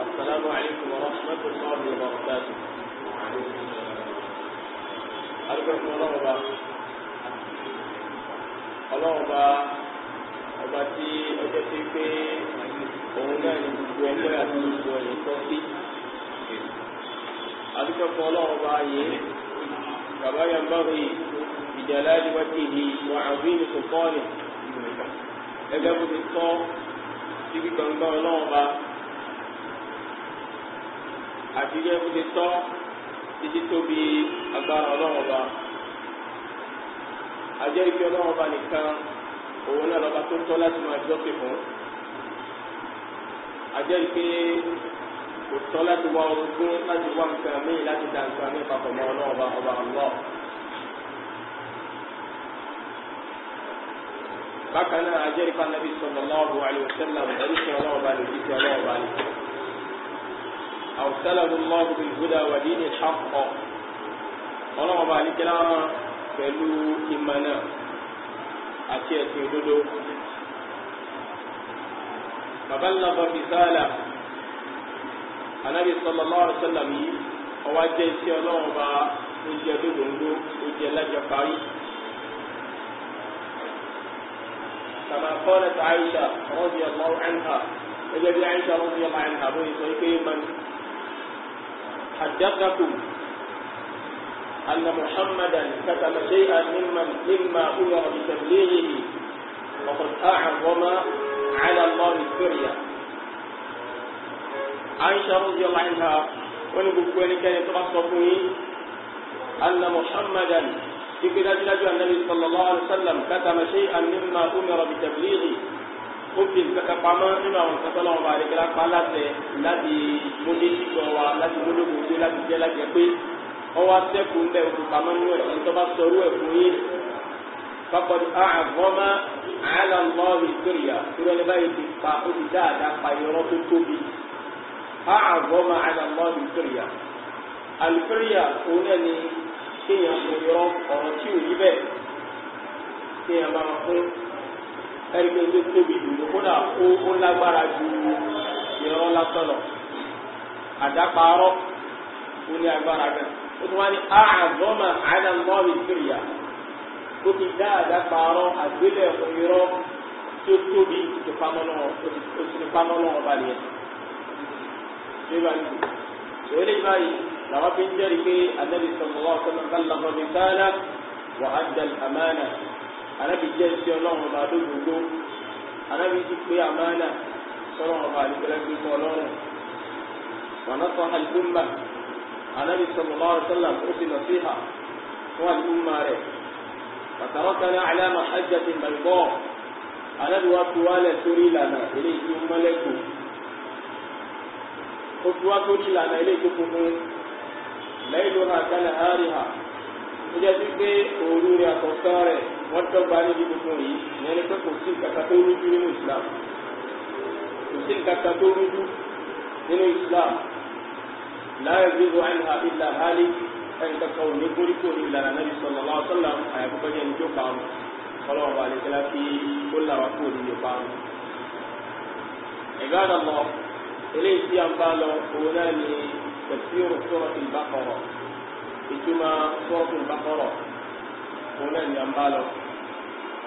السلام عليكم ورحمة الله وبركاته alùpùpù ọlọ́ọ̀ba ọlọ́ọ̀ba ọba tí ọjọ́ ti pé òun náà ní gbogbo ẹgbẹ́ àti gbogbo ẹ̀yìn tó sí alùpùpù ọlọ́ọ̀ba yìí bàbá yambáwì ìjàlá ìwádìí yìí wà àbí nìkọ̀kọ́ ni ẹgbẹ́ bó ti tọ́ síbi gbọ̀ngàn ọlọ́ọ̀ba àti gẹ́gẹ́ bó ti tọ́ títí tóbi agbára ọlọ́run ọba àjẹ́ ìfi ọlọ́run ọba nìkan òun náà lọ́ba tó tọ́ láti máa jọ́sìn fún àjẹ́ ìfi kò tọ́ láti wá ogún láti wá nǹkan míì láti dá nǹkan míì papọ̀ mọ́ ọlọ́run ọba ọba ọlọ́ bákan náà àjẹ́ ìfi anabi sallallahu alaihi wasallam ẹ̀rí sí ọlọ́run ọba lòdì sí ọlọ́run ọba nìkan. أرسله الله بالهدى ودين الحق ọlọ́wọ́ bá ní kíláàmà pẹ̀lú ìmọ̀nà àti ẹ̀sìn òdodo bàbá ńlá bá fi sáàlà anábì sallallahu alaihi wasallam yìí ọwá jẹ́ iṣẹ́ ọlọ́wọ́ bá ó jẹ́ lóògbòǹdó ó jẹ́ lájọ parí kama qalat Aisha radiyallahu anha ẹgbẹ́ bí Aisha radiyallahu anha bóyá sọ pé mọ́ni حدثكم أن محمدا كتم شيئا ممن مما أمر بتبليغه وقد أعظم على الله السرية عائشة رضي الله عنها ونبقوا كان تبصفني أن محمدا في كتاب النبي صلى الله عليه وسلم كتم شيئا مما أمر بتبليغه ó fi nǹkan kan pamọ́ nínú àwọn nǹkan tọ́lọ́wọ́ bá rí kílápá láti láti múlé sísọ wa láti múlé gbòógbé láti jẹ́ láti ẹ pé ọwọ́ atẹ́kùn ń bẹ̀ ó fi pamọ́ nínú ẹ̀ ẹni tó bá sọrú ẹ̀ fún yín fakọ̀dù àgọ́mà àlàmọ́ọ̀rì sóríyà kúrò ní báyìí ti pa ó ti dáadáa pa ìrọ́ tó tóbi àgọ́mà àlàmọ́ọ̀rì sóríyà àlùfẹ́ríyà òun náà ni kéèyàn fún ìrọ́ ọ̀rọ̀ tí ò yí bẹ́ẹ̀ kéèyàn máa fún ẹni pé tó tóbi jù kódà ó ó lágbára ju ìrọ̀ lásán lọ àdáparọ́ ó ní agbára gan ó tún wá ní àádọ́mà àdàmọ́ọ̀lì kìrìyà ó ti dá àdáparọ́ àgbélẹ̀ ìrọ̀ tí ó tóbi ti pamọ́ lọ́wọ́ ó ti ní fi ń jẹ́rìí anabi sọ̀rọ̀ wá ọ̀sán náà kálá ọ̀sán mi sáálá wàhálà àmánà anábì jẹ́ sí ọlọ́run ọba àdógbògbò anábì ti pé àmàlà sọ́rọ̀ ọba àdìgbẹ́lẹ́ pé fún ọlọ́run wànásọ àlùmá anábì sọ̀rọ̀ lọ́rọ̀ sọ́là ó ti nà síhà fún àlùmá rẹ̀ pàtàkì àlàmà hajjati bàlbọ́ anábì wá fi wálẹ̀ sórí ìlànà eléyìí tó mọ́lẹ́kù ó fi wá sórí ìlànà eléyìí tó funfun lẹ́yìn lóra kálẹ̀ hárìhà ó jẹ́ sí pé òru rẹ̀ àtọ̀sán rẹ̀ wọ́n dọ́gba níbi gbogbo yìí ìyẹn ni pé kò sí nǹkan tó rújú nínú Islam kò sí nǹkan tó rújú nínú Islam láyé gbogbo àìhà ìlà hálí ẹnìkan kan ò ní kórí kó ní ìlànà Nabi sallallahu alaihi wasallam àyàkókò jẹ́ níjó pa ọ́n ọlọ́run bá lè tẹ́lá fi ó làwọn kó ní ìpa ọ́n. ìgbà àdàmọ́ eléyìí tí a ń bá lọ òun náà ni tafsir surat al ìtumọ̀ sọ́ọ̀tún bá kọ́rọ̀ òun náà ni à ń bá lọ.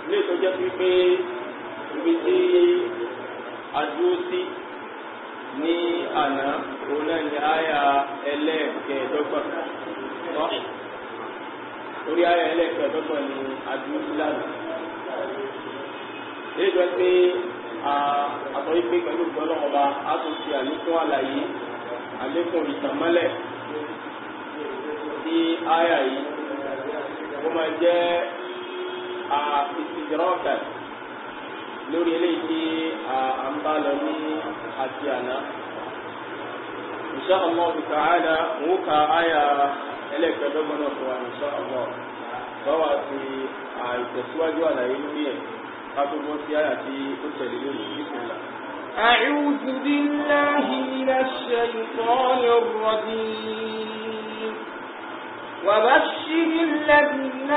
ilé ìtọ́jẹ́ pé pé ibi tí a dúró sí ní àná òun náà ni àyà ẹlẹ́ẹ̀kẹ́ẹ̀dọ́gbọ̀n tọ́ orí àyà ẹlẹ́ẹ̀kẹ́ẹ̀dọ́gbọ̀n ni a dúró sí lánàá. ilé ìtọ́jẹ́ pé àtọ́yí pé pẹ̀lú ìgbọ́lọ́wọ́ a tún ṣe àlékún àlàyé àlékún ìtànmọ́lẹ̀ sí àyà yìí ó máa jẹ́ ìsìnkìrọ́ọ̀kà lórí eléyìí tí à ń bá lọ ní àti àná. Insha Allah ta'ala ń ka àyà ẹlẹ́kẹ̀ẹ́dọ́gbọ̀n náà fún wa Insha Allah báwa ti àìtẹ̀síwájú àlàyé lórí ẹ̀ ká sí àyà tí ó tẹ̀lé lónìí Bismillah. أعوذ بالله من الشيطان الرجيم وبشر الذين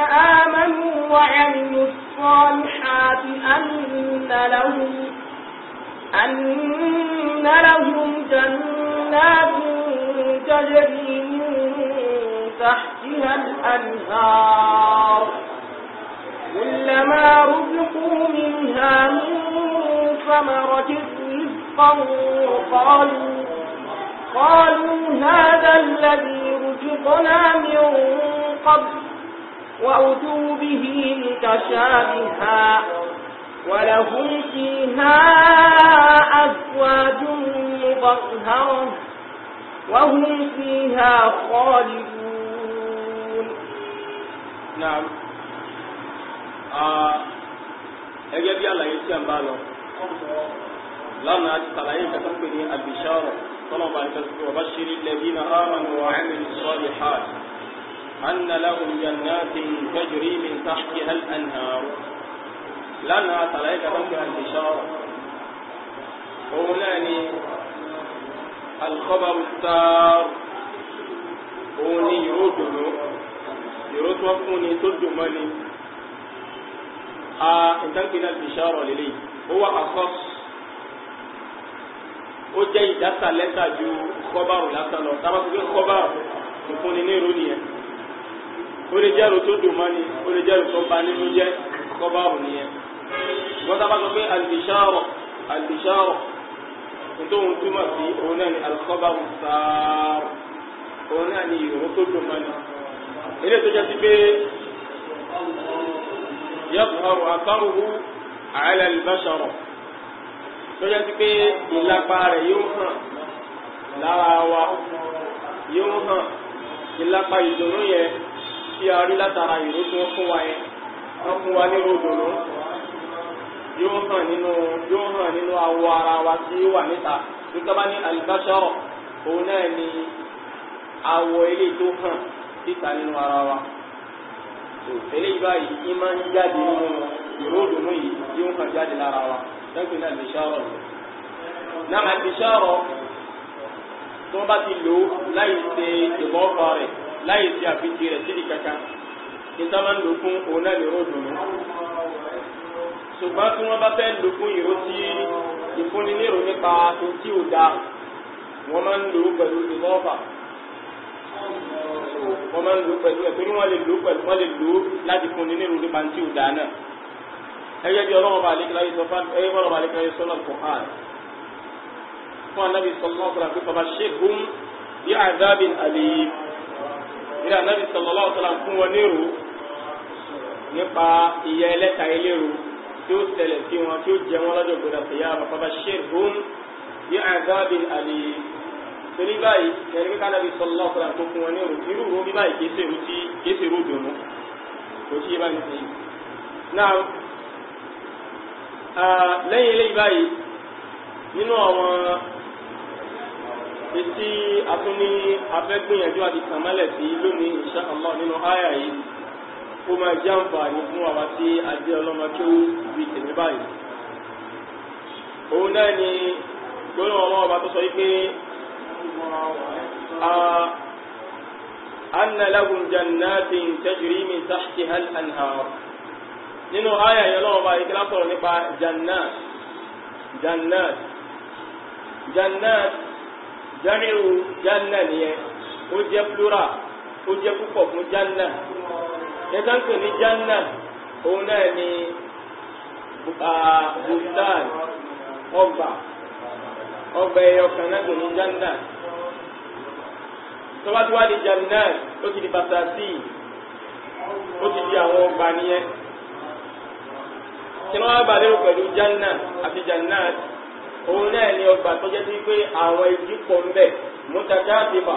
آمنوا وعملوا الصالحات أن لهم أن لهم جنات تجري من تحتها الأنهار كلما رزقوا منها من ثمرة رزقا قالوا قالوا هذا الذي رزقنا من قبل وأتوا به متشابها ولهم فيها أزواج مظهرة وهم فيها خالدون نعم gẹ́gẹ́ bí àlàyé tí a ń bá lọ lánàá ti sàlàyé ìkàtàkùn ti salaye طلب وبشر الذين آمنوا وعملوا الصالحات أن لهم جنات تجري من تحتها الأنهار لنا تلاقى وجه الإشارة أولاني الخبر السار أولي يرد يرد وفوني ترجمني آه إن البشارة للي هو أخص ó jẹ́ ìdásà lẹ́tà ju kọ́bárù lásán lọ tá a bá sọ pé kọ́bárù ìfúnni ní irú nìyẹn ó lè jẹ́rù tó dùn mọ́ ni ó lè jẹ́rù tó ba nínú jẹ́ kọ́bárù nìyẹn wọ́n tá a bá sọ pé alìṣàrọ̀ alìṣàrọ̀ nítorí túmọ̀ sí òun náà ni alikọ́bárù sáárù òun náà ni ìró tó dùn mọ́ ni ilé tó jẹ́ sí pé yẹ́pù ọrùn àtàrùhù àlẹ́ ìbáṣọ̀rọ̀ tó jẹ́ sí pé ìlapa rẹ̀ yóò hàn lára wa yóò hàn ìlapa ìdùnnú yẹn tí a rí látara ìró tí wọ́n fún wa yẹn wọ́n fún wa nírò ìdùnnú yóò hàn nínú yóò hàn nínú awọ ara wa tí ó wà níta nígbà bá ní alibasọ́rọ̀ òun náà ni awọ ilé tó hàn síta nínú ara wa eléyìí báyìí ìmọ̀ ń jáde nínú ìró ìdùnnú yìí yóò hàn jáde lára wa lẹ́gbẹ̀ẹ́ náà bìṣọ́rọ̀ ni náà àbìṣọ́rọ̀ tó bá ti lò láì ṣe ìbọ́fà rẹ̀ láì ṣe àfijì rẹ̀ síbi kankan níta máa ń lò fún òun náà lérò dùnú ṣùgbọ́n tí wọ́n bá fẹ́ lò fún ìró tí ìfúnni nírò nípa etí ò dáa wọ́n máa ń lò pẹ̀lú ìbọ́fà wọ́n máa ń lò pẹ̀lú ẹ̀ torí wọ́n lè lò pẹ̀lú wọ́n lè lò láti fúnni nírò nípa etí ò náà ẹgbẹ́ bí ọlọ́mọba àlékìláyé sọ fún ẹgbẹ́ ọlọ́mọba àlékìláyé sọ náà kò hàn fún anábì sọlọ́mọ sọlá pé bàbá ṣẹ́gun bí àdábìn àlè ìrìn anábì sọlọ́mọ sọlá fún wọn nírò nípa ìyà ẹlẹ́ta ẹlẹ́rò tí ó tẹ̀lẹ̀ sí wọn tí ó jẹ wọn lọ́jọ́ gbọdọ̀ tẹ̀yà bàbá ṣẹ́gun bí àdábìn àlè torí báyìí ẹni pé kánábì sọlọ́mọ sọlá fún wọn nírò irú wo bí báyìí kéṣèrú tí kéṣèrú dùnú kò sí ibà lẹ́yìn eléyìí báyìí nínú àwọn etí atúní afẹ́gbìyànjú àti kàmálẹ̀ sí lónìí insha Allah nínú àyà yìí ó máa jẹ́ àǹfààní fún àwa tí a jẹ́ ọlọ́mọ tó bí tèmi báyìí. òun náà ni gbọ́dọ̀ ọmọ ọba tó sọ yìí pé jannatin tajri tahtiha al-anhar nínú àyà yẹn lọ́wọ́ bá ìkílá sọ̀rọ̀ nípa jannat jannat jannat jamiu janna nìyẹn ó jẹ́ plural ó jẹ́ púpọ̀ fún janna nígbà tó ní janna òun náà ni bùtán ọgbà ọgbà ẹyọ kan náà tó ní janna tó wá di jannat ó ti di bàtà sí ó ti di àwọn ọgbà nìyẹn kí wọ́n bá lérò pẹ̀lú janna àti jannat òun náà ni ọgbà tó jẹ́ sí pé àwọn igi pọ̀ ń bẹ mútajà àtìfà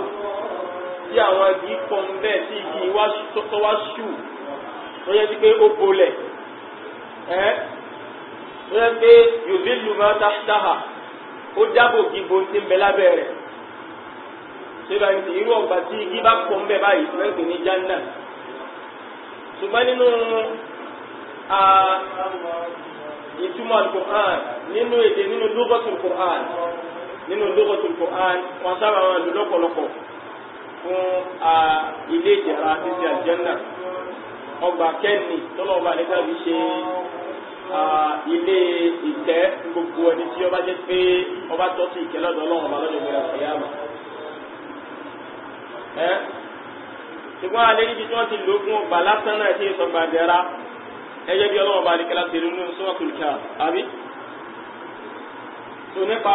tí àwọn igi pọ̀ ń bẹ tí igi tó wá ṣù tó jẹ́ sí pé ó bolẹ̀ ẹ́ tó jẹ́ pé yòvílù máa táṣáhà ó dáàbò gíbo tí ń bẹ lábẹ́ rẹ̀ síbẹ̀ ní irú ọgbà tí igi bá pọ̀ ń bẹ báyìí lẹ́gbẹ̀ẹ́ ní janna ṣùgbọ́n nínú ìtumọ̀ alukur'an nínú èdè nínú lókọ̀tù alukur'an nínú lókọ̀tù alukur'an wọn sábà wọn lò lọ́pọ̀lọpọ̀ fún ilé ìjẹ̀ra títí àjẹ́nà ọgbà kẹ́ni tọ́lọ̀ ọba nígbà bí ṣe ilé ìtẹ́ gbogbo ẹni tí ọba jẹ́ pé ọba tọ́ sí ìkẹ́ lọ́dọ̀ ọlọ́run ọba lọ́dọ̀ ìgbéra ìyáàmà. ṣùgbọ́n alẹ́ níbi tí wọ́n ti lò fún ọgbà lásán náà ṣe é sọgbà dẹ́ra ẹgẹ́ bí ọlọ́wọ́ bá ní kẹlá tẹ̀lé nínú sọ́wọ́tò ìkà àbí tó nípa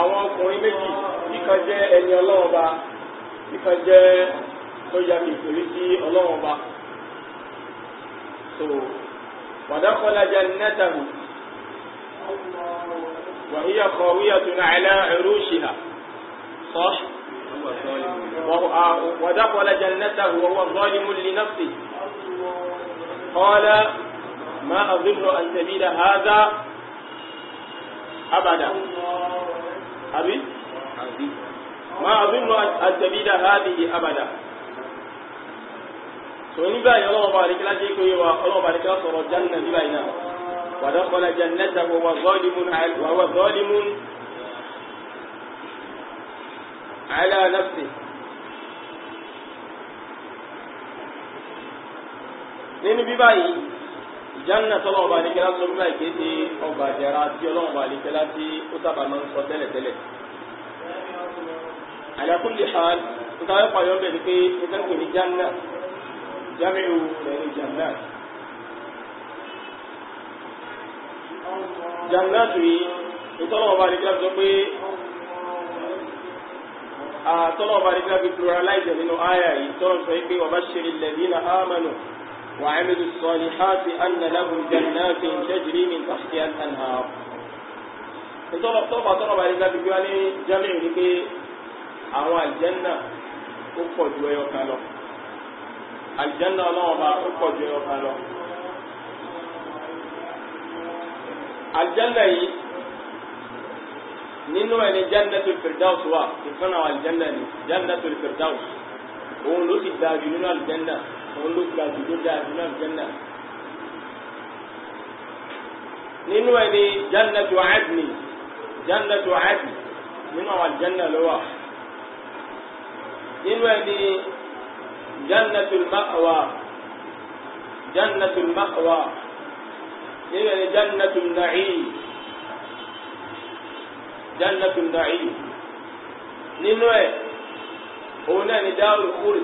àwọn ọkùnrin méjì ìkan jẹ́ ẹni ọlọ́wọ́ bá ìkan jẹ́ tó yà mí ìtòrí sí ọlọ́wọ́ bá so wàdákọ́lá jẹ́ nẹ́tàmù وهي خاوية على عروشها صح ودخل جنته وهو ظالم لنفسه قال ما أظن أن تبيل هذا أبدا أبد ما أظن أن تبيل هذه أبدا سوني باي الله بارك لك يكوي الله بارك لك صور الجنة بينا ودخل جنته وهو ظالم وهو ظالم على نفسه nínú bíbá yìí ìjánná tọ́lọ́ ọba àdìkẹ́lá sọ bíbá yìí kéde ọgbà àjẹrà tí ọlọ́run ọba àdìkẹ́lá tí ó sábà máa ń sọ tẹ́lẹ̀tẹ́lẹ̀. ala kulli hal nítorí pàyọ́ bẹ̀ ni pé ìtẹ́kùn ní jánná jámẹ́rù lẹ́nu jánná. jánná tù yìí ìtọ́lọ́ ọba àdìkẹ́lá sọ pé àtọ́lọ́ ọba àdìkẹ́lá fi pluralize nínú àyà yìí tọ́lọ́ sọ pé wa bashiril ladina amanu. وعملوا الصالحات أن لهم جنات تجري من تحتها الأنهار ìtọ́lọ̀ tọ́pàá tọ́lọ̀ bá nígbà bíbí wá ní jamiu ní pé àwọn àlìjẹ́nà ó pọ̀ ju ẹyọ kan lọ àlìjẹ́nà ọlọ́wọ́n bá ó pọ̀ ju ẹyọ kan lọ. àlìjẹ́nà yìí nínú ẹ̀ ní jannatul firdaus wà ìfúnná àlìjẹ́nà ní jannatul firdaus òun ló sì dáa jù nínú àlìjẹ́nà òun ló ga jù ló dáa jù náà jẹ́nà. nínú ẹ̀ ni jannatu adni jannatu adni nínú àwọn àjẹ́nà ló wà. nínú ẹ̀ ni jannatul ma'wa jannatul ma'wa nínú ẹ̀ ni jannatul na'im jannatul na'im nínú ẹ̀ òun náà ni dáhùn kúrì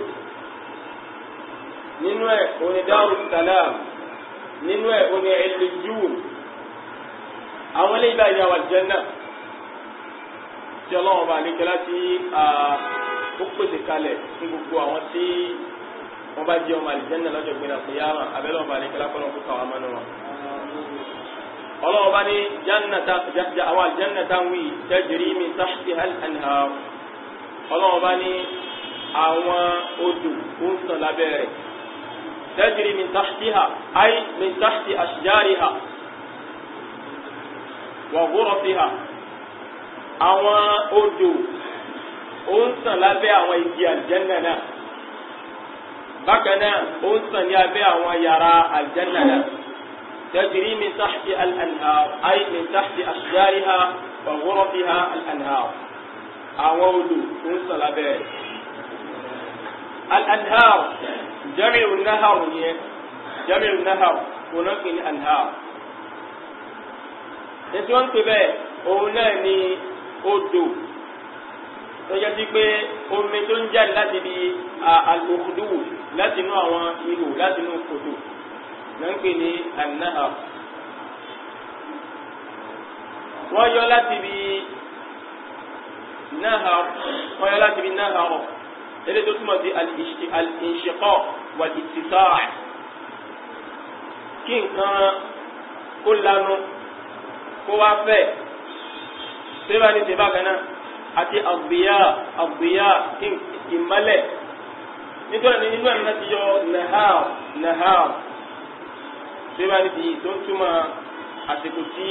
nínú ẹ̀ òní dáhùn sàlám nínú ẹ̀ òní ẹ̀lẹ́jùn àwọn ilé ìgbà ìyàwó àjẹ́nà tí ọlọ́run bá lè kẹ́ láti ó pèsè kalẹ̀ fún gbogbo àwọn tí wọ́n bá jẹ́ ọmọ àlìjẹ́nà lọ́jọ́ gbéra pé yára abẹ́lọ́run bá lè kẹ́ lápọ́lọ́ fún káwọn mọ́nú wọn. ọlọ́run bá ní àwọn àlìjẹ́nà táwí tajri min tahtiha al-anhar ọlọ́run bá ní àwọn odò ó ń sàn lábẹ́ rẹ̀. تجري من تحتها أي من تحت أشجارها وغرفها أو أرجو أنسى لا أو ويدي الجنة بكنا أنسى لا أو يرى الجنة تجري من تحت الأنهار أي من تحت أشجارها وغرفها الأنهار أو أرجو لا لابي الأنهار anhar النهر nahar yẹn jami'u nahar òun náà pè ní anhar ètò wọn pè bẹ́ẹ̀ òun náà ni odò tọ́jà sí pé omi tó ń jáde láti di àlòkùdù láti inú àwọn ihò láti inú kòtò náà ń pè ní anahar wọ́n yọ láti bi nahar wọ́n yọ láti bi nahar ọ̀ ilé tó túmọ̀ sí al-inshiqaq wal-ittisar' kí nǹkan kó lanu kó wá fẹ̀ sèbá ní sèbá kan náà àti àgbéyà àgbéyà kí ìmọ́lẹ̀ nítorí ní nínú àná ti yọ nahar nahar sèbá ní ti tó ń àsìkò tí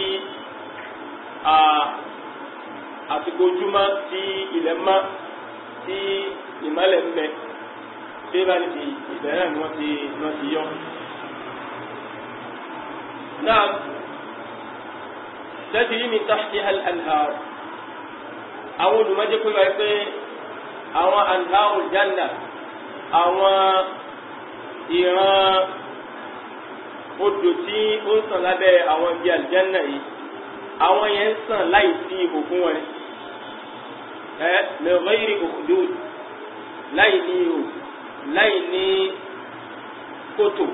àsìkò ojúmọ́ tí ilẹ̀ mọ́ tí ìmọ̀lẹ̀ ń bẹ bí bá ti ìbẹ̀rẹ̀ ni wọ́n ti wọ́n ti yọ. náà lẹ́tí yìí ni tàṣí al-anhar àwọn olùmọ́jẹ́ pé wáyé pé àwọn anhar janna àwọn ìran odò tí ó ń sàn lábẹ́ àwọn ibi aljanna yìí àwọn yẹn ń sàn láì sí ìbò fún wọn ẹ lè rẹ́yìn òkùdó láì ní ihò láì ní kòtò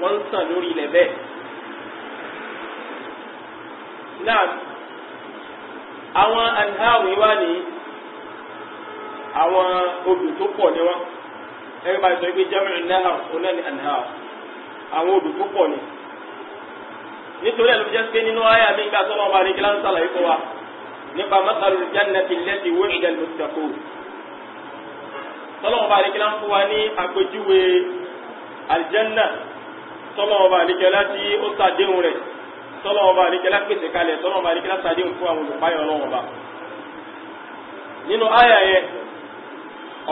wọ́n ń sàn lórí ilẹ̀ bẹ́ẹ̀. náà àwọn anhaamu wá ní àwọn odò tó pọ̀ ní wọn ẹgbẹ́ bá sọ pé jamiu náà ọ̀nà ní anhaamu àwọn odò tó pọ̀ ní nítorí ẹ̀ ló jẹ́ pé nínú ayé àmì ìgbà sọ́nà ọba àdékìlá ń sàlàyé fún wa nípa masalul jannati allati wu'ida al-muttaqun tọ́lọ́wọ́n bá àríkẹ́lá ń fún wa ní àpèjúwe àlìjẹ́nà tọ́lọ́wọ́n bá àríkẹ́lá tí ó sàdéhùn rẹ̀ tọ́lọ́wọ́n bá àríkẹ́lá pèsè kalẹ̀ tọ́lọ́wọ́n bá àríkẹ́lá sàdéhùn fún àwọn olùpáyọ̀ ọlọ́wọ́n bá nínú àyà yẹ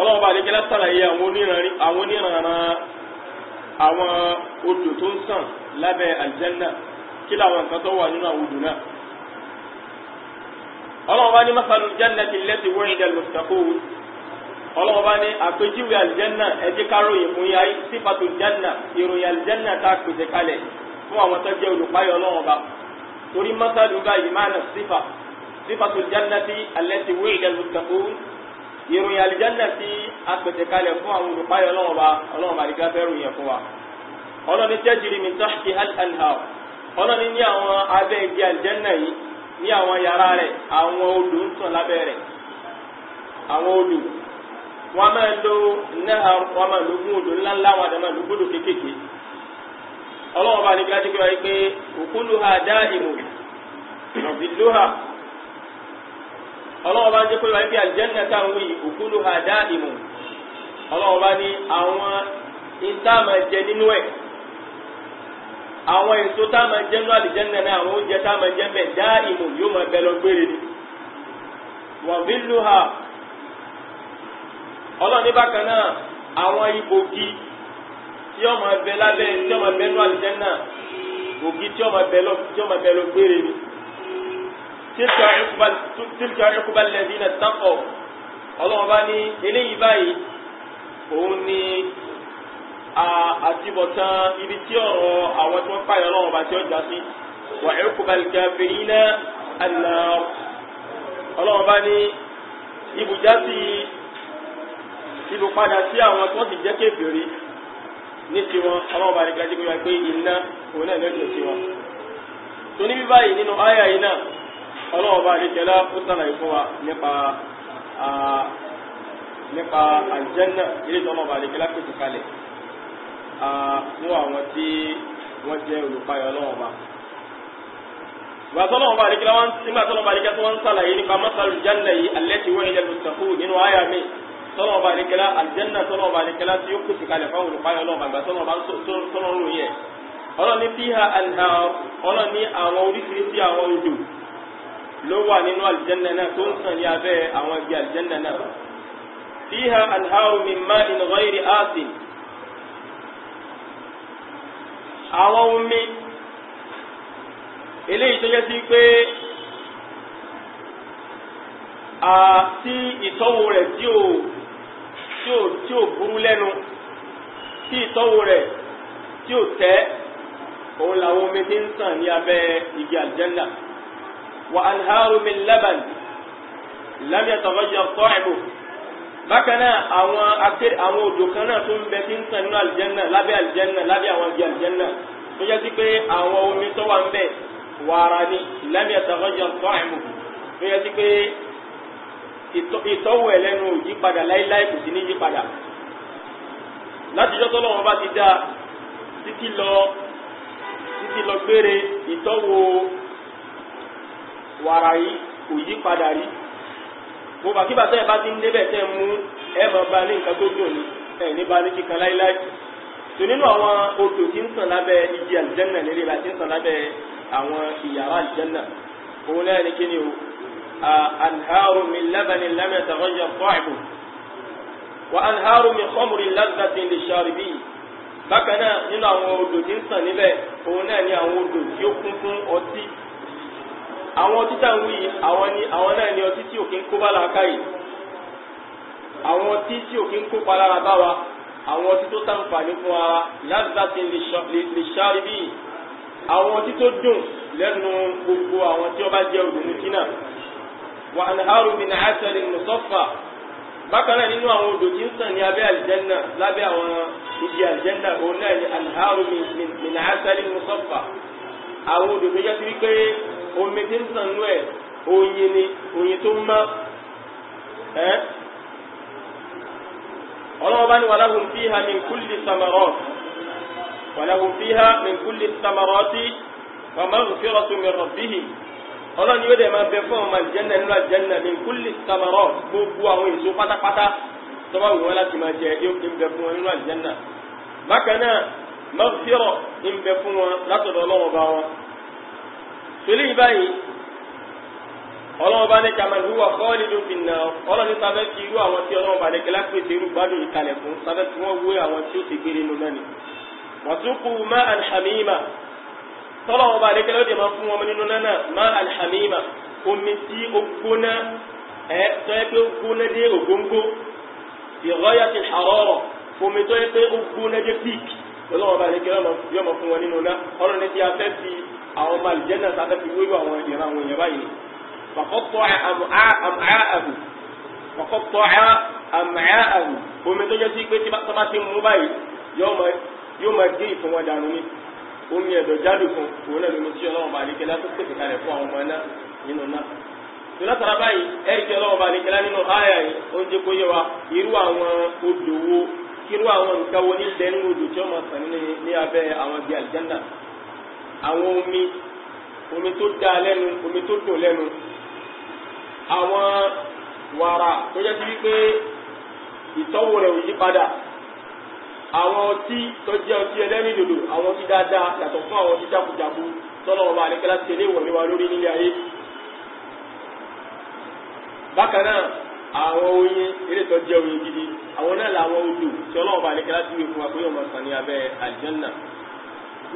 ọlọ́wọ́n bá àríkẹ́lá sàlàyé àwọn oníranran àwọn odò tó ń sàn lábẹ́ àlìjẹ́nà kí làwọn nǹkan tó wà nínú àwọn odò náà ọlọ́wọ́n bá ní ọlọ́wọ́ bá ní àpèjúwe àlìjẹ́nà ẹjẹ́ káròyìn fún yá sípàtò jẹ́nà ìròyìn àlìjẹ́nà tá a pèsè kalẹ̀ fún àwọn tó jẹ́ olùpáyọ̀ ọlọ́wọ́ bá torí mọ́sálù báyìí máa nà sífà sípàtò jẹ́nà tí alẹ́ ti wé ìdẹ́lu tẹ̀kú ìròyìn àlìjẹ́nà tí a pèsè kalẹ̀ fún àwọn olùpáyọ̀ ọlọ́wọ́ bá ọlọ́wọ́ bá dìgbà fẹ́ ròyìn fún wa ọlọ́ni tẹ́jìrì mi tọ́ṣì alhanha àlìjẹ́nà yìí ní àwọn yàrá rẹ̀ àwọn odò ń sàn lábẹ́ rẹ̀ àwọn odò wọ́n máa lo nahar wọ́n máa lo gún odò ńláńlá wọn àdàmà lo gbódò kékèké ọlọ́wọ́n bá ní kájú pé wáyé pé òkúlù ha dá ìmù ha ọlọ́wọ́n bá ń jẹ́ pé wáyé pé àlìjẹ́nà táwọn yìí òkúlù ha dá ìmù ọlọ́wọ́n bá ní àwọn ìtààmà jẹ nínú ẹ̀ àwọn èso táàmà jẹ nínú àlìjẹ́nà náà àwọn oúnjẹ táàmà dá ìmù yóò máa bẹ ọlọ́run ní bákan náà àwọn ibògi tí ọmọ ẹbẹ lábẹ́ tí ọmọ ẹbẹ nú àlùjẹ́ náà ògì tí ọmọ ẹbẹ lọ tí ọmọ ẹbẹ lọ gbére ni tíríkà ẹ̀kúbà lẹ́bí náà tákọ̀ ọlọ́run bá ní eléyìí báyìí òun ni àtibọ̀tán ibi tí ọ̀rọ̀ àwọn tí wọ́n pààyàn ọlọ́run bá tí ó já sí wà ẹ̀kúbà kẹfìrí náà àlọ́ ọlọ́run bá ní ibùjá sí ìlú padà sí àwọn tó ti jẹ́ kébìrì ní tiwọn ọlọ́ọ̀bà rẹ̀ gajẹ́ gbéra pé iná òun náà lọ́jọ́ tiwọn. tó ní bíbá yìí nínú àyà yìí náà ọlọ́ọ̀bà rẹ̀ jẹ́lá ó sàlàyé fún wa nípa nípa àlùjánnà ilé tó ọlọ́ọ̀bà rẹ̀ jẹ́lá pèsè kalẹ̀ fún àwọn tí wọ́n jẹ́ olùpayọ̀ ọlọ́ọ̀bà gbàtọ́lọ́wọ́ bá àdìgẹ́lá wọn nígbàtọ́lọ́wọ́ bá àdìgẹ́lá wọn sàlàyé nípa masalul janna yìí allati wa'ida al-muttaqun nínú àyà mi tọ́lọ̀ ọba àdékẹ́lá àlùjẹ́nà tọ́lọ̀ ọba àdékẹ́lá tí ó pèsè kalẹ̀ fáwọn olùpáyọ̀ ọlọ́ọ̀bà gbà tọ́lọ̀ ọba tọ́lọ̀ ń ròyìn ẹ̀ ọlọ́ọ̀ ní fíhà anhar ọlọ́ọ̀ ní àwọn oríṣiríṣi àwọn odò ló wà nínú àlùjẹ́nà náà tó ń sàn ní abẹ́ àwọn igi àlùjẹ́nà náà fíhà anhar min ma'in ghayri asin àwọn omi eléyìí tó jẹ́ sí pé àti ìtọ́wò rẹ̀ tí ò tí ò tí ò burú lẹ́nu tí ìtọ́wò rẹ̀ tí ò tẹ́ òun làwọn omi tí ń sàn ní abẹ́ igi àlùjánnà wà anharu min laban lam yataghayyar ta'imuhu bákan náà àwọn akéde àwọn odò kan náà tó ń bẹ tí ń sàn nínú àlùjánnà lábẹ́ àlùjánnà lábẹ́ àwọn igi àlùjánnà tó jẹ́ sí pé àwọn omi tó wà ń bẹ wàrà ni lam yataghayyar ta'imuhu tó jẹ́ sí pé ìtọ́wò ẹ̀ lẹ́nu yípadà láíláí kò sí ní yípadà látijọ́ tọ́lọ́wọ́n bá ti dá títí lọ títí lọ gbére ìtọ́wò wàrà yìí kò yípadà rí mo bàkíbà tẹ́ ẹ bá ti ń débẹ̀ tẹ́ mú ẹ mọ̀ bá ní nǹkan tó dùn ní ẹ ní bá ní kíkan láíláí tò nínú àwọn odò tí ń sàn lábẹ́ igi àlùjẹ́nà lélẹ́yìn àti ń sàn lábẹ́ àwọn ìyàrá àlùjẹ́nà òun náà ní kíni o أنهار من لبن لم يتغير طعمه وأنهار من خمر لذة للشاربين bákan náà nínú àwọn odò tí ń sàn níbẹ̀ òun náà ni àwọn odò tí ó kún fún ọtí àwọn ọtí tá ń wí àwọn ni àwọn náà ni ọtí tí ò kí ń kó bá làákà yìí àwọn ọtí tí ò kí ń kó palára bá wa àwọn ọtí tó tàǹfààní fún ara láti lè ṣáàrí bí àwọn ọtí tó dùn lẹ́nu gbogbo àwọn tí ó bá jẹ́ òdòdó tí náà وأنهار من عسل مصفى بكرة إنه هو دوجين سن يبي الجنة لا بيا هو يجي الجنة هنا أنهار من من عسل مصفى أو دوجين سن يبي هو متين سن نوع هو يني هو يتم ها الله بني ولهم فيها من كل الثمرات ولهم فيها من كل الثمرات ومغفرة من ربهم ọlọ́ni yóò dẹ̀ máa bẹ fún ọmọ àlìjẹ́nà nínú àlìjẹ́nà min kulli samarọ̀ gbogbo àwọn èso pátápátá tó bá wù wọ́n láti máa jẹ ń bẹ fún wọn nínú àlìjẹ́nà bákan náà maghfirah ń bẹ fún wọn látọ̀dọ̀ ọlọ́wọ́n bá wọn. sọlẹ́ yìí báyìí ọlọ́wọ́n bá ní kamal huwa khalidun fin nar fi irú àwọn ní sábẹ́ fi wọ́n àwọn tí ó ti gbére nínú tọ́lọ́wọ́ bá lékẹ́ lọ́dẹ̀ máa fún wọn nínú náà má alhamima omi tí ó gbóná ẹ̀ tó yẹ pé ó gbóná dé ògóńgó ìrọ́yà ti àrọ́rọ̀ omi tó yẹ pé ó gbóná dé pík tọ́lọ́wọ́ bá lékẹ́ yọ máa fún wọn nínú náà ọ̀rọ̀ ní ti afẹ́ fi àwọn ọmọ àlìjẹ́nà sáfẹ́ fi wéwà àwọn ìran àwọn èèyàn báyìí fàkọ́tọ̀ àmàáhù fàkọ́tọ̀ àmàáhù omi tó yẹ pé tí bá ti mú báyìí yóò máa gé ìfún omi ẹ̀dọ̀ jáde kan òun náà ló mú tí ọlọ́run bá lè kẹ́lá tó pèsè kalẹ̀ fún àwọn ọmọ iná nínú náà tòlátara báyìí ẹ̀ríkẹ́ ọlọ́run bá lè kẹ́lá nínú àyà yìí ó ń jẹ́ kó yẹ wa irú àwọn odò wo irú àwọn nǹkan wo ní ilẹ̀ nínú odò tí wọ́n máa sàn ní abẹ́ àwọn ibi àlìjáńdà àwọn omi omi tó dáa lẹ́nu omi tó dùn lẹ́nu àwọn wàrà tó yẹ ti wípé ìtọ́wò rẹ̀ ò yí padà àwọn ọtí tó jẹ́ ọtí ẹlẹ́rìn dòdò àwọn ọtí dáadáa yàtọ̀ fún àwọn ọtí jákujàku tọ́lọ́ ọba àdékẹ́lá ti tẹ̀lé ìwọ̀lé wa lórí nílé ayé. bákan náà àwọn oyin eré tó jẹ́ oyin gidi àwọn náà làwọn odò tí ọlọ́run ọba àdékẹ́lá ti wé fún wa pé yóò máa sàn ní abẹ́ àlìjẹ́nà.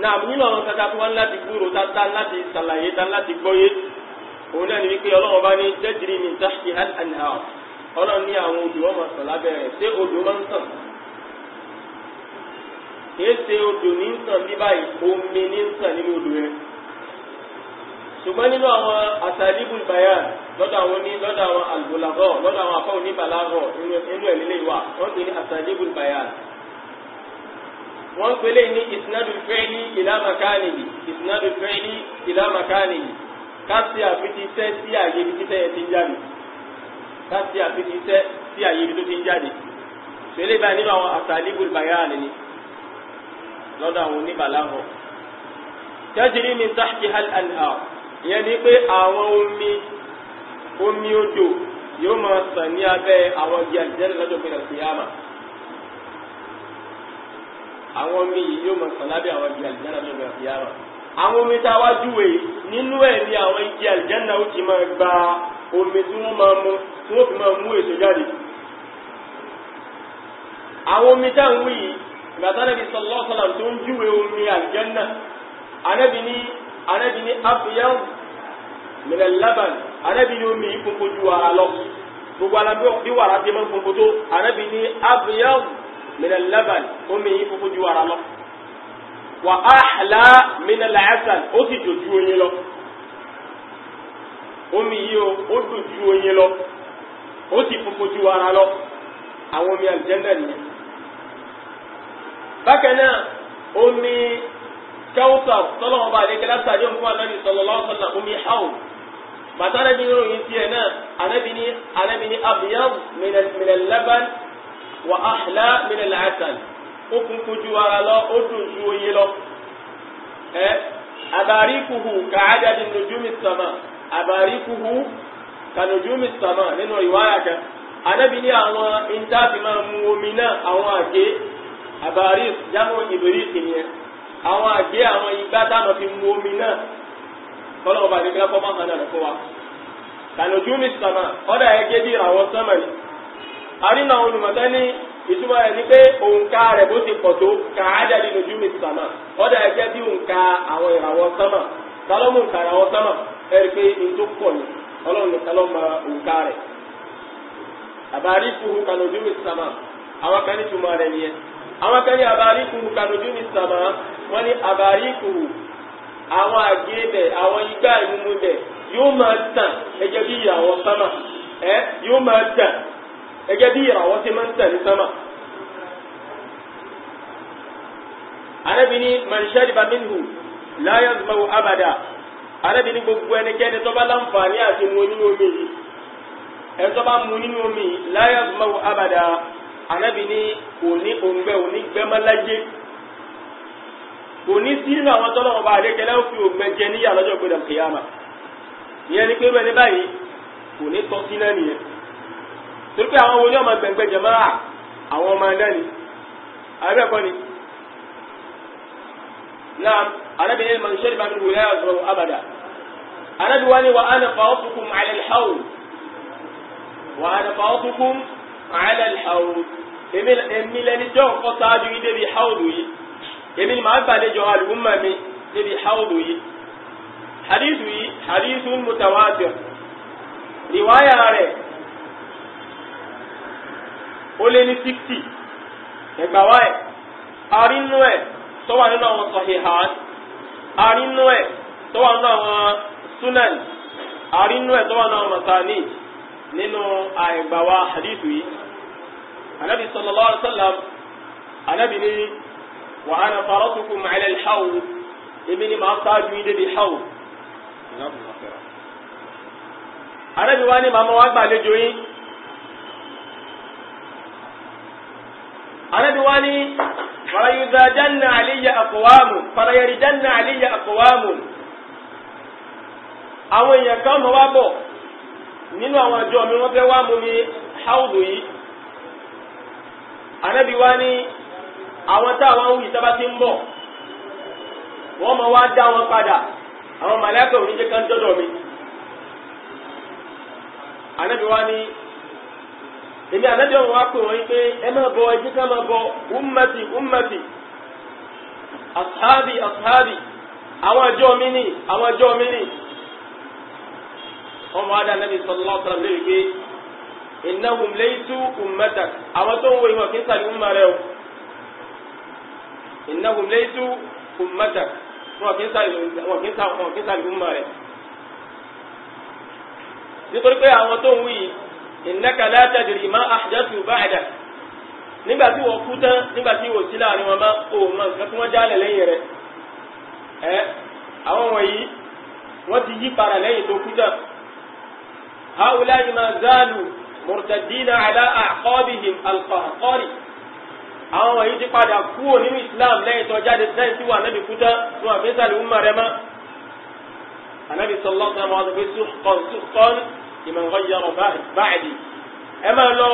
náà nínú àwọn kata tó wá láti gbúrò tata láti sàlàyé tata láti gbọ́yé òun náà ni wípé ọlọ́run ọba ní tẹ́jìrì ní táṣì kìí ṣe odò ní sàn bí báyìí omi ní sàn nínú odò yẹn ṣùgbọ́n nínú àwọn àtàlíbùl bayan lọ́dọ̀ àwọn ní lọ́dọ̀ àwọn albulagọ́ lọ́dọ̀ àwọn afọ́ oníbalagọ́ nínú ẹ̀lẹ́lẹ́ ìwà wọ́n pè ní àtàlíbùl bayan wọ́n pè lè ní isnadul fi'li ila makanihi isnadul fi'li ila makanihi káàsì àfitì iṣẹ́ sí àyè ibi títẹ́ ẹ ti ń jáde káàsì àfitì iṣẹ́ sí àyè ibi tó ti ń jáde ṣẹlẹ̀ báyìí nínú àwọn àtàlíbùl bayan ni lọ́dọ̀ àwọn oníbàláhọ̀ tajri min tahtiha al-anhar ìyẹn ni pé àwọn omi omi odò yóò máa sàn ní abẹ́ àwọn igi àjẹrẹ lọ́jọ́ pé nàìjíríà àwọn omi yìí yóò máa sàn lábẹ́ àwọn igi àjẹrẹ lọ́jọ́ pé nàìjíríà àwọn omi tá a wá júwe nínú ẹ̀ ni àwọn igi àlìjáná ó ti máa gba omi tí wọ́n máa mu tí wọ́n fi máa mú èso jáde. àwọn omi tá à ń wí yìí gbàtánàbí sọlọ́sọlá tó ń júwe omi àjẹ́nà anábì ní anábì ní afiyan mìnà laban anábì ní omi funfun ju wàrà lọ gbogbo alábí bí wàrà ti máa ń funfun tó anábì ní afiyan mìnà laban omi yìí funfun ju wàrà lọ wà áhàlá mìnà làásàn ó sì dòjú oyin lọ omi yìí ó dòjú oyin lọ ó sì funfun ju wàrà lọ àwọn omi àjẹ́nà nìyẹn bákan náà omi kẹwùtà tọ́lọ́wọ́n bá àdékẹ́ látàdé òun fún anábì sallallahu alaihi wasallam omi haù bàtà anábì ní ròyìn tiẹ̀ náà anábì ní anábì ní abyad min al-laban wa ahla min al-asal ó kún kojú ara lọ ó dùn ju oyin lọ ẹ abarikuhu ka'adadi nujumi sama abarikuhu ka nujumi sama nínú ìwáyà kan anábì ní àwọn intanet máa mu omi náà àwọn àgé àbáríṣ jámọ̀ ìbíríṣ nìyẹn àwọn àgbẹ̀ àwọn igbá táwọn fi mú omi náà kọ́lọ́wọ́ bá dìgbà fọ́ máa hàn fún wa. kànújú mi sàmà ọ̀dà bí ìràwọ̀ ni. àrínà olùmọ̀tẹ́ ní ìtumọ̀ ẹ̀ ní pé òǹkà rẹ̀ bó ti pọ̀ tó kàájà nínú jú mi sàmà ọ̀dà ẹgẹ́ bí òǹkà àwọn ìràwọ̀ sánmà sálọ́mù pé pọ̀ ọlọ́run àwọn kan ní abaríkuru ní sàmà wọ́n ní abaríkuru àwọn àgé àwọn igbá ìmúmú bẹ̀ yóò máa tàn ẹgẹ́ bí ìràwọ̀ sámà ẹ yóò máa tàn ẹgẹ́ bí ìràwọ̀ ti máa tàn ní sámà. arábìnrin manṣẹ́lì bàmínú láyọ̀ zumawo abada arábìnrin gbogbo ẹnikẹ́ni tó bá láǹfààní àti mu nínú omi ẹ̀ tó bá mu nínú omi láyọ̀ zumawo abada anabi ní òní òǹgbẹ òní gbẹmọlájé òní sí inú àwọn tọ́lọ́ ọba àdékẹ́lẹ́ ó fi òǹgbẹ jẹ níyà lọ́jọ́ gbọdọ̀ kìyàmà ìyẹn ni pé bẹ́ẹ̀ ní báyìí òní tọ́ sí náà nìyẹn torí pé àwọn wòlíọ̀ máa gbẹ̀ngbẹ̀ jẹ̀ máa àwọn ọmọ ẹ̀dá ni àbẹ́ ẹ̀kọ́ ni náà anabi ní mọ̀ nṣẹ́ ìbámu wòlíọ̀ àzọ̀rọ̀ abàdà anabi wá ní wa ana fàáfukùm على ní àwòrán èmi lẹni jọ́ nǹkan sáájú yìí débi haudu yìí èmi ni màá gbàlejò àlùmọ̀ mi débi haudu yìí hadithu yìí hadithu mutawatir riwaya rẹ̀ ó lé ní sixty ẹgbà wa ẹ̀ arínú ẹ̀ tó wà nínú sahihan arínú ẹ̀ tó wà nínú sunan arínú ẹ̀ tó wà nínú àwọn nínú àìgbàwà hadithu yìí anábi sallallahu alaihi wasallam anábi ni wa ana faratukum ala al-hawl ibi ni máa sáájú ilé bi hawl anábi wá ní màmá wá gbàlejò yín anábi wá ní farayuzajanna aliyya aqwamu farayarijanna aliyya aqwamu àwọn èèyàn kan mọ̀ wá nínú àwọn àjọ mi wọ́n fẹ́ wá mú mi háùdù yìí ànábì wá ní àwọn táwọn wù ìsábà ti ń bọ̀ wọ́n máa wá dá wọn padà àwọn oníjẹ́ kan mi ànábì wá ní èmi ànábì ọ̀hún wá pè wọ́n pé ẹ máa bọ ẹjí ká máa bọ àwọn ni àwọn àjọ ni. ọmọ adá nàbì sọlá ọsọlá lórí pé innahum laysu ummatak àwọn tó ń wo ìwọ̀n kí ń sàlì umma rẹ o innahum laysu ummatak wọn kì í sàlì wọn kì í sàlì wọn kì í sàlì umma rẹ nítorí pé àwọn tó ń wí innaka la tadri ma ahdathu ba'dak nígbà tí wọ́n kú tán nígbà tí wọ́n sí láàrin wọn bá o mọ nǹkan tí wọ́n jálẹ̀ lẹ́yìn rẹ̀ ẹ́ àwọn wọ̀nyí wọ́n ti yí para lẹ́yìn tó kú tán هؤلاء ما زالوا مرتدين على أعقابهم القهقاري àwọn wọ̀nyí ti padà kúrò nínú islam lẹ́yìn tó jáde sẹ́yìn tí wà nábì kúta tó wà fẹ́sàlì umar rẹ̀ mọ́ anábì sọlọ́ sọ àwọn ọ̀dọ́gbé sùkọ́n sùkọ́n ìmọ̀ǹkọ́ yọrọ báyìí ẹ máa lọ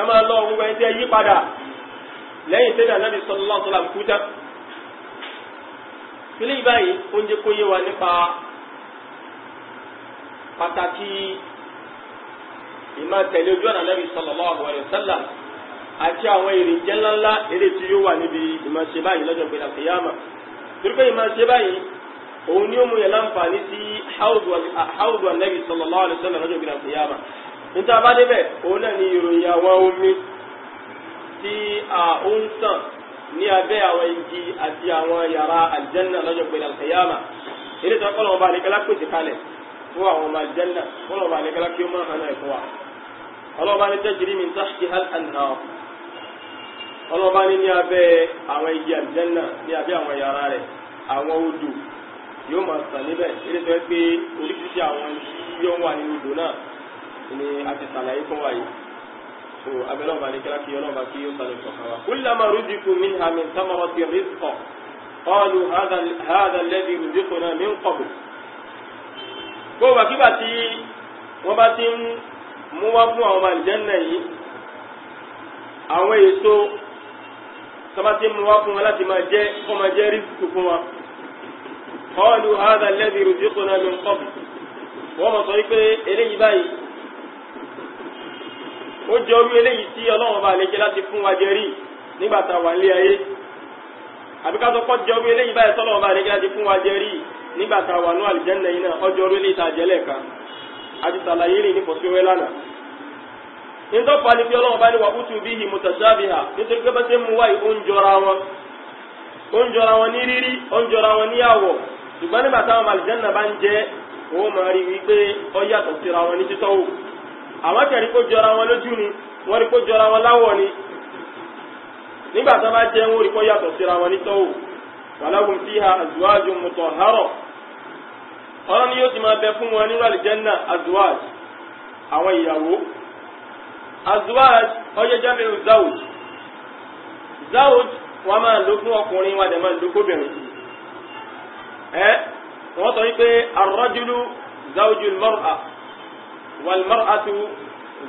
ẹ máa lọ òun wẹ́n tí ẹ yí padà lẹ́yìn tẹ́lẹ̀ anábì sọlọ́ sọlá kúta. kílí báyìí oúnjẹ kó yé wa nípa pàtàkì ìmá tẹ̀lé ojú ọ̀nà Ànábì sallallahu alaihi wasallam àti àwọn èrìjẹ́ ńláńlá eré tí yóò wà níbi ìmá ṣe báyìí lọ́jọ́ pé àfẹ́yàmà torípé ìmá ṣe báyìí òun ni ó mú yẹn láǹfààní sí haudu Ànábì sallallahu alaihi wasallam lọ́jọ́ pé àfẹ́yàmà níta bá débẹ̀ òun náà ni ìròyìn àwọn omi tí ó ń tàn ní abẹ́ àwọn igi àti àwọn yàrá àlìjẹ́nà lọ́jọ́ pé àfẹ́yàmà eré tó kọ́ lọ́wọ́ bá àlekẹ́lá pèsè kalẹ̀ fún àwọn ọmọ àlìjẹ́nà kọ́ lọ́wọ́ bá àlekẹ́lá kí ó máa hàn náà ẹ̀kọ́ wa ọlọ́ba ní tẹ́jìrì mi ta ṣe hàn àná ọlọ́ba ní ní abẹ́ àwọn igi àjẹ́nà ní abẹ́ àwọn yàrá rẹ̀ àwọn odò yóò máa sàn níbẹ̀ eré tó yẹ pé oríṣiríṣi àwọn yóò wà nínú odò náà ni a ti sàlàyé fún wa yìí so abẹ́lẹ́ ọba ní kíláàkì ọlọ́ba kí yóò sàlẹ̀ sọ̀kan wa. kullama ruziqu minha min thamarati rizqa qalu hadha alladhi ruziqna min qabl. gbogbo àkíbà tí wọ́n bá mú wá fún àwọn ọmọ àlìjẹ́nà yìí àwọn èso sábàtí mú wá fún wọn láti máa jẹ́ kọ́ máa jẹ́ rísìkì fún wa qalu hadha alladhi ruziqna min qabl wọ́n mọ̀ sọ wípé eléyìí báyìí ó jẹ́ orú eléyìí tí ọlọ́run bá lè jẹ́ láti fún wa jẹ rí nígbà tá a wà nílé ayé àbí ká sọ pé ọjọ́ orú eléyìí báyìí tọ́lọ́run bá lè láti fún wa jẹ rí nígbà tá a wà ní àlìjẹ́nà yìí náà ọjọ́ orú eléyìí àti sàlàyé lè ní pọ̀síwẹ́ lánàá nítorí fani fi ọlọ́run bá ní wà útù bí ìhì mutashabiha nítorí pé bá ṣe mú wáyé ó ń jọra wọn ó ń jọra wọn ní rírí ó wọn ní ṣùgbọ́n nígbà táwọn àlùjánnà bá ń jẹ́ wọ́n máa rí wípé ó yàtọ̀ síra wọn ní títọ́ àwọn kẹrí kó jọra wọn lójú ni wọ́n rí kó jọra wọn láwọ̀ ni nígbà táwọn bá jẹ́ wọ́n rí kó yàtọ̀ síra wọn ní ọlọ́ni yóò ti máa bẹ fún wọn nínú àlìjẹ́nà azuwaj àwọn ìyàwó azuwaj ọjọ́ jábẹ̀rù zawj zawj wọ́n máa lò fún ọkùnrin wọn dẹ̀ máa lò kóbìnrin ẹ́ wọ́n sọ wípé arọ́júlù zawjul mar'a wal mar'atu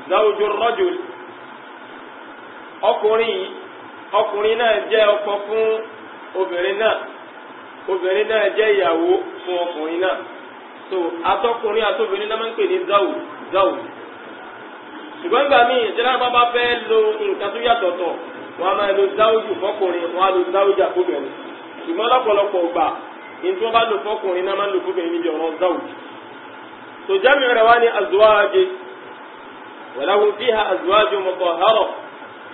zawjul rajul ọkùnrin ọkùnrin náà jẹ́ ọkọ fún obìnrin náà obìnrin náà jẹ́ ìyàwó fún ọkùnrin náà so atọkùnrin atọbìnrin náà máa ń pè ní zawu zawu ṣùgbọ́n gbà míì ìṣẹ̀lẹ̀ àbá bá fẹ́ lo nǹkan tó yàtọ̀ tọ̀ wọn a máa lo záwùjù fọkùnrin wọn a lo záwùjà fóbìnrin ṣùgbọ́n lọ́pọ̀lọpọ̀ gbà ní tí wọ́n bá lo fọkùnrin náà máa lo fóbìnrin níbi ọ̀rọ̀ záwùjù tó jámi rẹ̀ wá ní azuwáje wàláwo bí ha azuwáje mọ̀tọ̀ hárọ̀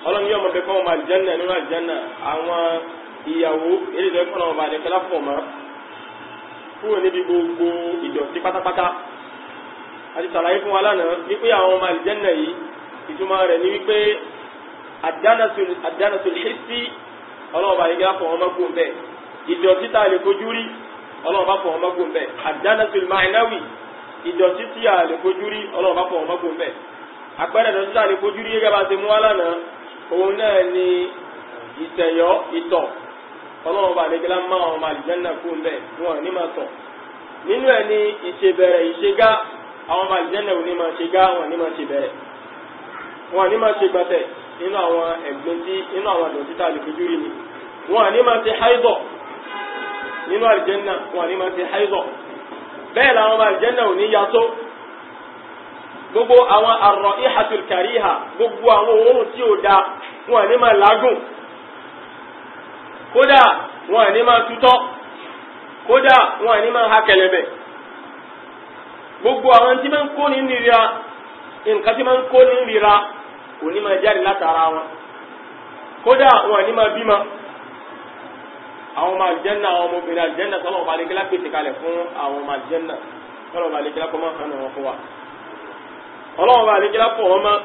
ọlọ́run yóò mọ̀ bẹ́ẹ̀ kọ́ ọmọ àlìjánná nínú àlìjánná àwọn ìyàwó eré kúrò níbi gbogbo ìdọ̀tí pátápátá àti sàlàyé fún wa lánàá wípé àwọn ọmọ àlìjẹ́nà yìí ìtumọ̀ rẹ̀ ni wípé àdánasòlì sí ọlọ́ọ̀bà yìí gá fọ̀ ọmọ gùn bẹ́ẹ̀ ìdọ̀tí tá a lè fojú rí ọlọ́ọ̀bà fọ̀ ọmọ gùn bẹ́ẹ̀ àdánasòlì máìnáwì ìdọ̀tí tí a lè fojú rí ọlọ́ọ̀bà fọ̀ ọmọ gùn bẹ́ẹ̀ àpẹẹrẹ ìdọ̀tí tá a lè fojú rí gẹ́gẹ́ bá ti mú wa lánàá òun náà ni ìtẹ̀yọ́ ìtọ̀ ọlọ́run bá àdékẹ́lá máa wọn máa àlìjánná fún bẹ́ẹ̀ wọn ní máa tọ̀ nínú ẹ̀ ní ìṣèbẹ̀rẹ̀ ìṣègá àwọn máa àlìjánná ò ní máa ṣègá wọn ní máa ṣèbẹ̀rẹ̀ wọn ní máa ṣègbọ̀tẹ̀ nínú àwọn ẹ̀gbin tí nínú àwọn àdọ̀tí tá a lè fojú rí ni wọn ní máa ṣe háìbọ̀ nínú àlìjánná wọn ní máa ṣe háìbọ̀ bẹ́ẹ̀ làwọn máa àlìjánná ò ní yàtọ̀ gbogbo àwọn àrọ̀ ìhàtùkàríhà kódà wọn àní máa tutọ́ kódà wọn àní máa ha kẹlẹ̀bẹ̀ gbogbo àwọn tí máa ń kó ní nira nǹkan tí máa ń kó ní nira kò ní máa jáde látara wọn kódà wọn àní máa bímọ àwọn ọmọ àlìjẹ́nà àwọn ọmọbìnrin àlìjẹ́nà tọ́lọ̀ ọba àlekẹ́lá pèsè kalẹ̀ fún àwọn ọmọ àlìjẹ́nà tọ́lọ̀ ọba àlekẹ́lá kọ́ máa hàn wọn fún wa ọlọ́run ọba pọ̀ wọn máa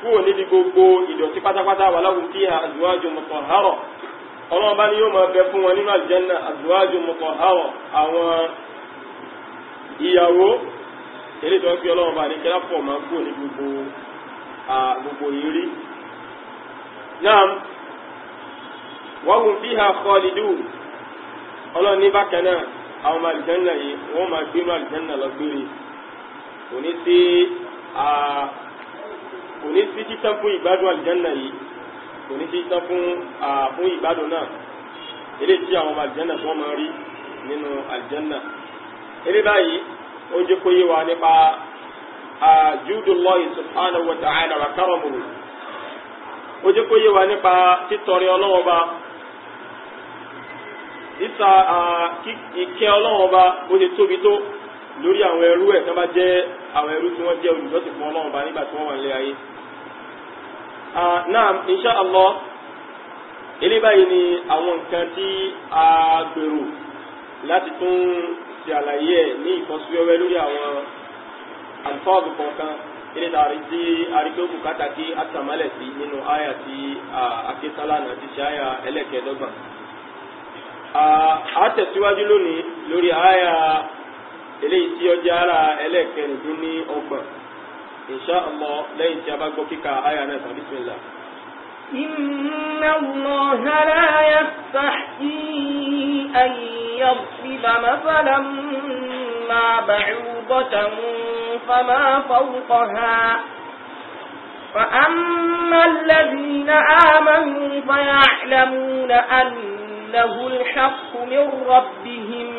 kúrò níbi gbogbo ìdọ̀tí pátápátá wà láwùjọ àjùwájú mọ̀tọ̀ hárọ̀ ọlọ́run bá ní yóò máa bẹ fún wọn nínú àlùjánnà azwaju mutahhara àwọn ìyàwó eré tó ń fi ọlọ́run bá ní kí lápọ̀ máa kú ní gbogbo gbogbo ìrírí. náà wa hum fiha khalidun ọlọ́run ní bákan náà àwọn ọmọ àlùjánnà yìí wọ́n máa gbé inú àlùjánnà lọ kò ní sí títàn fún ìgbádùn àlùjánnà yìí kò ní sí tán fún fún ìgbádùn náà ilé tí àwọn ọmọ àlìjánà tí wọ́n máa rí nínú àlìjánà ilé báyìí ó jẹ́ kó yé wa nípa judullahi subhanahu wa ta'ala wa karamuhu ó jẹ́ kó yé wa nípa títọrẹ ọlọ́wọ́ bá ìta ìkẹ́ ọlọ́wọ́ bá bó ṣe tóbi tó lórí àwọn ẹrú ẹ̀ tó bá jẹ́ àwọn ẹrú tí wọ́n jẹ́ olùjọ́sìn fún ọlọ́wọ́ bá nígbà tí wọ́n wà nílé ayé Ah, naam insha allah ilé báyìí ni àwọn nǹkan tí a gbèrò láti tún ṣe àlàyé ẹ̀ ní ìfọ́síwẹ́wẹ́ lórí àwọn àlùfáàbù kọ̀ọ̀kan ilé tààrí tí arígbókù kátàkì àtàmálẹ̀ sí nínú àyà tí akíntálànà ti ṣe àyà ẹlẹ́kẹ̀ẹ́dọ́gbọ̀n. Ah, a tẹ̀síwájú lónìí lórí àyà eléyìí tí ọjà ara ẹlẹ́kẹ̀ẹ́dún ní ọgbọ̀n. إن شاء الله لا a bá آية kíka بسم الله إن الله لا يستحيي أن يضرب مثلا ما بعوضة فما فوقها فأما الذين آمنوا فيعلمون أنه الحق من ربهم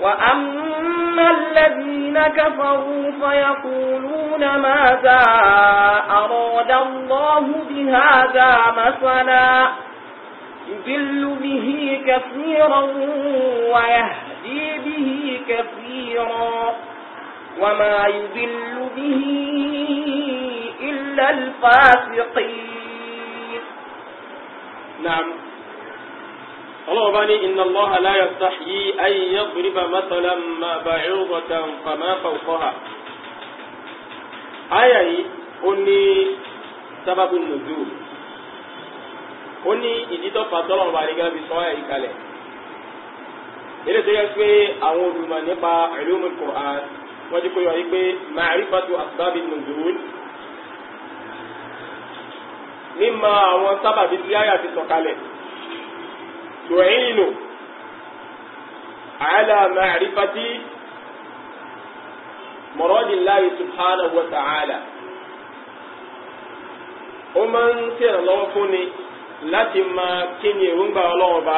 وأما الذين كفروا فيقولون ماذا أراد الله بهذا مثلا يضل به كثيرا ويهدي به كثيرا وما يضل به إلا الفاسقين نعم ọlọ́run bá ní inna Allaha la yastahyi an yadriba mathalan ma ba'idatan fama fawqaha. àyà yìí ó ní sábàbù nùzúl ó ní ìdítọ́ pàtọ́lọ́run bá nígbà bí sọ́ọ́ yìí kalẹ̀ ilé tó yẹ pé àwọn olùmọ̀ nípa ulumul Qur'an wọ́n ti kó yọ wípé ma'rifatu asbabin nuzul mímọ̀ àwọn sábàbí tí àyà ti sọ̀kalẹ̀. تعين على معرفة مراد الله سبحانه وتعالى ó máa ń ṣèrànlọ́wọ́ fún ni láti lati ma ni èròǹgbà ọlọ́run ba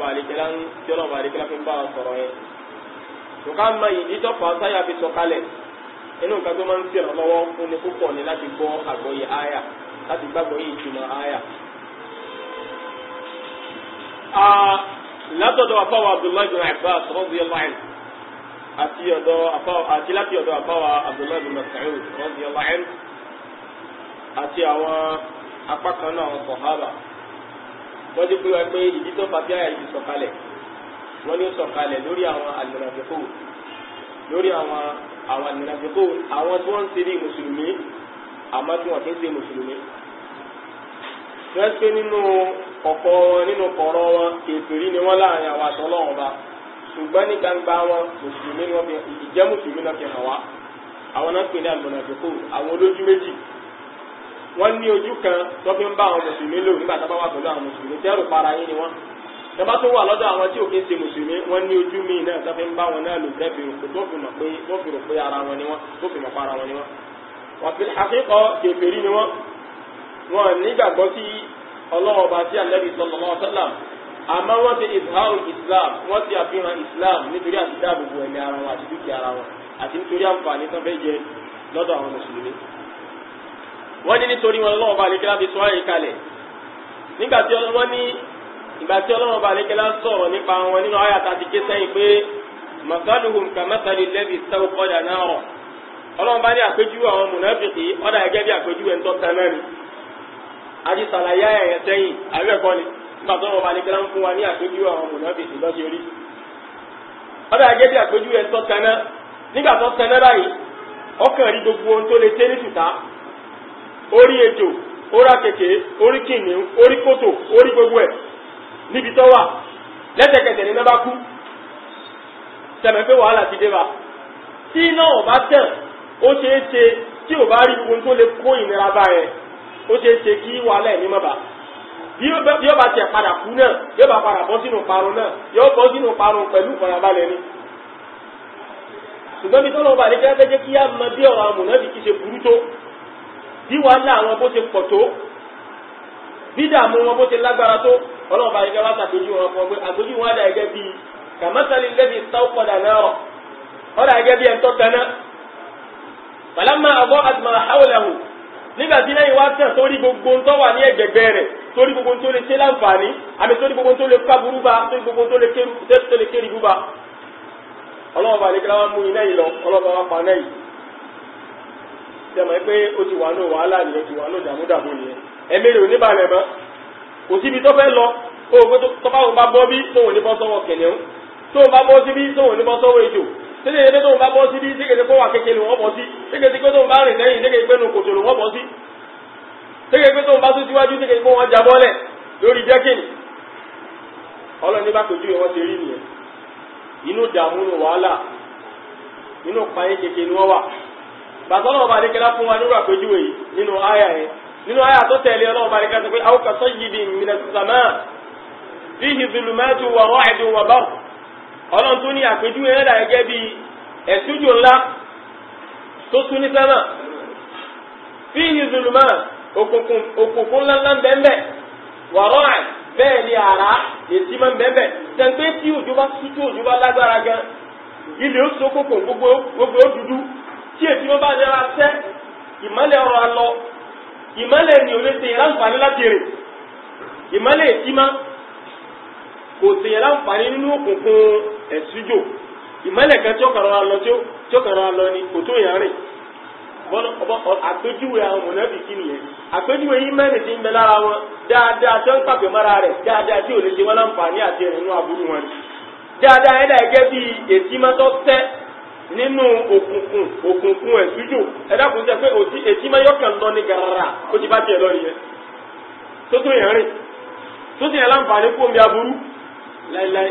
ba àdékẹ́lá ń tí ọlọ́run ba àdékẹ́lá fi ń bá wa sọ̀rọ̀ yẹn. Tòká ma ìdí tọ́fà fi sọ̀kalẹ̀ inú nǹkan tó látọ̀dọ̀ àfáwà abdullahi bin abbas radiyallahu anhu àti ọ̀dọ̀ àfáwà àti láti ọ̀dọ̀ àfáwà abdullahi bin mas'ud radiyallahu anhu àti àwọn apá kan náà àwọn sọ̀hábà wọ́n ti pé wá pé ìdí tó fàbí àyà yìí sọ̀kalẹ̀ wọ́n ní sọ̀kalẹ̀ lórí àwọn àlùmọ̀tẹ́kù lórí àwọn àwọn àlùmọ̀tẹ́kù àwọn tí wọ́n ń ṣe mùsùlùmí àmọ́ tí wọ́n ti ń ṣe mùsùlùmí. wọ́n pé nínú kọ̀kọ́ wọn nínú kọ̀rọ̀ wọn kèfèrí ni wọ́n láàrin àwọn aṣọ ọlọ́run bá ṣùgbọ́n ní gbangba wọn mùsùlùmí ni wọ́n fi ìjẹ́ mùsùlùmí náà fi hàn wá àwọn náà pè ní àwọn olójú méjì wọ́n ní ojú kan tó fi ń bá àwọn mùsùlùmí lò nígbà tó bá wà pẹ̀lú àwọn mùsùlùmí para yín ni wọ́n tẹ́bá tó wà lọ́dọ̀ àwọn tí ò kí ń ṣe mùsùlùmí wọ́n ni wọ́n tó fi mọ̀ pa ara wọn ni wọ́n wọ́n fi ni wọ́n wọ́n nígbàgbọ́ ọlọ́wọ́ bá tí alẹ́ bíi sọ̀rọ̀ lọ́wọ́ sọ́làm àmọ́ wọ́n ti ìfàhàrù islam wọ́n ti àfihàn islam nítorí àti dáàbòbò ẹ̀mí ara wọn àti dúkìá ara wọn àti nítorí àǹfààní tán fẹ́ jẹ lọ́dọ̀ àwọn mùsùlùmí. wọ́n ní nítorí wọn lọ́wọ́ bá alẹ́kẹ́lá fi sọ àyè kalẹ̀ nígbà tí wọ́n ní ìgbà tí ọlọ́wọ́ bá alẹ́kẹ́lá sọ̀rọ̀ nípa wọn nínú àyà tá a ti ké sẹ́yìn pé masaluhum kamasali lẹ́bi sẹ́wọ́ kọ́dà náà rọ̀ ọlọ́wọ́ bá ní àpéjú àwọn mùnàfìkì ọ̀dà gẹ́gẹ́ bí àpéjú ẹ̀ ń tọ́ tẹ́ náà ni àti sàlàyé ẹ̀yẹ sẹ́yìn àbẹ́ẹ̀kọ́ ni nígbà tó wọn bá ní kí wọ́n fún wa ní àpéjú àwọn mùnàfíìsì lọ́sí orí. ọ̀dà àgẹ́ bí àpéjú ẹ̀ tọ́ kaná nígbà tó kaná báyìí ọkàn rí gbogbo ohun tó lè tẹ́ ní tùtà orí ejò orí àkèké orí kìnìún orí kòtò orí gbogbo ẹ̀ níbi tó wà lẹ́sẹ̀kẹsẹ̀ ní nábàkú tẹ̀mẹ̀ pé wàhálà ti dé bá tí náà bá tẹ̀ ó ṣeé ṣe tí ò bá rí ohun tó lè kó ìnira bá yẹn ó ṣe é ṣe kí wàhálà ẹ̀mí má bà bí ó bá tiẹ̀ padà kú náà yóò bá padà bọ́ sínú parun náà yóò bọ́ sínú parun pẹ̀lú ìfarabalẹ̀ ni ṣùgbọ́n bí tọ́lọ́ bá nígbà tẹ́jẹ́ kí á mọ bí ọ̀rọ̀ àmùná bí kì í ṣe burú tó bí wàhálà àwọn bó ṣe pọ̀ tó bí dààmú wọn bó ṣe lágbára tó ọlọ́ọ̀bá nígbà wá ṣàpèjú wọn fún ọ pé wọn dà gẹ́gẹ́ bíi kàmásálì lẹ́bi sáwọ́kọ̀dà náà ọ̀dà gẹ́gẹ́ bíi ẹ̀ńtọ́ tẹ́ná. pàlámà àbọ̀ àtùmọ̀ àwòlẹ̀hùn nígbà tí lẹ́yìn wá tẹ̀ sórí gbogbo tó wà ní ẹ̀gbẹ̀gbẹ̀ rẹ̀ sórí gbogbo tó lè ṣe láǹfààní àmì sórí gbogbo tó lè ká burú ba sórí gbogbo tó lè kéré bú ba ọlọ́run bá nìkan wá mú iná yìí lọ ọlọ́run wá pa náà yìí sẹ́mọ̀ pé ó ti wà ní wàhálà nìyẹn ti wà ní ìdàmúdàmú nìyẹn ẹ̀mí rẹ̀ ò ní balẹ̀ mọ́ kò síbi tẹ́lẹ̀ yẹn tó ń bá bọ́ sí bí tẹ́kẹ̀tẹ́ pọ̀ wà kékeré wọ́n bọ́ sí tẹ́kẹ̀tẹ́ pé tó ń bá rìn sẹ́yìn tẹ́kẹ̀tẹ́ pé nu wọ́n bọ́ sí tó ń bá tún síwájú tẹ́kẹ̀tẹ́ wọ́n wọn ọlọ́run tó ní àpèjúwe ẹ̀dà gẹ́gẹ́ bí ẹ̀sùjò ńlá tó sún ní sánà fi ìzùlùmọ́ òkùnkùn ńláńlá bẹ́ẹ̀ wọ̀rọ̀ àì bẹ́ẹ̀ ni àrá èsì máa ń bẹ́ẹ̀ tẹ̀gbẹ́ tí òjò bá sú tí òjò bá lágbára gan ilẹ̀ ó so kòkò gbogbo ó dúdú tí èsì máa bá nira sẹ́ ìmọ́lẹ̀ ọ̀rọ̀ alọ ìmọ́lẹ̀ ni ò lè ṣe ìránfààní láti rè ìmọ́lẹ̀ èsì máa kò ṣe ìránfààní nínú òkùnkùn ẹ̀sùjò ìmọ́lẹ̀ kan tí ó kàrọ̀ alọ tí ó kàrọ̀ alọ ni kò tó yàn rìn àpéjúwe àwọn mọ̀nàbí kí nìyẹn àpéjúwe yìí mẹ́rin ti ń bẹ lára wọn dáadáa tí ó ń pàpẹ mọ́ra rẹ̀ dáadáa tí ò lè ṣe wọ́n láǹfààní àti ẹ̀rìn inú aburú wọn dáadáa ẹ̀dá ẹ̀gẹ́ bí ètí mọ́tọ́ tẹ́ nínú òkùnkùn òkùnkùn ẹ̀sùjò ẹ̀dá kò jẹ́ pé ètí mọ́yọ́kàn lọ ní gàràrà ó ti bá tiẹ̀ lọ nìyẹn tó tó yàn rìn tó sì yàn láǹfààní kó omi aburú láíláí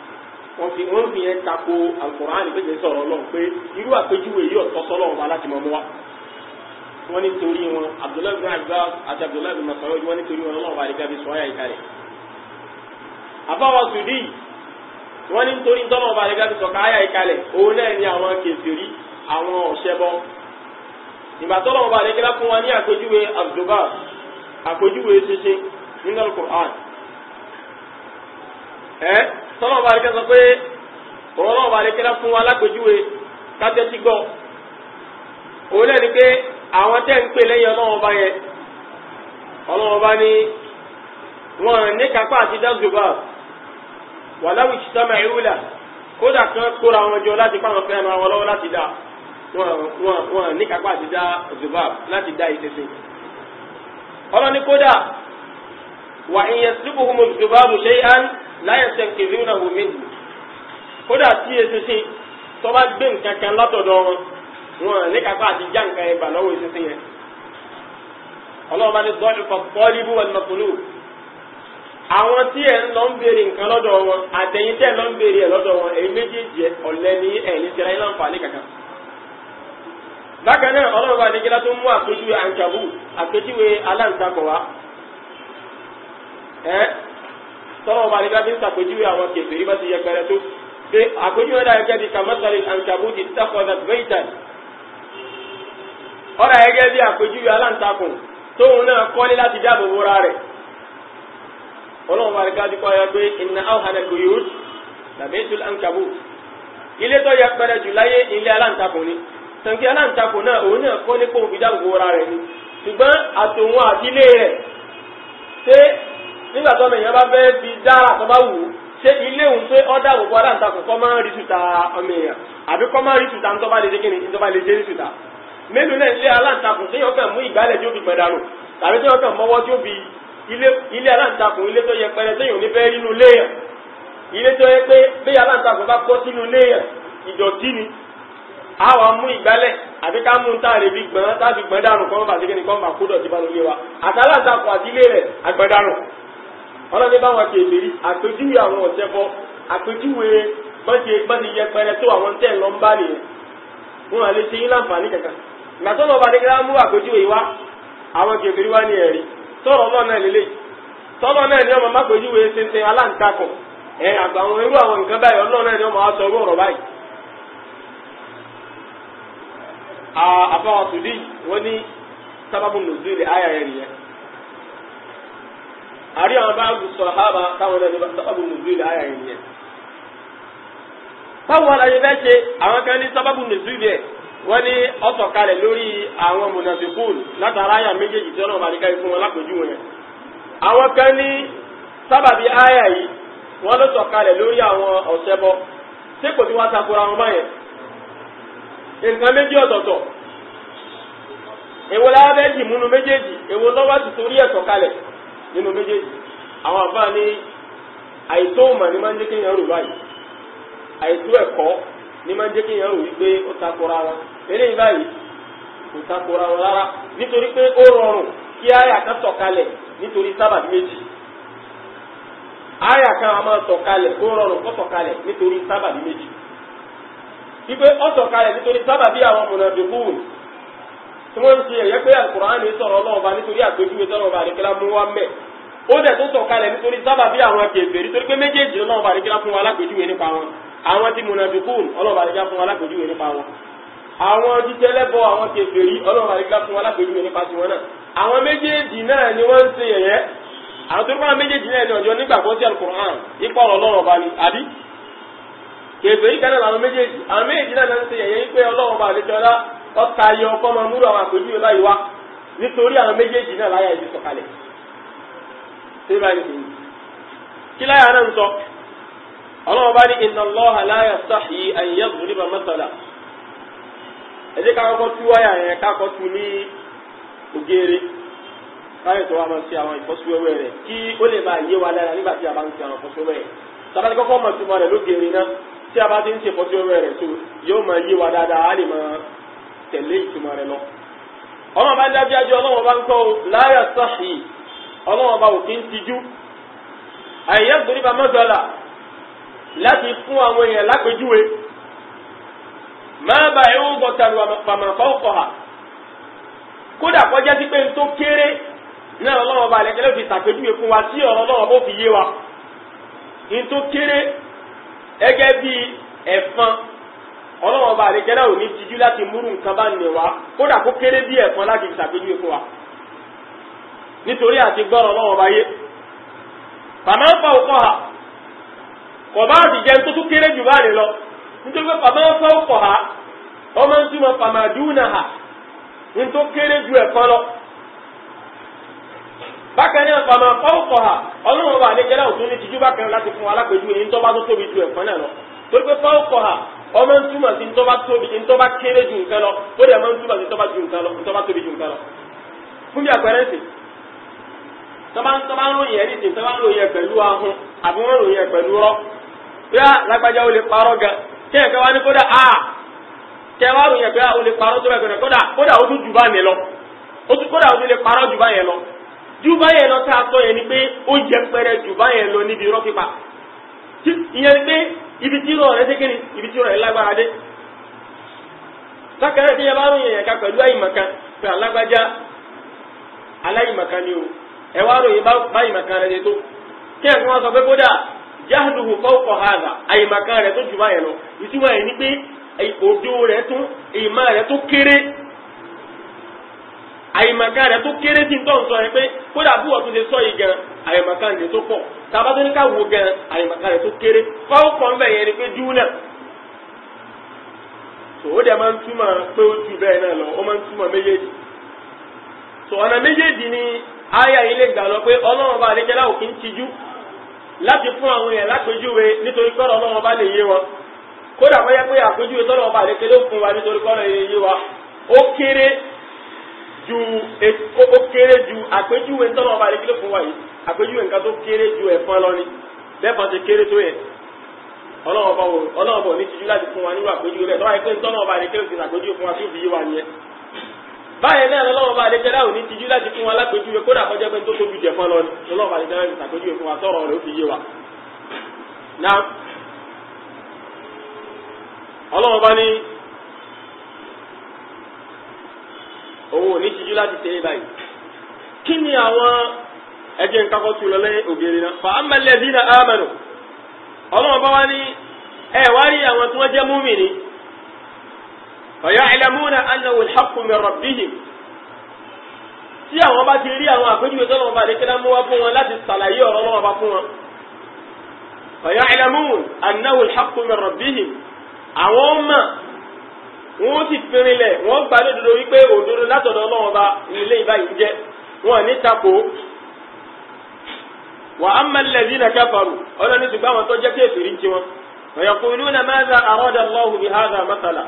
wọ́n fi wọ́n fi yẹn tako alukoran ní pèsè sọ̀rọ̀ lọ́wọ́ pé irú àpèjúwe yìí ọ̀tọ́ sọ́lọ́ wọn bá láti mọ̀ mọ́ wa wọ́n ní torí wọn abdullahi bin abbas àti abdullahi bin masoud wọ́n ní torí wọn lọ́wọ́ àdìgá bí sọ́yà ìkàlẹ̀ àbáwọ̀ sùdí wọ́n ní torí tọ́lọ̀ ọba àdìgá bí sọ̀kà áyà ìkàlẹ̀ òun náà ní àwọn kèfèrí àwọn ọ̀ṣẹ́bọ ìgbà tọ́lọ̀ ọba àdìgá fún wa ní àpèjúwe abdulba àpèjúwe ṣinṣin nínú alukur'an ẹ́ tọ́lọ́mọba àríkẹ́ sọ pé òun náà wàá lékelá fún wa lápèjúwe kájẹ́tì gbọ́ òun náà ni pé àwọn tẹ́ ń pè lẹ́yìn ọlọ́mọba yẹn ọlọ́mọba ni wọn ní kápá àti dáńdùbà wà láwùjọ sítámà ìrúlà kódà kan kóra wọn jọ láti fáwọn fẹ́ràn àwọn ọlọ́wọ́ láti dá wọn ní kápá àti dá láti dá ìṣẹ̀ṣẹ̀ ọlọ́ni kódà wà ìyẹn síbùkún mọ̀ zubab ṣe é láyé sẹ́kìrì náà wò mí nìyí kódà tí eṣinṣin tó bá gbé nǹkan kan látọ̀dọ̀ wọn wọn ní kápá àti já nǹkan ẹgbà lọ́wọ́ eṣinṣin yẹn ọlọ́run bá ní bọ́ọ̀lù kan bọ́ọ̀lù bú wọn lọ́kùnrin o àwọn tí ẹ̀ ń lọ ń béèrè nǹkan lọ́dọ̀ wọn àtẹ̀yìn tẹ̀ lọ ń béèrè ẹ̀ lọ́dọ̀ wọn èyí méjèèjì ọ̀lẹ́ ní ẹ̀yìn ìṣẹ̀lá yín láǹfààní kankan bákan náà ọlọ́run tọ́lọ́ ọba àdìgbà fi ń sàpèjúwe àwọn kèfè yìí bá ti yẹpẹrẹ tó pé àpèjúwe náà gẹ́gẹ́ bí kàmọ́sálì àǹkàbùtì tàkọ̀dà gbẹ̀yìtàn ọ̀rọ̀ gẹ́gẹ́ bí àpèjúwe aláǹtakùn tóun náà kọ́lé láti dáàbò bóra rẹ̀ ọlọ́run bá àdìgbà ti kọ́ ya pé ìnà áhànà gòyòt làbẹ́tùl àǹkàbùt ilé tó yẹpẹrẹ jù láyé ilé aláǹtakùn ni tàǹkì aláǹtakùn náà òun náà kọ́lé pòun fi dáàbò bóra rẹ̀ ni ṣùgbọ́n nígbà tó ọmọ èèyàn bá fẹ́ fi dára tó bá wù ú ṣé ilé òun pé ọ́dà gbogbo aláǹtakùn kọ́ máa ń rí tuta ọmọ èèyàn àbí kọ́ máa ń rí tuta ń tọ́ba lè dé kíni ń tọ́ba lè dé rí tuta mélòó náà ilé aláǹtakùn tí yọ̀ọ́ kàn mú ìgbálẹ̀ tí ó fi gbẹ̀dàrò tàbí tí yọ̀ọ́ kàn mọ́wọ́ tí ó fi ilé aláǹtakùn ilé tó yẹ pẹrẹ tí yòó fẹ́ rínú léèyàn ilé tó yẹ pé bí aláǹtakùn bá kọ́ sínú léèyàn ìdọ̀tí ni a wà mú ìgbálẹ̀ àti ká mú tá a lè fi gbọ̀n tá a fi gbọ̀n dànù kọ́ bàtí kíni kọ́ bà kó dọ̀tí bá wa àtàlàǹtakùn àti ilé rẹ̀ àgbẹ̀dàrù ọlọ́ni bá wọn kèé lérí àpèjúwe àwọn ọ̀sẹ̀ bọ́ àpèjúwe bọ́sẹ̀ bọ́sẹ̀ tó àwọn tẹ̀ lọ ń bá nìyẹn ṣe yín láǹfààní kankan mú àpèjúwe wá àwọn wá ní ẹ̀rí tọ́rọ̀ náà náà lélẹ̀ tọ́rọ̀ náà ni ọmọ mápèjúwe ṣẹṣẹ aláǹtakùn ẹ̀ àgbà àwọn irú àwọn nǹkan báyìí náà ni ọmọ irú ọ̀rọ̀ báyìí ní sábàbù nùzúlì ayà ari àwọn báàgù sọ̀hábà táwọn náà ní sábàbù nùzúlì àyà yìí yẹn. táwọn aláyé fẹ́ ṣe àwọn kan ní sábàbù nùzúlì ẹ̀ wọ́n ní ọ̀sọ̀ kalẹ̀ lórí àwọn mùnàfíkùn látara àyà méjèèjì tí ọlọ́run fún wọn lápèjú wọn yẹn. àwọn kan ní sábàbí yìí wọ́n ló kalẹ̀ lórí àwọn kò sí nínú méjèèjì àwọn àbá ní àìtó ní máa ń jẹ́ kí èèyàn rò báyìí àìtó ẹ̀kọ́ ní máa ń jẹ́ kí èèyàn rò wípé ó takora wọn báyìí kò takora wọn rárá nítorí pé ó rọrùn kí àyà kan sọ̀kalẹ̀ nítorí sábàbí méjì àyà kan máa sọ̀kalẹ̀ ó rọrùn kó sọ̀kalẹ̀ nítorí sábàbí méjì wípé tí wọ́n ń ṣe ẹ̀yẹ́ pé àkùránì sọ̀rọ̀ ọlọ́run bá nítorí àpèjúwe tọ́rọ̀ bá ní kílá mú wá mẹ́ ó dẹ̀ tó sọ̀kalẹ̀ nítorí sábà bí àwọn kèfèrí torí pé méjèèjì ọlọ́run bá ní kílá fún wa lápèjúwe nípa wọn àwọn ti mùnàbíkún ọlọ́run bá ní kílá fún wa lápèjúwe nípa wọn àwọn jíjẹ́ lẹ́bọ àwọn kèfèrí ọlọ́run bá ní kílá fún wa lápèjúwe nípa tiwọn náà àwọn méjèèjì náà ni wọ́n ń ṣe ẹ̀yẹ́ àwọn tó rúbọ́n méjèèjì náà ni ọjọ́ nígbàgbọ́ sí alukur'an ipa ọ̀rọ̀ ọlọ́run bá ní àbí kèfèrí kan náà làwọn méjèèjì àwọn méjèèjì náà ń ṣe ẹ̀yẹ́ ipe ọlọ́run bá ọta ayọ ọkọ máa múlò àwọn àpèjúwe báyìí wá nítorí àwọn méjèèjì náà láyà ibi sọ̀kalẹ̀ ṣé báyìí nìyí kí láyà náà ń sọ bá ní inna Allaha la yastahi an yadriba ẹ̀jẹ̀ ká kọ́kọ́ tú wáyà yẹn ká kọ́ ní ògèrè káyọ̀ tó wá máa ṣe àwọn ìfọ́síwẹ́wẹ́ rẹ̀ kí ó lè máa yé wa lára nígbà tí a bá ń ṣe àwọn ìfọ́síwẹ́wẹ́ rẹ̀ kọ́kọ́ mọ̀ sí mọ́ ti ń ṣe ìfọ́síwẹ́wẹ́ rẹ̀ tó yóò tẹ̀lé ìtumọ̀ rẹ̀ lọ. ọlọ́run bá dájú ajé ọlọ́run bá ń kọ́ láyà sáàṣì ọlọ́run bá òkè ń tijú. àyè gbèrè bá láti fún àwọn èèyàn lápèjúwe. máa bá ẹ̀rọ ọkọ̀ kódà kọjá sí pé n tó kéré náà bá fi fún wa tí bó fi yé wa. n tó kéré ọlọ́wọ́n bá àdékẹ́lá ò ní tijú láti múrù nǹkan bá nì wá kódà kó kéré bí ẹ̀kan láti ṣàpèjúwe fún wa nítorí àti gbọ́rọ̀ ọlọ́wọ́n bá yé bàmá ń fa ha kò bá tó tún kéré jù bá rí lọ nítorí pé bàmá ń fa òkọ́ ha ọmọ ń túmọ̀ ha ń tó ju ẹ̀kan lọ bákan náà ha ọlọ́wọ́n bá ní tijú bákan láti fún ọmọ ń túmọ̀ sí ntọ́ba tóbi ntọ́ba kéré ju nǹkan lọ ó dẹ̀ máa ń túmọ̀ sí ntọ́ba ju nǹkan lọ ntọ́ba tóbi ju nǹkan lọ. fún bí àpẹẹrẹ ṣe tọ́ba tọ́ba ń ròyìn ẹ̀rí sìn tọ́ba ń ròyìn ẹ̀ pẹ̀lú ahun àbí wọ́n ròyìn ẹ̀ pẹ̀lú rọ́ bíyà lágbájá ó lè parọ́ gan kí ẹ̀ka wá ní kódà a kí ẹ wá ròyìn ẹ̀ pé ó lè parọ́ tó bẹ̀ gbẹ̀rẹ̀ kódà kódà ó tún jù bá yẹn lọ kódà ó tún lè parọ́ jù bá yẹn lọ jù bá yẹn lọ tá a sọ yẹn ni pé ó yẹpẹrẹ jù bá yẹn lọ níbi rọ́ pípa ìyẹn ni pé ibi tí rọ̀ rẹ̀ dékìní ibi tí rọ̀ rẹ̀ lágbára dé lákàrẹ̀ tí yẹn bá ròyìn ẹ̀ka pẹ̀lú àyìmọ̀kan pé alágbájá aláyìmọ̀kan ni o ẹ wá ròyìn bá àyìmọ̀kan rẹ̀ tó kí ẹ̀ tí wọ́n sọ pé kódà jáàdùhù fọ́ọ̀kọ̀ hàdà àyìmọ̀kan rẹ̀ tó jù báyẹn lọ ìtumọ̀ ẹ̀ ní pé òdo rẹ̀ tún ìmọ̀ rẹ̀ tó kéré àyìmọ̀kan rẹ̀ tó kéré tí ń tọ́ sọ ẹ pé kódà bí wọ́n tún ṣe sọ yìí gan àyìmọ̀kan rẹ̀ tó pọ̀ tàbátó ní wo gan àyèmàkà rẹ̀ tó kéré fáwọn kan bẹ̀ yẹn ni pé júnà so ó dẹ̀ máa ń túmọ̀ pé ó ju bẹ́ẹ̀ náà lọ ó máa ń túmọ̀ méjèèjì ana ọ̀nà méjèèjì ni aya ilé gbà lọ pé ọlọ́run bá lè jẹ́lá òkín tijú láti fún àwọn èèyàn lápèjúwe nítorí kọ́rọ̀ ọlọ́run bá lè yé wọn kódà bóyá pé àpèjúwe tọ́lọ́run bá lè kéré fún wa nítorí kọ́rọ̀ yé wa ó kéré ju àpèjúwe tọ́lọ́run bá lè kéré fún wa yìí àpèjúwe nǹkan tó kéré ju ẹ̀fọn lọ ni lẹ́fọn ti kéré tó yẹn ọlọ́wọ́ ní ṣíṣú láti fún wa nínú àpèjúwe rẹ̀ tọ́wọ́ ẹgbẹ́ tọ́nà ọba àdékẹ́rù ti nàpèjúwe fún wa tí ó fi yé wa nìyẹn báyẹn náà lọ́wọ́ bá àdékẹ́rù àwọn ní ṣíṣú láti fún wa lápèjúwe kódà kọjá pé tó tóbi jẹ̀fọn lọ ni ọlọ́wọ́ àdékẹ́rù ti nàpèjúwe fún wa tọ́rọ̀ rẹ̀ ó fi yé wa ẹjẹ́ nǹkan kọ́ tu lọ́lẹ́ obìnrin náà. fa amalẹ́dínà amanu ọlọ́run bá wá ní ẹ wá rí àwọn tí wọ́n jẹ́ múmìnì. ọ̀yọ́ ìlàmúnà anáwó ìhàkùnmẹ̀ rọ̀bìhì. tí àwọn bá ti rí àwọn àpéjúwe tó lọ́wọ́ bá lè kíná mú fún wọn láti sàlàyé ọ̀rọ̀ lọ́wọ́ fún wọn. ọ̀yọ́ ìlàmúnà anáwó ìhàkùnmẹ̀ rọ̀bìhì. àwọn ọmọ wọn ti pinrinlẹ̀ wọ́n gbàdúró wípé òdodo látọ̀dọ̀ ọlọ́wọ́ ilé ìbáyìí jẹ́ wọn ní tako wa á mọ lẹ́bí na káfàrú ọlọ́ni ṣùgbọ́n àwọn wọn. ọ̀yọ̀kùnrin náà máa ń za àrọ́dà lọ́hùn bí hàdà mọ́tàlá.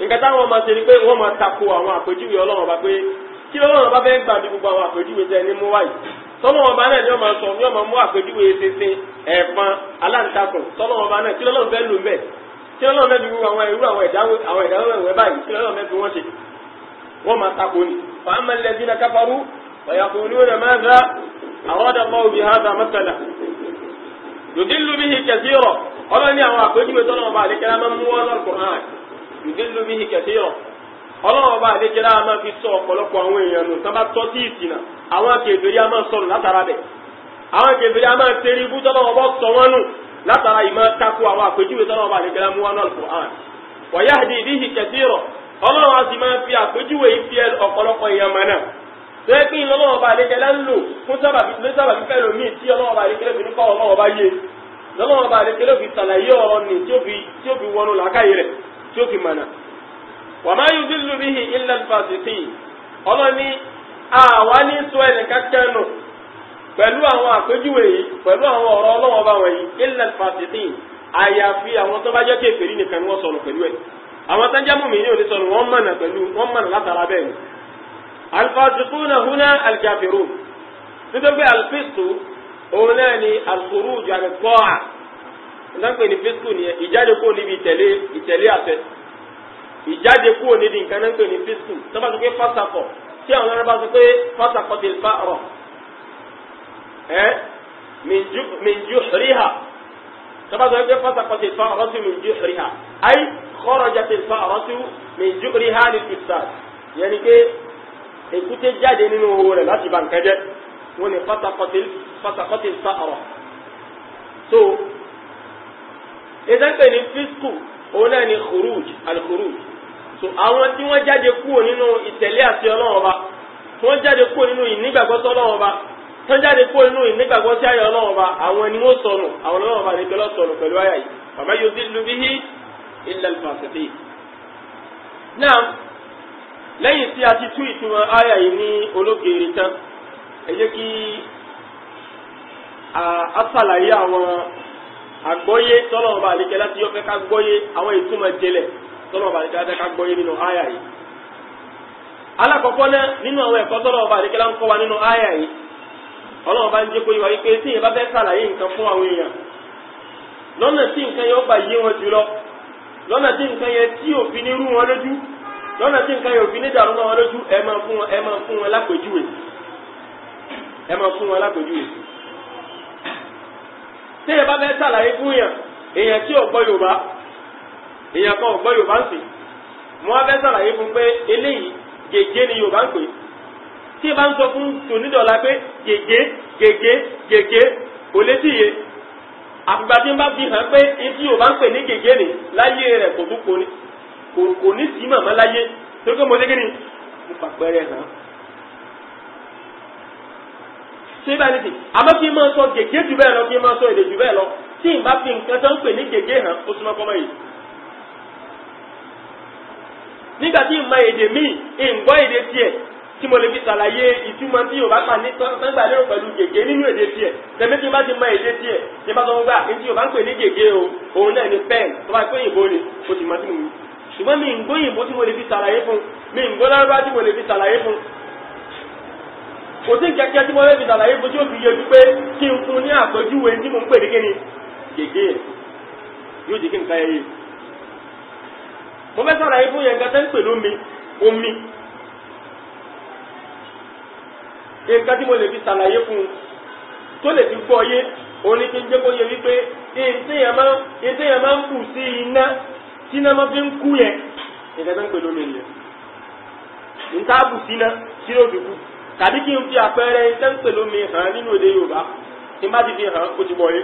nǹkan táwọn ọmọ ni pé àwọn àpèjúwe ọlọ́run bá pé kí àwọn àpèjúwe tẹ ní mú ni أراد الله بهذا مثلا يدل به كثيرا ọlọ́ni àwọn àpèjúwe tó lọ́wọ́ bá àlékẹ́lá máa ń mú wọn lọ́kùnrin yudillu bihi kathira ọlọ́wọ́ bá àlékẹ́lá máa fi sọ ọ̀pọ̀lọpọ̀ àwọn èèyàn nù tán bá tọ́ a máa sọnù látara bẹ̀ àwọn kèfèrí a máa tẹ̀rí ibú tó lọ́wọ́ bọ́ sọ wọn nù látara ìmọ̀ bẹ́ẹ̀ kí n lọ́wọ́ ọba àlejò lánlò fún sábàbí sábàbí fẹ́ràn míì tí ọlọ́wọ́ àlejò fi ní kọ́ ọlọ́wọ́ bá yé lọ́wọ́ ni tí ó fi tí ó fi wọnú làákàyè rẹ̀ tí ó fi mọ̀nà. wa ma yudillu bihi illa al-fasiqin ọlọ́ni àwa ní sọ ẹnì kankan nù pẹ̀lú àwọn àpèjúwe yìí pẹ̀lú àwọn ọ̀rọ̀ ọlọ́wọ́ ọba wọ̀nyí illa al-fasiqin àyàfi àwọn tó bá jẹ́ kéferì nìkan ni wọ́n sọ̀rọ̀ pẹ̀lú ẹ̀ àwọn tó ń ní òní wọ́n mọ̀nà pẹ̀lú wọ́n mọ̀nà látara bẹ́ẹ̀ alifasiquna huna alikafirun nítorí pé alifisku òun náà ni alikuruju alikọ́à nítorí ní fisku ni ìjáde kúrò níbi ìtẹ̀lé ìtẹ̀lé àtẹ ìjáde kúrò níbi nǹkan náà ń pè ní fisku tó bá sọ pé fasakọ̀ tí àwọn ọ̀rẹ́ bá sọ pé fasakọ̀ ti fa ọ̀rọ̀ ẹ́ minju ríha tó bá sọ pé fasakọ̀ ti fa ọ̀rọ̀ sí minju ríha ay kọ́rọ̀jà ti fa ọ̀rọ̀ sí minju ríha ní fisku yẹn ni pé èkúté jáde nínú owó rẹ̀ láti bà nǹkan jẹ́ wọ́n ní pátákọ́tì sá ọ̀rọ̀ so ìdẹ́pẹ̀ ní fisku òun náà ní khuruj al-khuruj so àwọn tí wọ́n jáde kúrò nínú ìtẹ̀lé àti ọlọ́run ọba tí wọ́n jáde kúrò nínú ìnígbàgbọ́ sí ọlọ́run ọba tí wọ́n jáde kúrò nínú ìnígbàgbọ́ sí ayọ̀ ọlọ́run ọba àwọn ni wọ́n sọnù àwọn ọlọ́run ọba ní kẹlọ́ sọnù pẹ̀lú àyà yìí bàbá yóò dín lu bihi illa al-fasiqin náà lẹ́yìn tí a ti tú ìtumọ̀ àyà yìí ní ológeere tán ẹ jẹ́ kí a ṣàlàyé àwọn àgbọ́yé tọ́lọ́mọba àlekẹ́ láti yọ fẹ́ ká gbọ́yé àwọn ìtumọ̀ jẹlẹ̀ tọ́lọ́mọba àlekẹ́ láti ká gbọ́yé nínú àyà yìí. alákọ̀ọ́kọ́ náà nínú àwọn ẹ̀kọ́ tọ́lọ́mọba àlekẹ́ láti kọ́ wa nínú yìí ń jẹ́ wípé tí bá fẹ́ nǹkan lọ́nà tí nǹkan yóò fi ní ìdàrú máa wọn lójú ẹ máa fún wọn ẹ máa fún wọn lápèjúwe ẹ máa fún wọn lápèjúwe. tí ẹ bá fẹ́ sàlàyé fún yàn èèyàn tí ò gbọ́ Yorùbá èèyàn kan ò gbọ́ Yorùbá ń sè mo wá fẹ́ sàlàyé fún pé eléyìí gègé ni Yorùbá ń pè tí ẹ bá ń sọ fún tònídọ̀la pé gègé gègé gègé kò létí yé àfìgbà tí ń bá fi hàn pé etí Yorùbá ń pè ní gègé ni láyé rẹ̀ kò tún poni kò ní sí màmá láyé torí pé mo ṣe kí ni mo fàpẹ́rẹ́ hàn. ṣé bá ní ti àmọ́ kí n máa sọ gègé jù bẹ́ẹ̀ lọ kí n máa sọ èdè jù bẹ́ẹ̀ lọ tí n bá fi nǹkan tó ń pè ní gègé hàn ó súnmọ́ kọ́mọ́ yìí. nígbà tí n ma èdè míì n gbọ́ èdè tiẹ̀ tí mo lè fi ṣàlàyé ìtumọ̀ tí Yorùbá pa ní sọ́gbà lérò pẹ̀lú gègé nínú èdè tiẹ̀ tẹ̀mí tí n bá ti mọ èdè tiẹ̀ tí n bá sọ fún gbà ní tí Yorùbá ń pè ní gègé o òun náà ni pẹ́ẹ̀n tó bá pé òyìnbó ni o sì mọ sí mi ṣùgbọ́n mi ń gbọ́ òyìnbó tí mo lè fi ṣàlàyé fún mi ń gbọ́ lárúbá tí mo lè fi ṣàlàyé fún kò sí kẹ́kẹ́ tí mo lè fi ṣàlàyé fún tí ó fi yé ojú pé kí n fún ní àpèjúwe tí mo ń pè ní kíni gègé yóò jẹ́ kí n ká ẹyẹ mo fẹ́ ṣàlàyé fún yẹn gẹ́gẹ́ ń pè lómi omi nǹkan tí mo lè fi ṣàlàyé fún tó lè fi gbọ́ yé òun ni kí n jẹ́ kó yẹ wípé ìtìyàn máa ń kù sí iná síná máa fi ń kú yẹn nǹkan tó ń pè lómi nìyẹn nǹkan àbù síná tí yóò fi kú tàbí kí n fi àpẹẹrẹ iṣẹ́ ń pè lómi hàn nínú èdè Yorùbá tí n bá ti fi hàn ó ti bọ̀ yé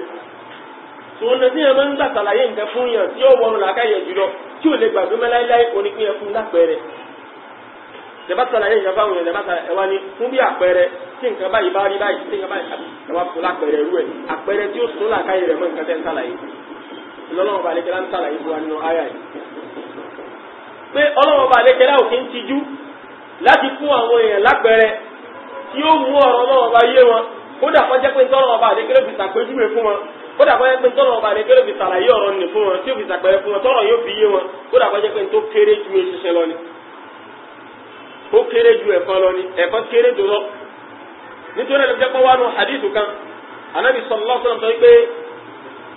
tòun tí yẹn máa ń gbà sàlàyé nǹkan fún yẹn tí ó wọnú làákàyè jùlọ tí ò lè gbàgbé mẹ́láíláí onípínyẹn fún lápẹẹrẹ lẹ́bá sàlàyé yẹn fáwọn yẹn lẹ́bá sàlàyé ẹ̀wá ni fún bí àpẹẹrẹ tí nǹkan báyìí bá rí báyìí tí nǹkan báyìí ẹ̀wá fún lápẹẹrẹ rú ẹ̀ àpẹẹrẹ tí ó sún làákàyè rẹ̀ mọ́ nǹkan tẹ́ ń sàlàyé lọ́lọ́wọ́ bá lékelá ń sàlàyé fún wa nínú àyà yìí pé ọlọ́wọ́ bá lékelá ò kí ń tijú láti fún àwọn èèyàn lápẹẹrẹ tí ó mú ọ̀rọ̀ ọlọ́wọ́ bá yé wọn kódà kọjá pé tọ́lọ́wọ́ bá lékelé fi sàpéjúwe fún wọn kódà kọjá pé tọ́lọ́wọ́ bá lékelé fi sàlàyé ọ̀rọ̀ nì fún wọn tí ó fi sàpẹẹrẹ fún wọn tọ́lọ́ yóò fi yé wọn kódà kọjá pé tó kéré ju eṣiṣẹ́ lọ ni ó kéré ju ẹ̀kọ́ lọ ni ẹ̀kọ́ kéré dòdò nítorí ẹ̀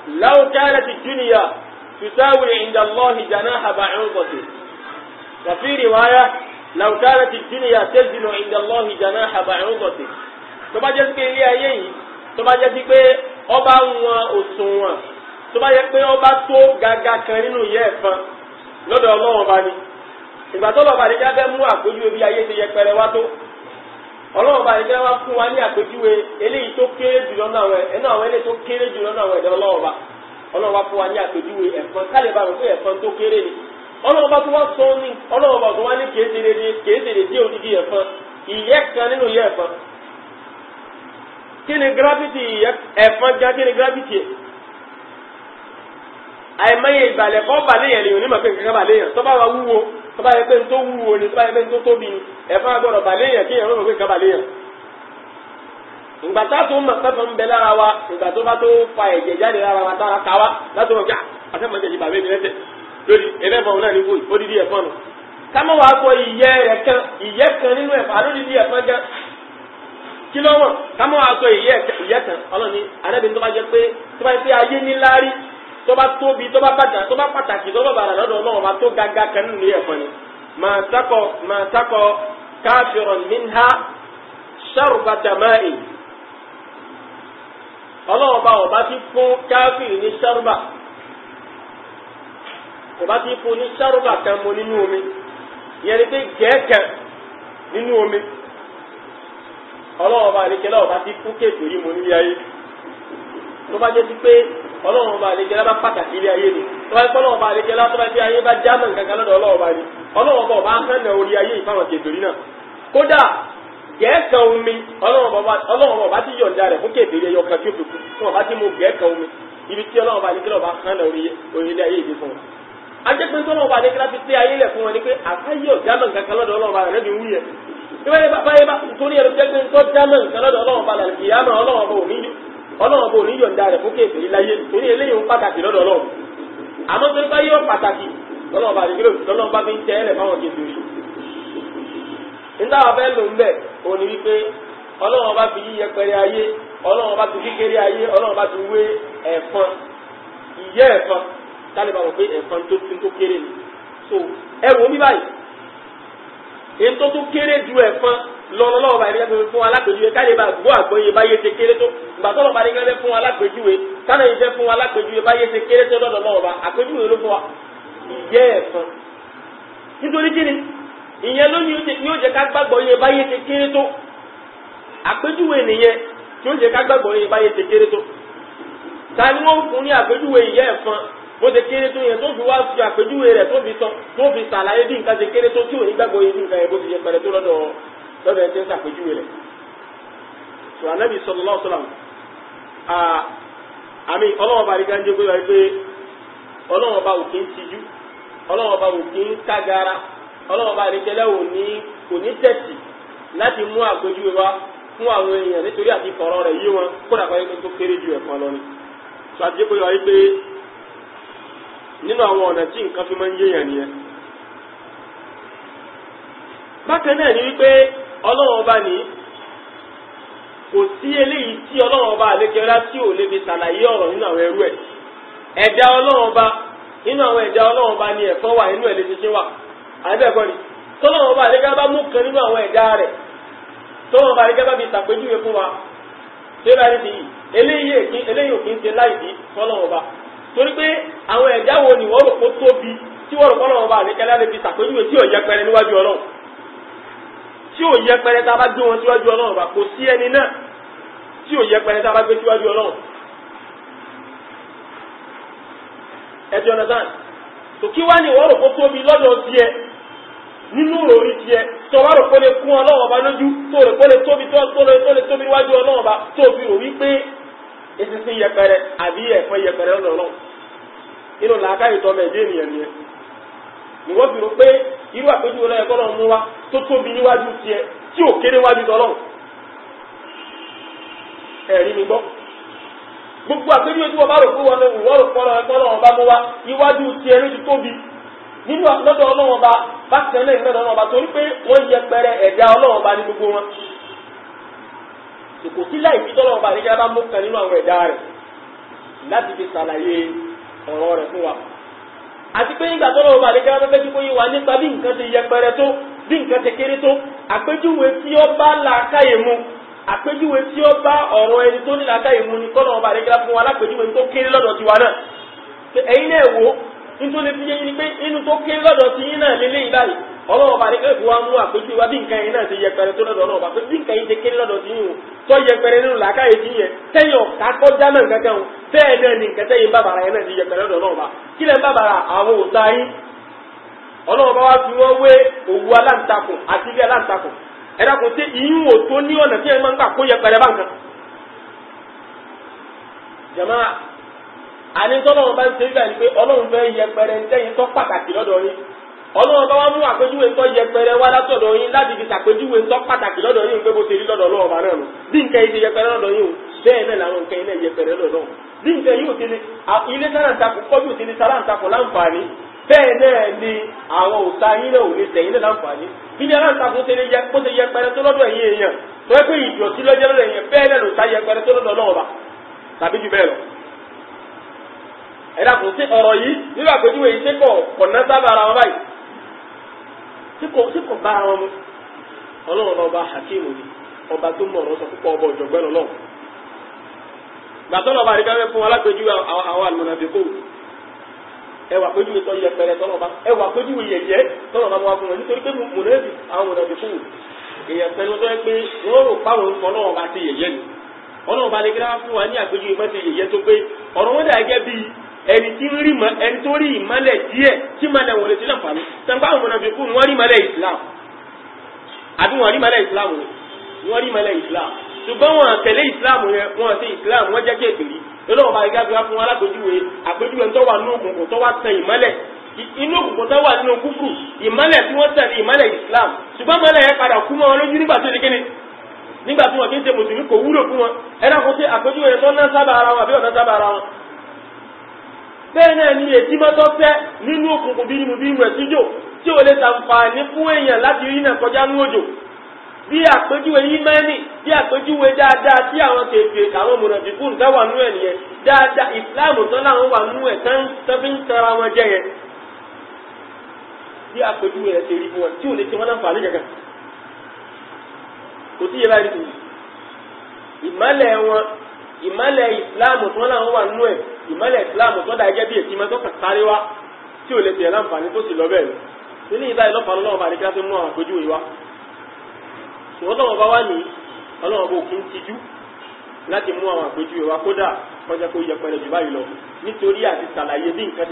لو كانت الدنيا تساوي عند الله جناح بعوضة وفي رواية لو كانت الدنيا تزن عند الله جناح بعوضة tó bá jẹ́ sí pé ilé ayé yìí tó bá ọba wọn gàgà kan nínú ìyẹ́ ẹ̀fọn lọ́dọ̀ ọlọ́wọ́n Ọlọọba bá ìjọba fún wa ní àpèjúwe eléyìí tó kéré jùlọ náà wẹ̀ ẹ̀ náà eléyìí tó kéré jùlọ náà wẹ̀ ẹ̀dọ́ ọlọ́run wa ní ni ọlọ́run bá wá sọ ní ọlọ́run bá wá ní kéésèrè ní kéésèrè tí òdìdí ẹ̀fọn ìyẹ́ gravity ẹ̀fọn já kí gravity àìmọye ìbàlẹ̀ kọ́ bà léyàn lèyàn onímọ̀ pé nǹkan kan bà léyàn tó bá wa wúwo tó bá yẹ pé n tó wúwo ni tó bá yẹ pé n tó tóbi ni ẹ̀fọn agbọ́dọ̀ bà léyàn kéèyàn onímọ̀ pé nǹkan bà léyàn. ìgbà tá a tó mọ̀ pẹ́fọ́n ń bẹ lára wa ìgbà tó bá tó fa ẹ̀jẹ̀ jáde lára wa tára ta wa látọ̀ wọn kí àtẹ̀mọ̀ ah, ẹ̀jẹ̀ bàbá mi lẹ́sẹ̀ lórí ẹlẹ́fọ̀n náà ní wò odidi ẹ̀fọn nù. kámọ́ wa kọ ìyẹ́ rẹ̀ kan ìyẹ́ kan nínú ẹ̀fọn alódidi ẹ̀fọn gan kí lọ́wọ́ kámọ́ wa kọ ìyẹ́ kan ọlọ́ni anábìyẹn tó bá jẹ pé tó ní tó bá tóbi tó bá bàjá tó bá pàtàkì tó bá bàrà lọ́dọ̀ Ọlọ́run bá tó gágá kan nínú yẹ fún ni màá takọ màá takọ káfíọ̀rọ̀ minha ṣàrùbàtàmáì ọlọ́ọ̀ba ọba ti fún káfíìn ní ṣàrùbà ọba ti fún ní ṣàrùbà kan mọ nínú omi yẹn ni pé nínú omi ọlọ́ọ̀ba àríkẹ́lá ọba ti fún kéèkó yìí mọ nílé ayé. bá jẹ́ sí pé ọlọ́run ọba àlejò lábá pàtàkì ilé ayé ni tó bá yẹ kó ọlọ́run ọba àlejò lábá tó bá yẹ ayé bá jámọ̀ nǹkan lọ́dọ̀ ọlọ́run ọba ni ọlọ́run ọba ọba orí ayé ìfáwọn náà kódà gẹ̀ẹ́kan omi ọlọ́run ọba ti yọ̀ǹda rẹ̀ ọlọ́run bò ní yọ̀ǹda rẹ̀ fún kéèké láyé torí eléyìí ń pàtàkì lọ́dọ̀ ọlọ́run àmọ́ tó bá yọ pàtàkì lọ́lọ́run bá dìgbò lọ́lọ́run bá fi ń tẹ́ ẹ̀rẹ̀ fáwọn kéèké oṣù. níta wà fẹ́ lò ń bẹ̀ òun ni wípé ọlọ́run bá fi yíyẹ pẹrẹ ayé ọlọ́run bá fi kékeré ayé ọlọ́run bá fi wé ẹ̀fọn ìyẹ́ ẹ̀fọn tálíbà wọ̀ pé ẹ̀fọn tó ti tó kéré ni so ẹ wò báyìí lọ́nà lọ́wọ́ bá ẹgbẹ́ fún wa lápèjúwe káyé bá gbọ́ àgbọ́yé báyé ṣe kéré tó gbàtọ́lọ́ bá ẹgbẹ́ fẹ́ fún wa lápèjúwe káyé ìfẹ́ fún wa lápèjúwe báyé ṣe kéré tó lọ́dọ̀ lọ́wọ́ bá àpèjúwe ló fún wa ìjẹ́ ẹ̀fọn. nítorí kí ni ìyẹn ló ní yóò jẹ́ ká gbàgbọ́ yé báyé ṣe kéré tó àpèjúwe nìyẹn tí ó jẹ́ ká gbàgbọ́ ṣe kéré tó. ni wọ́n fún ní àpèjúwe ìyẹ́ ẹ̀fọn bó ṣe kéré tó yẹn tó fi wá fi àpèjúwe rẹ̀ tó fi sọ tó fi ṣàlàyé bí nǹkan ṣe kéré tó tí ò ní gbàgbọ́ yé bí nǹkan yẹn bó ti yẹ pẹ̀lẹ́ tó lọ́dọ̀ lọ bụ tí ń sàpèjúwe rẹ̀ tó anábì sallallahu alaihi wasallam àmì ọlọ́wọ́ bá rí gáńjé pé wáyé pé ọlọ́wọ́ bá òkè ń tijú ọlọ́wọ́ bá òkè ń tagara ọlọ́wọ́ bá rí gẹ́lẹ́ òní tẹ̀sì láti mú àpèjúwe wá fún àwọn èèyàn nítorí àti rẹ̀ wọn kódà ju ẹ̀kan lọ ni tó pé wáyé pé nínú àwọn ọ̀nà tí nǹkan fi máa ń ọlọ́run ọba ní kò sí eléyìí tí ọlọ́run ọba àlékẹ́lá tí ò lè fi ṣàlàyé ọ̀rọ̀ nínú àwọn ẹrú ẹ̀ ẹ̀dá ọlọ́run ọba nínú àwọn ẹ̀dá ọlọ́run ọba ni ẹ̀fọ́ wà nínú ẹ̀ lè wà àbẹ́ẹ̀kọ́ ni tọ́lọ́run ọba àlékẹ́lá bá mú kan nínú àwọn ẹ̀dá rẹ̀ tọ́lọ́run ọba àlékẹ́lá bá fi ṣàpèjúwe fún wa ṣé bá rí bíi eléyìí òfin ṣe láì bí tọ́lọ́run ọba torí pé àwọn ẹ̀dá wo ni wọ́n rò kó tóbi tí wọ́n rò kọ́ tí ò yẹ pẹrẹ tá a bá gbé wọn síwájú ọlọ́run bá kò sí ẹni náà tí ò yẹ pẹrẹ tá a bá gbé síwájú ọlọ́run. ẹ Jonathan tó kí wá ní ìwọ rò kó tóbi lọ́dọ̀ tiẹ̀ nínú òròrí tiẹ̀ tó wá rò kó lè kún ọlọ́run bá lójú tó rò kó lè tóbi tó lè tó lè tóbi níwájú ọlọ́run bá tó fi rò wípé eṣinṣin yẹpẹrẹ àbí ẹ̀fọn yẹpẹrẹ lọ́dọ̀ ọlọ́run inú làákàyè tọ́ mẹ́ẹ̀dé ènìyàn nìyẹn ni wọ́n fi rò pé irú àpéjúwe lọ́yẹ kọ́ lọ́run mú wá tó tóbi níwájú tiẹ̀ tí ò kéré wájú tọ́lọ́run ẹ̀rí mi gbọ́ gbogbo àpéjúwe tí wọ́n bá rò pé wọn lọ́wọ́ wọ́n rò pé ọlọ́run bá mú wá iwájú tiẹ̀ ló ti tóbi nínú lọ́dọ̀ ọlọ́run bá bá tẹ̀lé ìfẹ́ ọlọ́run bá torí pé wọ́n yẹpẹrẹ ẹ̀dá ọlọ́run bá ní gbogbo wọn kò sí láì fi tọ́lọ́run bá ní kí a bá mú kan nínú àwọn ẹ̀dá rẹ̀ láti fi ṣàlàyé ọ̀rọ̀ rẹ̀ fún wa àti pé nígbà tọ́lọ́ ọba àdékẹ́lá tó fẹ́ tí kò yé wa nípa bí nǹkan ti yẹpẹrẹ tó bí nǹkan ti kéré tó àpéjúwe tí ó bá làákàyè mu àpéjúwe tí ó bá ọ̀rọ̀ ẹni tó ní làákàyè mu ni tọ́lọ́ ọba àdékẹ́lá fún wa lápéjúwe tó kéré lọ́dọ̀ tiwa náà ẹ̀yin náà wò nítorí fi yé yín ni pé inú tó kéré lọ́dọ̀ ti yín náà lélẹ́yìn báyìí ọlọ́wọ́ bá rí pé wọ́n mú àpèjú wa bí nǹkan yẹn náà ti yẹpẹrẹ tó lọ́dọ̀ ọlọ́wọ́ bá bí nǹkan yẹn ti kéré lọ́dọ̀ tìyìn tó yẹpẹrẹ nínú làákàyè tìyìn yẹn tẹ́yìn ọ̀ká kọjá náà nǹkan kan náà ni nǹkan tẹ́yìn bàbàrà yẹn náà ti yẹpẹrẹ lọ́dọ̀ ọlọ́wọ́ bá kí lẹ́ ń bàbàrà àwọn òòta yín ọlọ́wọ́ bá wá fi wọ́n wé òwú aláǹtakùn àti ilé aláǹtakùn ẹ̀dá kò sí ìyún ò tó ní ọlọ́run bá wá mú àpéjúwe ńtọ́ yẹpẹrẹ wá látọ̀dọ̀ yín láti fi ṣàpéjúwe ńtọ́ pàtàkì lọ́dọ̀ yín pé bó ṣe rí lọ́dọ̀ ọlọ́run bá bí nǹkan yìí yẹpẹrẹ lọ́dọ̀ yín o bẹ́ẹ̀ náà làwọn nǹkan yìí náà yẹpẹrẹ lọ́dọ̀ bí nǹkan yìí ò ti ní ilé sára ń takò kọ́jú ò ti ní sára ń takò láǹfààní bẹ́ẹ̀ náà ni àwọn òta yín náà lọ ẹ̀dá tí kò tí kò bára wọn um, mu ọlọ́run ọba hakeem ni ọba tó mọ̀ ọ̀rọ̀ sọ púpọ̀ ọba ọ̀jọ̀gbọ́n nke gbàtọ́ lọ́ba àríkà fẹ́ fún alápèjú àwọn ewa ẹwà péjú mi tọ́ yẹpẹrẹ tọ́lọ́ba ẹwà péjú mi yẹyẹ tọ́lọ́ba mọ́ fún wọn nítorí pé mọ̀nẹ́bì àwọn mọ̀nàfẹ́kọ́ èèyàn tó yẹ pé ọlọ́run bá lè gbé wá fún wa ní àpèjúwe mọ́tò ìyẹn tó pé ọ̀rọ̀ wọn dà gẹ́ bí ẹni tí ń rí mọ ẹni tó rí ìmọ́lẹ̀ díẹ̀ tí mọ́lẹ̀ wọlé sí láǹfààní tẹ̀gbá àwọn ọmọdé fún wọn rí mọ́lẹ̀ Islam àbí wọn rí mọ́lẹ̀ Islam ni wọn rí mọ́lẹ̀ Islam ṣùgbọ́n wọn tẹ̀lé Islam yẹn wọn ti Islam wọn jẹ́ kékeré lọ́lọ́wọ́ bá lè gbé wá fún wa lápèjúwe àpèjúwe tó wà nínú òkùnkùn tó wá tan ìmọ́lẹ̀ inú òkùnkùn tó wà nínú kúfù ìmọ́lẹ̀ tí wọ́n tẹ̀lé ìmọ́lẹ̀ Islam ṣùgbọ́n mọ́lẹ̀ yẹn padà kú mọ́ wọn lójú nígbà tó di kíni nígbà tí wọ́n kí ń ṣe mùsùlùmí kò wúlò fún wọn ẹ̀rọ kò sí àpèjúwe tó ná sábà ara wọn àbí ọ̀nà sábà ara wọn. bẹ́ẹ̀ náà ni ètí mọ́tọ́ fẹ́ nínú òkùnkùn bí mo bí mo ẹ̀sìn jò tí ò lè ṣàǹfààní fún èèyàn láti rí náà kọjá ní òjò bí àpèjúwe yímẹ́nì bí àpèjúwe dáadáa tí àwọn kèké àwọn mùràdìkù ń dáwà nú ẹ̀ nìyẹn dáadáa ìsìláàmù tán láwọn wà nú ẹ̀ tán tán fi ń tara wọn jẹ yẹn bí àpèjúwe ẹ̀ ṣe rí fún wọn tí ò lè ṣe wọn láǹfààní kankan kò sí ìyẹ́bá ìdìbò ìmọ̀lẹ̀ wọn ìmọ̀lẹ̀ ìsìláàmù tó náà wà nínú ẹ̀ ìmọ̀lẹ̀ ìsìláàmù tó dà gẹ́gẹ́ bí èsì sáré wá tí ò lè tẹ̀ tó sì lọ bẹ́ẹ̀ lọ ní lọ́wọ́ bá ti mú àwọn àpéjú ìwá ṣùgbọ́n tọ́wọ́ bá wà ní ọlọ́wọ́ bó kún tijú láti mú àwọn àpéjú ìwá kódà kọjá kó jù báyìí lọ nítorí àti sàlàyé bí nǹkan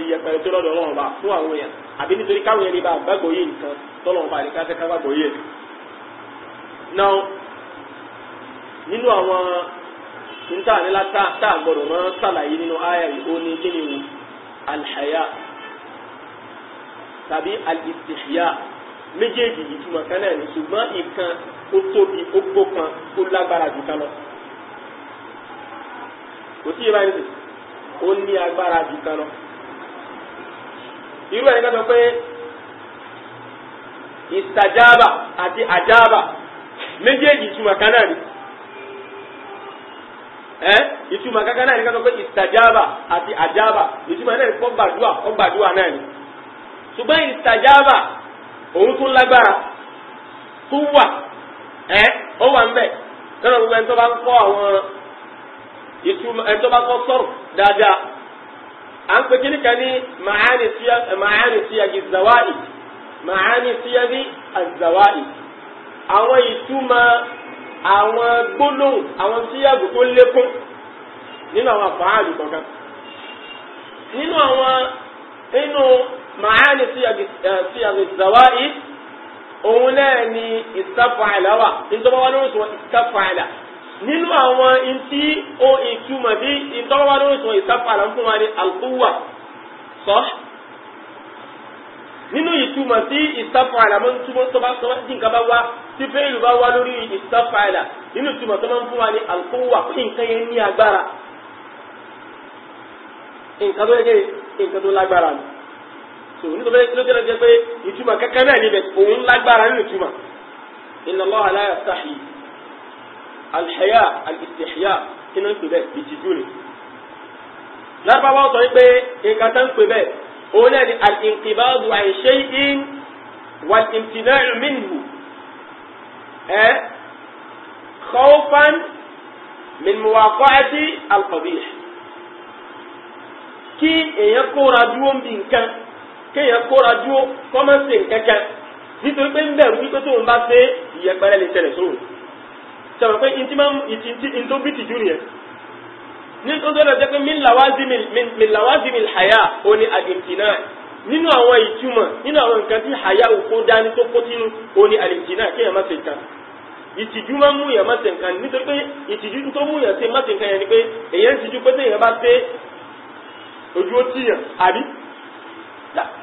ti tó lọ́dọ̀ bá fún àwọn èèyàn àbí nítorí káwọn bá gbàgbọ́ náà nínú àwọn níta nílá tá a gbọ́dọ̀ máa ṣàlàyé nínú àyà yìí ó ní kíni wù alhaya tàbí alistihya méjèèjì yìí túmọ̀ kan náà ní ṣùgbọ́n ìkan ó tóbi ó gbókan ó lágbára jù kan lọ kò sí ìbáyìí nìyí ó ní agbára jù kan lọ irú ẹni ká sọ pé ìsàjábà àti àjábà méjèèjì ìtumọ̀ kan náà ni ẹ ìtumọ̀ kankan náà ni ká sọ pé ìtajàbà àti àjàbà ìtumọ̀ náà ni kọ́ gbàdúà kọ́ gbàdúà náà ni ṣùgbọ́n ìtajàbà òun tún lágbára tún wà ẹ ó wà ń bẹ̀ sọ́nà gbogbo ẹni tó bá ń kọ́ àwọn ìtumọ̀ ẹni tó bá kọ́ sọ̀rọ̀ dáadáa à ń pè kí nìkan ní màáni síyagi zawa'i màáni síyagi azawa'i àwọn ìtumọ̀ àwọn gbólóhùn àwọn síyàgò tó lékún nínú àwọn àfààlù kọ̀ọ̀kan nínú àwọn nínú màáni síyàgò ìzàwáì òun náà ni ìsàfààlà wà nítorí wọn lóun sọ ìsàfààlà nínú àwọn ntí o ìtumọ̀ bí nítorí wọn lóun sọ ìsàfààlà fún wa ní alquwa sọ. So, nínú ìtumọ̀ sí ìsàfàlà mọ́ túmọ̀ tó bá tó bá dín kaba wá tí fẹ́ẹ̀lù bá wá lórí ìsàfàlà nínú ìtumọ̀ tó máa ń fún wa ní alquwa pé nǹkan yẹn ní agbára nǹkan tó yẹ nǹkan tó lágbára ni so nítorí ló tẹ́lẹ̀ jẹ́ pé ìtumọ̀ kankan náà níbẹ̀ òun lágbára nínú ìtumọ̀ inna Allaha la yastahi alhaya alistihya kí náà ń pè bẹ́ẹ̀ ìtìjú ni lárúbáwá sọ pé nǹkan tó ń pè bẹ́ẹ̀ òun náà ni al-inqibadu an shay'in wal-imtina'u minhu ẹ khawfan min muwaqa'ati al-qabih kí èèyàn kóra dúró bí nǹkan kéèyàn kóra dúró kọ́mọ́sì nǹkankan nítorí pé ń bẹ̀rù wípé tóun bá fẹ́ ìyẹpẹrẹ lè tẹ̀lé sóhun sọ̀rọ̀ pé ntí máa ń ntí ntó bí tìjú nìyẹn nítorí ọjọ́ pé mi àyà ó ní àgbèntìnà nínú àwọn ìtumọ̀ nínú àwọn nǹkan tí àyà òkú dání tó kó sínú ó ní àgbèntìnà kí ẹ̀ má ṣe nǹkan ìtìjú máa ń mú èèyàn má ṣe nǹkan nítorí pé ìtìjú tó mú èèyàn ṣe má ṣe nǹkan yẹn ni pé èèyàn ti ju pé téèyàn bá ṣe ojú ó tìyàn àbí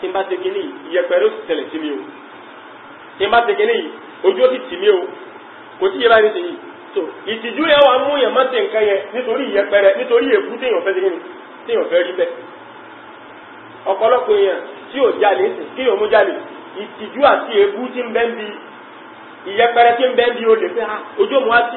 tí n bá ṣe kínní ìyẹpẹrẹ ó sì tẹ̀lẹ̀ sí mi o tí n bá ṣe kínní ojú ó sì tì mí o kò sí yẹ báyìí ṣe yìí so ìtìjú yẹn wà mú yẹn mọ́tẹ̀ nǹkan yẹn nítorí ìyẹpẹrẹ nítorí èkú fere fẹ́ sí téèyàn fẹ́ rí bẹ́ẹ̀ ọ̀pọ̀lọpọ̀ èèyàn tí ò jalè ń sìn kéèyàn mú jalè ìtìjú àti èkú tí ń bẹ́ ń ìyẹpẹrẹ tí ń bẹ́ ń bi olè pé ah, ojú òun á sí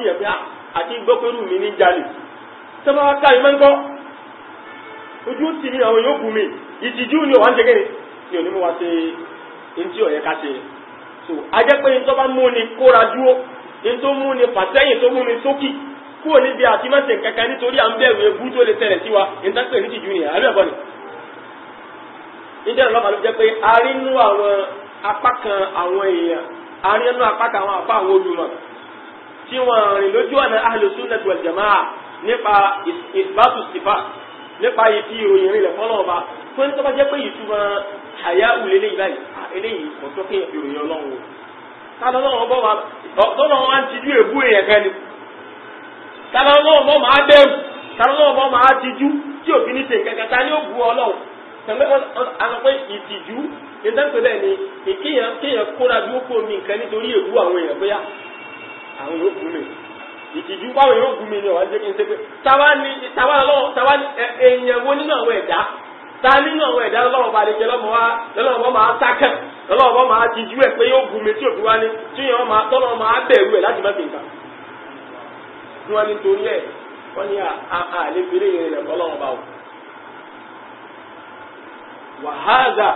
yẹn so ajẹ́pẹ́ ní tọ́ bá mú ni ní tó mú ni fàtẹ́yìn tó mú ni sókì kúrò níbi àti mẹ́sẹ̀ kankan nítorí à ń bẹ̀rù ebú tó lè tẹ̀lẹ̀ sí wa ìtàkùn èyí jù nìyà àbí ẹ̀kọ́ ni. níjẹ́ ìlọ́pàá ló jẹ́ pé a rí nú àwọn apá kan àwọn èèyàn a rí nú apá kan àwọn apá àwọn olùmọ̀ tí wọ́n rìn lójú ọ̀nà ahlu sunnah wal jamaa nípa ìbátù sífà nípa ìfi ìròyìn rìn lẹ̀ fọ́nà ọba tó ní tó bá jẹ́ pé ìtumọ̀ àyà òlélẹ́yìn tálọ́ lọ́wọ́ bọ́ máa tọ́lọ́ wọn ni lọ́wọ́ bọ́ máa bẹ̀rù tálọ́ lọ́wọ́ bọ́ ní ṣe kankan ta ni ó bu ọlọ́wọ́ ìtìjú bẹ́ẹ̀ ni kéèyàn kéèyàn kóra bí ó kó mi nǹkan nítorí èbú àwọn èèyàn bóyá àwọn yóò gún mi ìtìjú báwọn ọlọ́run bá máa jíjú ẹ̀ pé yóò gùn mi tí òfin wá ní tí yẹn máa tọ́lọ́ máa bẹ̀rù ẹ̀ láti má fi nǹkan. ní wọ́n ní torí ẹ̀ wọ́n ní àlefèrè yẹn rẹ̀ ọlọ́run bá wò. wàhálà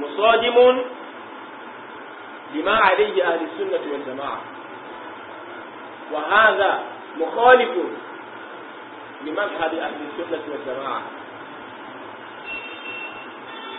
mùsọ́dímún lima àlejò àdìsúnà tó wọ̀n jàmáà wàhálà mùkọ́lìkù lima àlejò àdìsúnà tó wọ̀n jàmáà.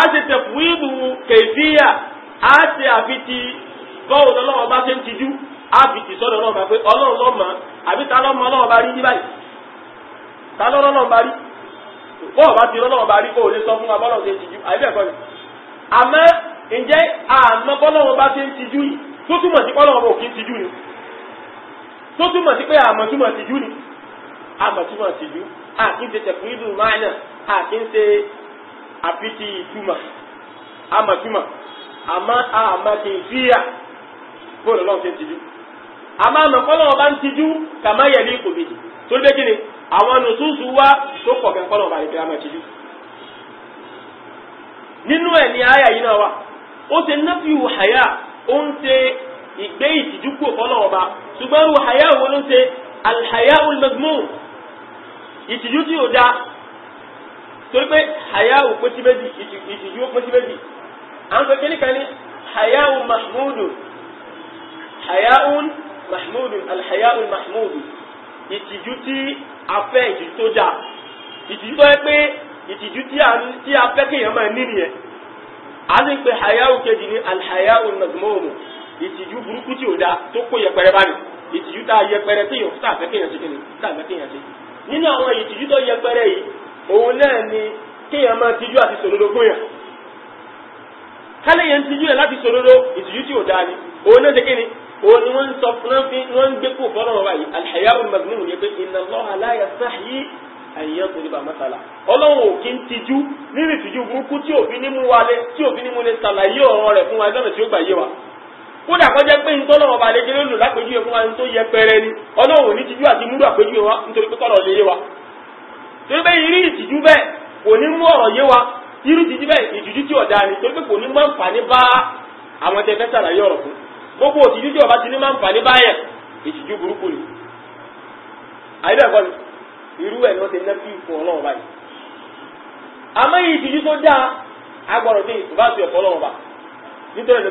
á ti tẹ̀fúwìdù kẹ̀fíà á ti bọ́ọ̀ lọ́wọ́ bá ń tijú fi ti sọ́dọ̀ bá pé ọlọ́run àbí ta lọ́mọ ọlọ́run bá rí ní báyìí ta bá rí bọ́ọ̀ bá ti bá rí o lè sọ fún wa bọ́lọ̀ ṣe ń tijú àbí ẹ̀kọ́ ni àmọ́ ǹjẹ́ àmọ́ bọ́lọ́run bá ṣe ń tijú yìí tó túmọ̀ sí bá òkè ń tijú ni tó túmọ̀ sí pé tijú ni àfi ti ìtumọ̀ ama, àmọ́ àmà kì í fíyà bóòlù náà ṣe ń tijú àmọ́ àmọ́ kọ́lọ́ ọba ń tijú kàmá yẹ̀ ní ipò méjì tó dé kíni àwọn nùsùsù wá tó pọ̀ kẹ́ kọ́lọ́ ọba ìpè àmà tijú. nínú ẹ̀ ni àyà yìí náà wà ó ṣe nọ́fíù àyà ó ń ṣe ìgbé ìtìjú kò kọ́lọ́ ọba ṣùgbọ́n àyà wo ló ń ṣe alhaya olùmọ̀gbọ́n ìtìjú tí ò dáa torí pé hayáwù pín sí méjì ìtìjú pín sí méjì àwọn pẹ̀lú kíníkan ní hayáwù mahmudu hayáwù mahmudu alhayáwù mahmudu ìtìjú tí a fẹ́ ìtìjú tó dáa ìtìjú tó yẹ pé ìtìjú tí a fẹ́ kéèyàn máa ní nìyẹn a sì ń pe hayáwù kejì ní alhayáwù mazmumu ìtìjú burúkú tí ò dáa tó kó yẹpẹrẹ báyìí ìtìjú tá a yẹpẹrẹ kéèyàn tá a fẹ́ kéèyàn ṣe kéèyàn tá a fẹ́ kéèyàn ṣe nínú àwọn ìtìjú tó yẹpẹrẹ yìí òun náà ni kéèyàn máa tijú àti sòdodo fún yàn kálẹ̀ yẹn tijú yẹn láti sòdodo ìtìjú tí ò dáa ni òun náà ṣe ni òun ni wọ́n sọ fún fi wọ́n gbé kó fọ́nà báyìí inna Allaha la yastahi an yadriba mathala ọlọ́run ò kí ń tijú nínú ìtìjú burúkú tí òfin ní mú wa lé ni ọlọ́run ò ní tijú àti múlò àpèjúwe wa nítorí wa torí pé irú ìtìjú bẹ́ẹ̀ kò ní mú ọ̀rọ̀ yé wa irú ìtìjú bẹ́ẹ̀ ìtìjú tí ọ̀dà ni torí pé kò ní máa ń fà ní bá àwọn tẹ fẹ́ sàlàyé ọ̀rọ̀ fún ọba ti ní ìtìjú burúkú ni àyẹ̀bẹ̀kọ́ ni irú ẹ̀ ni wọ́n ti ná bí ìfún ọlọ́run báyìí àmọ́ ìtìjú tó dáa agbọ̀rọ̀ ọrọ ìfúbá bá nítorí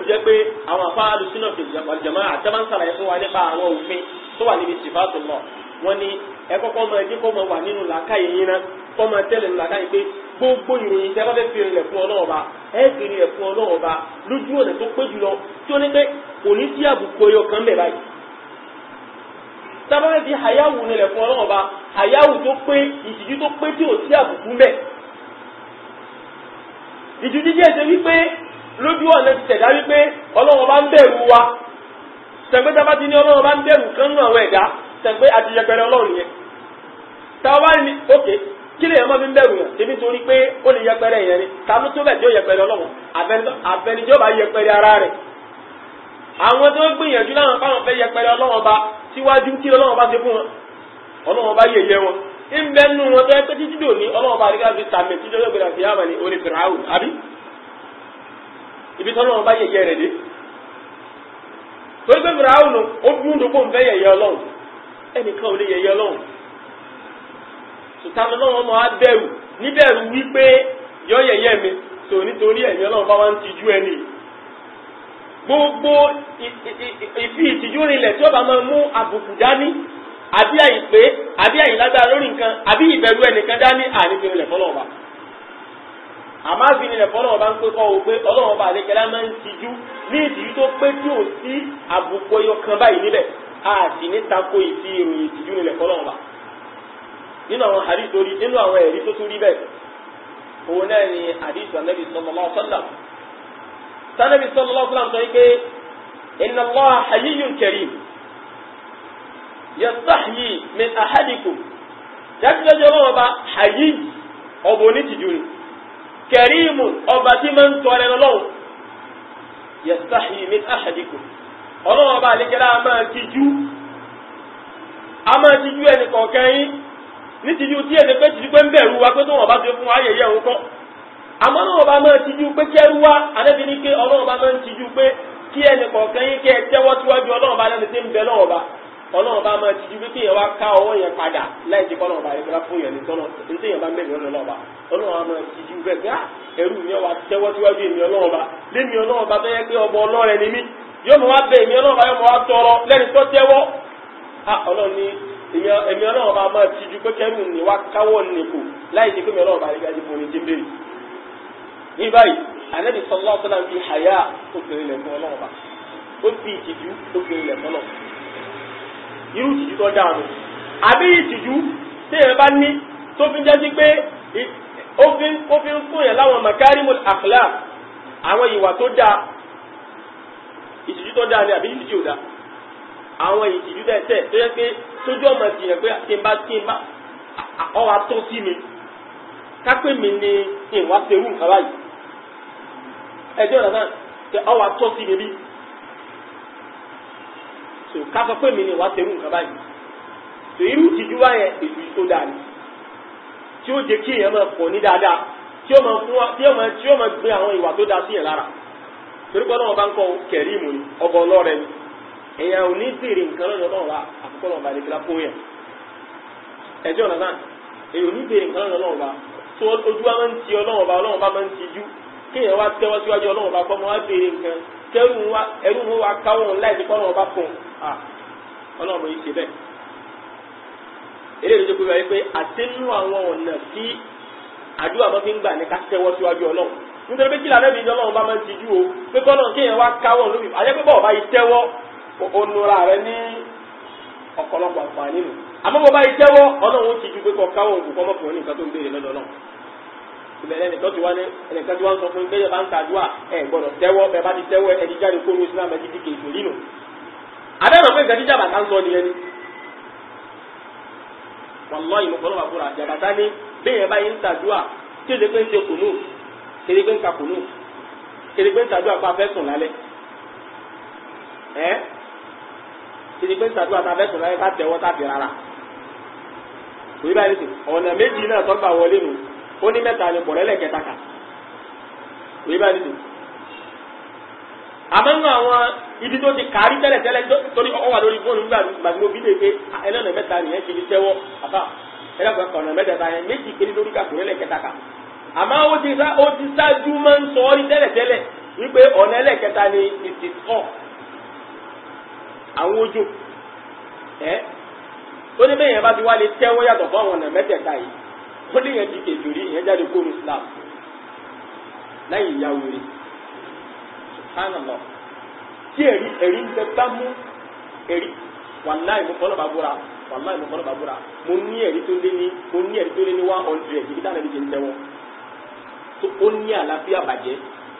ló wọ́n ní ẹ kọ́kọ́ mọ ẹjẹ́ kọ́ mọ wà nínú làákà yìí ná kọ́ mọ tẹ́lẹ̀ nínú làákà yìí pé gbogbo ìròyìn tẹ́ bá fẹ́ fi rìnlẹ̀ fún Ọlọ́run Ọba ẹ fi rìnlẹ̀ fún Ọlọ́run Ọba lójú ọ̀nà tó pé jùlọ tí ó ní pé kò ní sí àbùkù ẹyọ kan bẹ̀ báyìí. tábàbí àyáwù nílẹ̀ fún Ọlọ́run Ọba àyáwù tó pé ìtìjú tó pé tí ò sí àbùkù bẹ̀. ìtìjú díẹ̀ ṣe wípé lójú ọ̀nà ti tẹ̀dá wípé Ọlọ́run Ọba ń bẹ̀rù wa tẹ̀gbẹ́ta bá ti ní Ọlọ́run Ọba ń bẹ̀rù kánú àwọn ẹ̀dá tẹ̀gbé àtìyẹpẹrẹ ọlọ́run yẹn táwa ní òkè kí lè yẹn mọ́ fi ń bẹ̀rù yẹn ebi torí pé ó lè yẹpẹrẹ yẹn ni tàbí tó bẹ̀ tí ó yẹpẹrẹ ọlọ́run àfẹnijọ́ bá yẹpẹrẹ ara rẹ̀ àwọn tó gbìyànjú láwọn fáwọn fẹ́ yẹpẹrẹ ọlọ́run ọba síwájú kí ọlọ́run ọba ṣe fún wọn ọlọ́run ọba yẹyẹ wọn ìbẹ̀ nù wọn tó yẹ pé títí dòní ọlọ́run ọba àdìgá fi tàmì títí ọjọ́ gbèrè àti yàrá ni orí fìràwù àbí ibi tọ́lọ́run ọba yẹyẹ rẹ̀ dé torí pé fìràwù nù ó dúndùn kó ń fẹ́ yẹyẹ ọlọ́run ẹnìkan ò lè yẹ̀yẹ́ ọlọ́run sùtàmì lọ́wọ́ ọmọ á bẹ̀rù níbẹ̀rù wípé yọ yẹ̀yẹ́ mi tò nítorí ẹ̀yìn ọlọ́run bá wá ń tijú ẹni gbogbo ìfi ìtìjú rinlẹ̀ tí ó bá máa mú àbùkù dání àbí àìpé àbí àìlágbára lórí nǹkan àbí ìbẹ̀rù ẹnìkan dání àníbi rinlẹ̀ fọlọ́ọ̀bà àmọ́ àbínilẹ̀ fọlọ́wọ́ bá ń pé kọ́ o pé ọlọ́wọ́ bá àlékẹ́lá máa ń tijú ní ìtìjú tó pé tí ò sí àbùkù ọyọ kan báyìí níbẹ̀ a sì ní tako ìfi ìròyìn ìtìjú nílẹ̀ fọlọ́run bá nínú àwọn àdìs tó rí nínú àwọn ẹ̀rí tó tún rí bẹ́ẹ̀ òun náà ni àdìs ànábì sallallahu alaihi wasallam sanabi sallallahu alaihi wasallam sọ pé inna Allaha hayyun karim yastahyi min ahadikum dájúdájú ọlọ́wọ́ bá hayí ọba onítìjú ni kẹrìmù ọba tí máa ń tọrẹ ọlọ́run ọba àlékẹ́lá a máa tijú a máa tijú ẹnì kọ̀ọ̀kan yín ní tijú tí èdè pé tijú pé ń bẹ̀rù wa pé tó wọn bá ti fún ayẹyẹ òun kọ́ àmọ́ ọlọ́run ọba máa tijú pé kí ẹrú wa àdẹ́bí ni pé ọlọ́run ọba máa tijú pé kí ẹnì kọ̀ọ̀kan yín kẹ́ ẹ tẹ́wọ́ síwájú ọlọ́run ọba lẹ́nu tí ń bẹ lọ́wọ́ bá máa tijú bẹ́ẹ̀ pé ah, ẹrú mi yóò mọ̀ wá bẹ èmi ọlọ́run bá tọrọ lẹ́ni tó tẹ́wọ́ ah, ọlọ́run ní èmi ọlọ́run bá máa tijú pé kẹ́rù ní wá káwọ́ nìkù láì jẹ́ pé mi bá rí gbájú bo ní ní báyìí sọlá bá ó fi ìtìjú irú ìtìjú tó dáa nù àbí ìtìjú tí èèyàn bá ní tó fi jẹ́ sí pé ó fi ń fún yẹn láwọn àwọn ìwà tó ìtìjú tó dáa ni àbí ìtìjú ò dáa àwọn ìtìjú tẹ̀tẹ̀ tó yẹ pé sójú ọmọ ìdìyàn pé kí n bá kí n bá ọwà tó sí mi kápé mi ni ìwà serú nǹkan báyìí ẹjọ́ ìdáná tẹ ọwà tó sí mi bí so káfọ́ pé mi ni ìwà serú nǹkan báyìí so irú ìtìjú báyẹn ìtìjú tó dáa ni tí ó jẹ́ kí èèyàn máa pọ̀ ní dáadáa tí ó máa gbé àwọn ìwà tó dáa sí yẹn lára torí pé ọlọ́run bá ń kọ́ kẹ̀ríìmù ni ọba ọlọ́rẹ ni ẹ̀yà ò ní bèrè nǹkan lọ́dọ̀ ọlọ́run bá àkókò ọlọ́run bá lè kíra fún yẹn ẹjọ́ ọ̀nà náà èyí ò ní bèrè nǹkan lọ́dọ̀ ọlọ́run bá tó ojú wa máa ń ti ọlọ́run bá ọlọ́run bá máa ń ti jú kéèyàn wá tẹ́wọ́ síwájú ọlọ́run bá kọ́ mọ́ wá bèrè nǹkan kẹ́rù wa káwọn láì fi kọ́ ọlọ́run bá fún nítorí pé kílà lẹ́bi ìjọ lọ́wọ́ bá máa ń tijú o pé kọ́nà kéèyàn wá káwọ́ lóbi àyẹ́ pé bọ́ọ̀ bá yìí tẹ́wọ́ onura rẹ ní ọ̀pọ̀lọpọ̀ àǹfààní nù àmọ́ bọ́ọ̀ bá yìí tẹ́wọ́ ọlọ́run tijú pé kọ́ káwọ́ òkú kọ́ mọ́kùnrin nìkan tó ń béèrè lọ́dọ̀ náà ìbẹ̀rẹ̀ ẹnìkan ti wá ní ẹnìkan ti wá ń sọ fún gbẹ́yẹ̀ bá ń tàdúà ẹ gbọ́dọ̀ tẹ́wọ́ bẹ́ẹ̀ bá ti tẹ́wọ́ ẹni jáde kó ní Islam ẹni dìkẹ̀ ìtòlí nù. àbẹ́rẹ́ pé nǹkan jíjà bàtà ń sọ nìyẹn ni. wàlláhì ìmọ̀kànlọ́wà fúnra jàbàtà ní bẹ́ẹ̀ bá yẹn ń tàdúà tí ó lè pé ń ṣe kùnú kérégbé ń ka kùnú kérégbé ń tàdúrà pa fẹ́ sùn lálẹ́ ẹ́ kérégbé ń tàdúrà pa fẹ́ sùn lálẹ́ ká tẹ̀wọ́ tá a fi rárá kò yí báyìí ọ̀nà méjì náà tọ́gbà wọlé nu ó ní mẹ́ta ni pọ̀lẹ́lẹ̀ kẹta kà kò yí báyìí àmọ́nù àwọn ibi tó ti kárí tẹ́lẹ̀tẹ́lẹ̀ torí ọwọ́ lórí fóònù nígbà gbàgbó bí lè pe ẹlẹ́nà mẹ́ta nìyẹn ti fi tẹ́wọ́ àbá ẹlẹ́kọ̀ọ́ ọ̀nà mẹ́tẹ̀ẹ̀ta yẹn méjì kéré lórí kàkúrẹ́lẹ̀ kẹta kà àmọ́ ó ti sá ó ti sáájú máa ń sọ ọ́ ní tẹ́lẹ̀tẹ́lẹ̀ wípé ọ̀nà ẹlẹ́kẹta ni ìtìtọ́ àwọn ojú ẹ́ ó ní bẹ́ẹ̀ yẹn bá ti wá lè tẹ́wọ́ yàtọ̀ fún àwọn ọ̀nà mẹ́tẹ̀ẹ̀ta yìí ó lè yẹn ti kejì rí ìyẹn jáde kó Islam láyé ìyá wèrè subhanallah tí ẹ̀rí ẹ̀rí ń bẹ bá mú ẹ̀rí wàláì mo fọlọ́ bá búra wàláì mo fọlọ́ bá búra mo ní ẹ̀rí tó lé ní mo ní ẹ̀rí tó lé ní one hundred ibi táwọn ẹ̀rí ti ń tẹ́wọ́ ó ní àlàáfíà bàjẹ́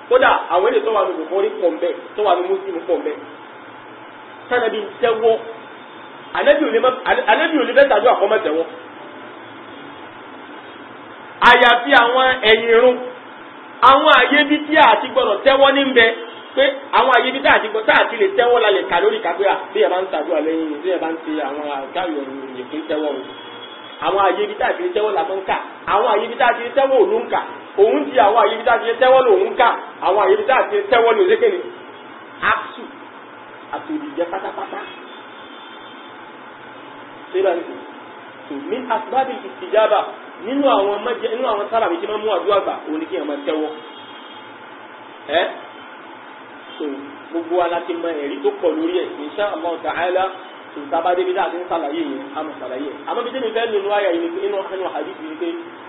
kódà àwọn èdè tó wà ní bùkọ́rí pọ̀ ń bẹ̀ tó wà ní mùsùlùmí pọ̀ ń bẹ̀ sanabi ń tẹ́wọ́ anabi ò lè bẹ́ẹ̀ tàdó àkọ́mọ́ tẹ́wọ́ àyàfi àwọn ẹ̀yìn irun àwọn àyè bí tí a ti gbọ́dọ̀ tẹ́wọ́ ní bẹ pé àwọn àyè bí tí a ti gbọ́dọ̀ tá a ti lè tẹ́wọ́ la lè kà lórí kàgbé à bí ẹ bá ń tàdúrà lẹ́yìn bí ẹ bá ń ṣe àwọn àgáyọ̀ ìyẹ̀kú tẹ́wọ́ o àwọn àyè bí tí a ti lè tẹ́wọ́ la tó ń kà àwọn àyè bí tí a ti lè tẹ́wọ́ ò ló ń kà òun ti àwọn àyèbí tá a ti yẹ tẹ́wọ́ lòun ká àwọn àyèbí a ti yẹ tẹ́wọ́ lòun lékè ní apsu àti òdìjẹ pátápátá ṣéra ní kò ní asibábì ìtìjábà nínú àwọn mẹjẹ nínú àwọn sára mi ti máa mú àdúrà gbà òun ni kí n máa tẹ́wọ́ ẹ so gbogbo aláti mọ ẹ̀rí tó pọ̀ lórí ẹ̀ insha Allah ta'ala tòtábàdé bí dáadé ń sàlàyé yẹn a mọ̀ sàlàyé yẹn àmọ́ bí tẹ́mi fẹ́ nínú ayà yìí ni inú inú hadith yìí ni pé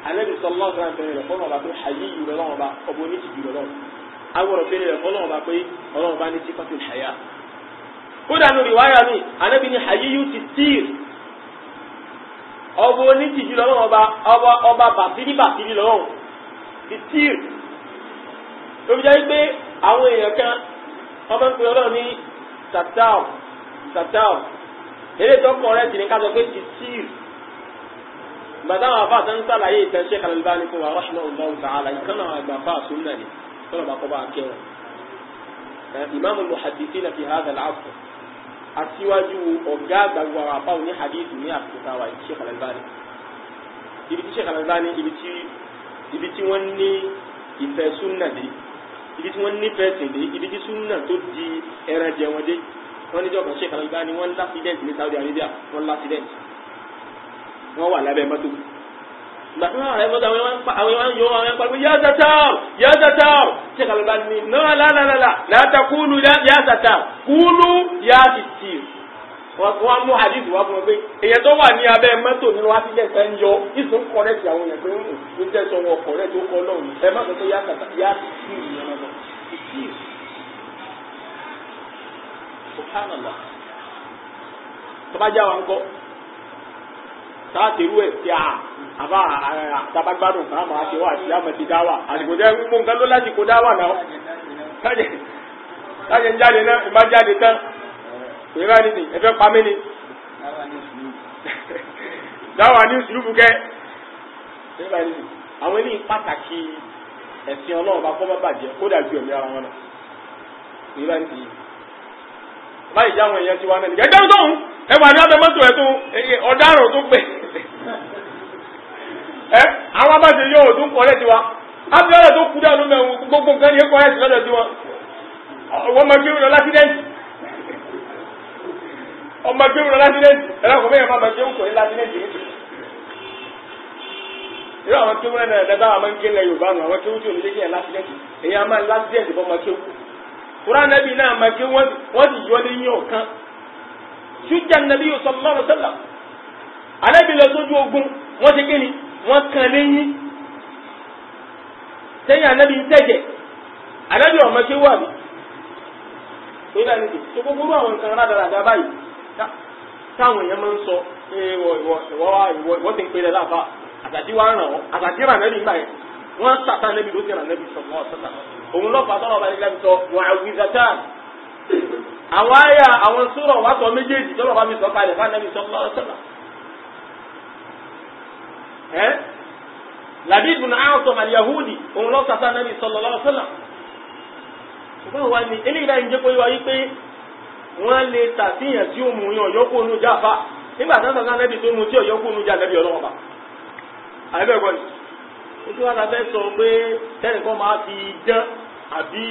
anabi sọlọ́ sọ̀rọ̀ àfẹ́rẹ́ rẹ̀ fọ́nà ọba pé ayé yìí rẹ̀ lọ́wọ́ ọba ọba oníṣìbí rẹ̀ lọ́wọ́ agbọ̀rọ̀ fẹ́rẹ́ rẹ̀ fọ́nà ọba pé ọlọ́wọ́ ọba ní sífàtì ṣàyà. kódà lórí wáyà anabi ni ayé yìí ti tíìr ọba oníṣìbí lọ́wọ́ ọba ọba bàtírí bàtírí lọ́wọ́ ti tíìr lóbi jẹ́ pé àwọn èèyàn kan ọba ń pè ọlọ́run ní sàtáù sàtáù eré tó kọ̀ rẹ̀ sì ní ká sọ pé dìtíìr gbàdá àwọn afáàtà ń sàlàyé ìtàn Sheikh Al-Albani fún wa rọ́ṣùnà ọ̀gbọ́n tààlà ìkan náà àgbà fáà súnmọ́ ni tọ́lọ̀ bá kọ́ bá kẹ́ wọn. ìmáàmù muhaddithina fi hadha al-asr aṣíwájú ọ̀gá àgbàgbọ́ àwọn afáwọn ní hadith ní àsìkò táwa Sheikh al ibi tí Sheikh al ibi tí wọ́n ní ìfẹ́ súnmọ́ dé ibi tí wọ́n nífẹ̀ẹ́ sìn dé ibi tí súnmọ́ tó di ẹran wọn dé wọ́n níjọ́ kan ṣe kàlọ́gbá ni wọ́n lásìdẹ́ǹt ní Saudi Arabia wọ́n lásìdẹ́ǹt wọ́n wà lábẹ́ mọ́tò gbàtí wọ́n rẹ̀ mọ́tò àwọn ẹ̀wọ̀n yóò wọ́n pàgbé yá sàtàw yá sàtàw ṣe kàlọ́gbá ni náà lálàlà láta kúlù yá sàtàw kúlù yá sìtì wọ́n mú hadith wá fún wọn pé èyẹ tó wà ní abẹ́ mọ́tò nínú accident ẹ̀ ń yọ ìsún kọ́rẹ́tì àwọn èèyàn pé ń hmm, tẹ̀sán ó kọ́ lọ́rùn ẹ má sọ yá sàtàw yá sìtì subhanallah tọ́bajá wa ń kọ́ sáàtìrú ẹ̀ tí a àbá àtàbágbádùn kan máa ṣe wá àti àmọ̀ ti dáwà àsìkò jẹ́ mú nǹkan ló láti kó dáwà náà láyé ń jáde náà ìbá jáde tán kò yẹ báyìí nìyí ẹfẹ́ pa mí ni dáwà ní sùlùkù kẹ́ àwọn eléyìí pàtàkì ẹ̀sìn ọlọ́run bá kọ́ bá bàjẹ́ kódà ju ẹ̀mí ara wọn lọ kò yẹ báyìí nìyí láì já àwọn èèyàn tiwa náà nìkan ẹgbẹ́ tó ń ẹwà ní abẹ mọ́tò ẹ̀ tó ọ̀daràn tó pè ẹ àwọn abáṣe yóò tó ń kọ́ lẹ́tì wa abẹ́rẹ́ tó kú dànù mẹ́wọ̀n gbogbo nǹkan ní kọ́ lẹ́tì lọ́dọ̀ tiwọn wọ́n máa gbérù lọ lásídẹ́ǹtì ọmọ gbérù lọ lásídẹ́ǹtì ẹ̀rọ kò mẹ́yàn máa gbérù kọ́ ní lásídẹ́ǹtì irú àwọn kéwú náà dáadáa àwọn kéwú náà Yorùbá nù àwọn kéwú tí ò ní tura anabi náà máa gé wọ́n sì yọ léyìn ọ̀kan ṣújà anabi yóò sọ̀rọ̀ lọ́rọ̀ sọ́lá anabi lọ sójú ogun wọ́n ti gé ni wọ́n kan léyìn sẹ́yìn anabi ń tẹ̀jẹ̀ anabi ọ̀mọ ṣe wà mí torí náà nìyí tó gbogbo àwọn nǹkan rádaràdà báyìí táwọn èèyàn máa ń sọ ìwọ ìwọ ìwọ ìwọ ti ń pè é láfa àtàtì wa ràn ọ́ àtàtì ràn ẹ́ nígbà yẹn wọ́n tàtà nẹ́bí ló tẹ̀ràn nẹ́bí sọ̀rọ̀ ọ̀sọ̀tà òun lọ́pàá tọ́lọ̀ bá nígbà tó wà wíjàtà àwọn àyà àwọn sùúrà wà tọ́ méjèèjì tọ́lọ̀ bá mi sọ kalẹ̀ fún nẹ́bí sọ̀rọ̀ ọ̀sọ̀tà. ẹ́ làbí ibùn àwọ̀tọ̀ àlìyahudi òun lọ́ tàtà nẹ́bí sọ̀rọ̀ ọ̀sọ̀tà. ṣùgbọ́n wa ni eléyìí láì ń jẹ́ kó yọ wáyé pé wọ́n lè tàtíyàn tí ó mú yan yọ́kó onú jáfa nígbà tí wọ́n tàtà nẹ́bí tó mú tí ọ̀yọ́kó onú já nẹ́bí ọlọ́wọ́ ojú wa la fẹ́ sọ pé tẹ́nìkan máa fi dán àbí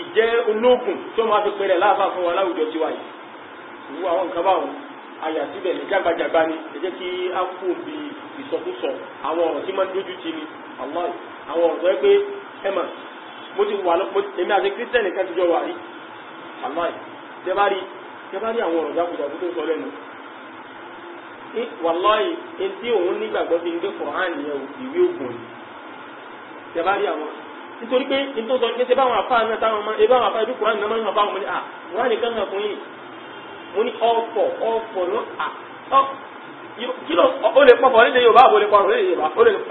ìjẹ́ ológun tó máa fi pẹ̀lẹ́ láàbà fún wa láwùjọ tiwa yìí ìwú àwọn nǹkan báwọn àyà síbẹ̀ ní jágbajàgba ni ẹ jẹ́ kí á kú òbí ìsọkúsọ àwọn ọ̀rọ̀ tí máa ń dójú ti ni àwọn ọ̀rọ̀ tó yẹ pé ẹ mà mo ti wà lọ́pọ̀ èmi àti kírísítẹ́nì kan ti jọ wà rí àlọ́ ẹ̀ tẹ́ bá rí àwọn ọ̀rọ̀ jákujàku tó sọ lẹ́nu wàláyé etí òun nígbàgbọ́ sí ní Kùránì yẹn ìwé ògùn yìí tẹ̀bá rí àwọn nítorí pé nítorí sọ pé tẹ́bá àwọn afáà náà táwọn ọmọ ebá afáà ibi Kùránì náà máa ń hàn báwọn mo ní à wọ́n á lè kán hàn fún yìí mo ní ọ̀pọ̀ ọ̀pọ̀ ló à ọ́ kí ló o lè pọ̀pọ̀ nílé Yorùbá àbò lè pọ̀ nílé Yorùbá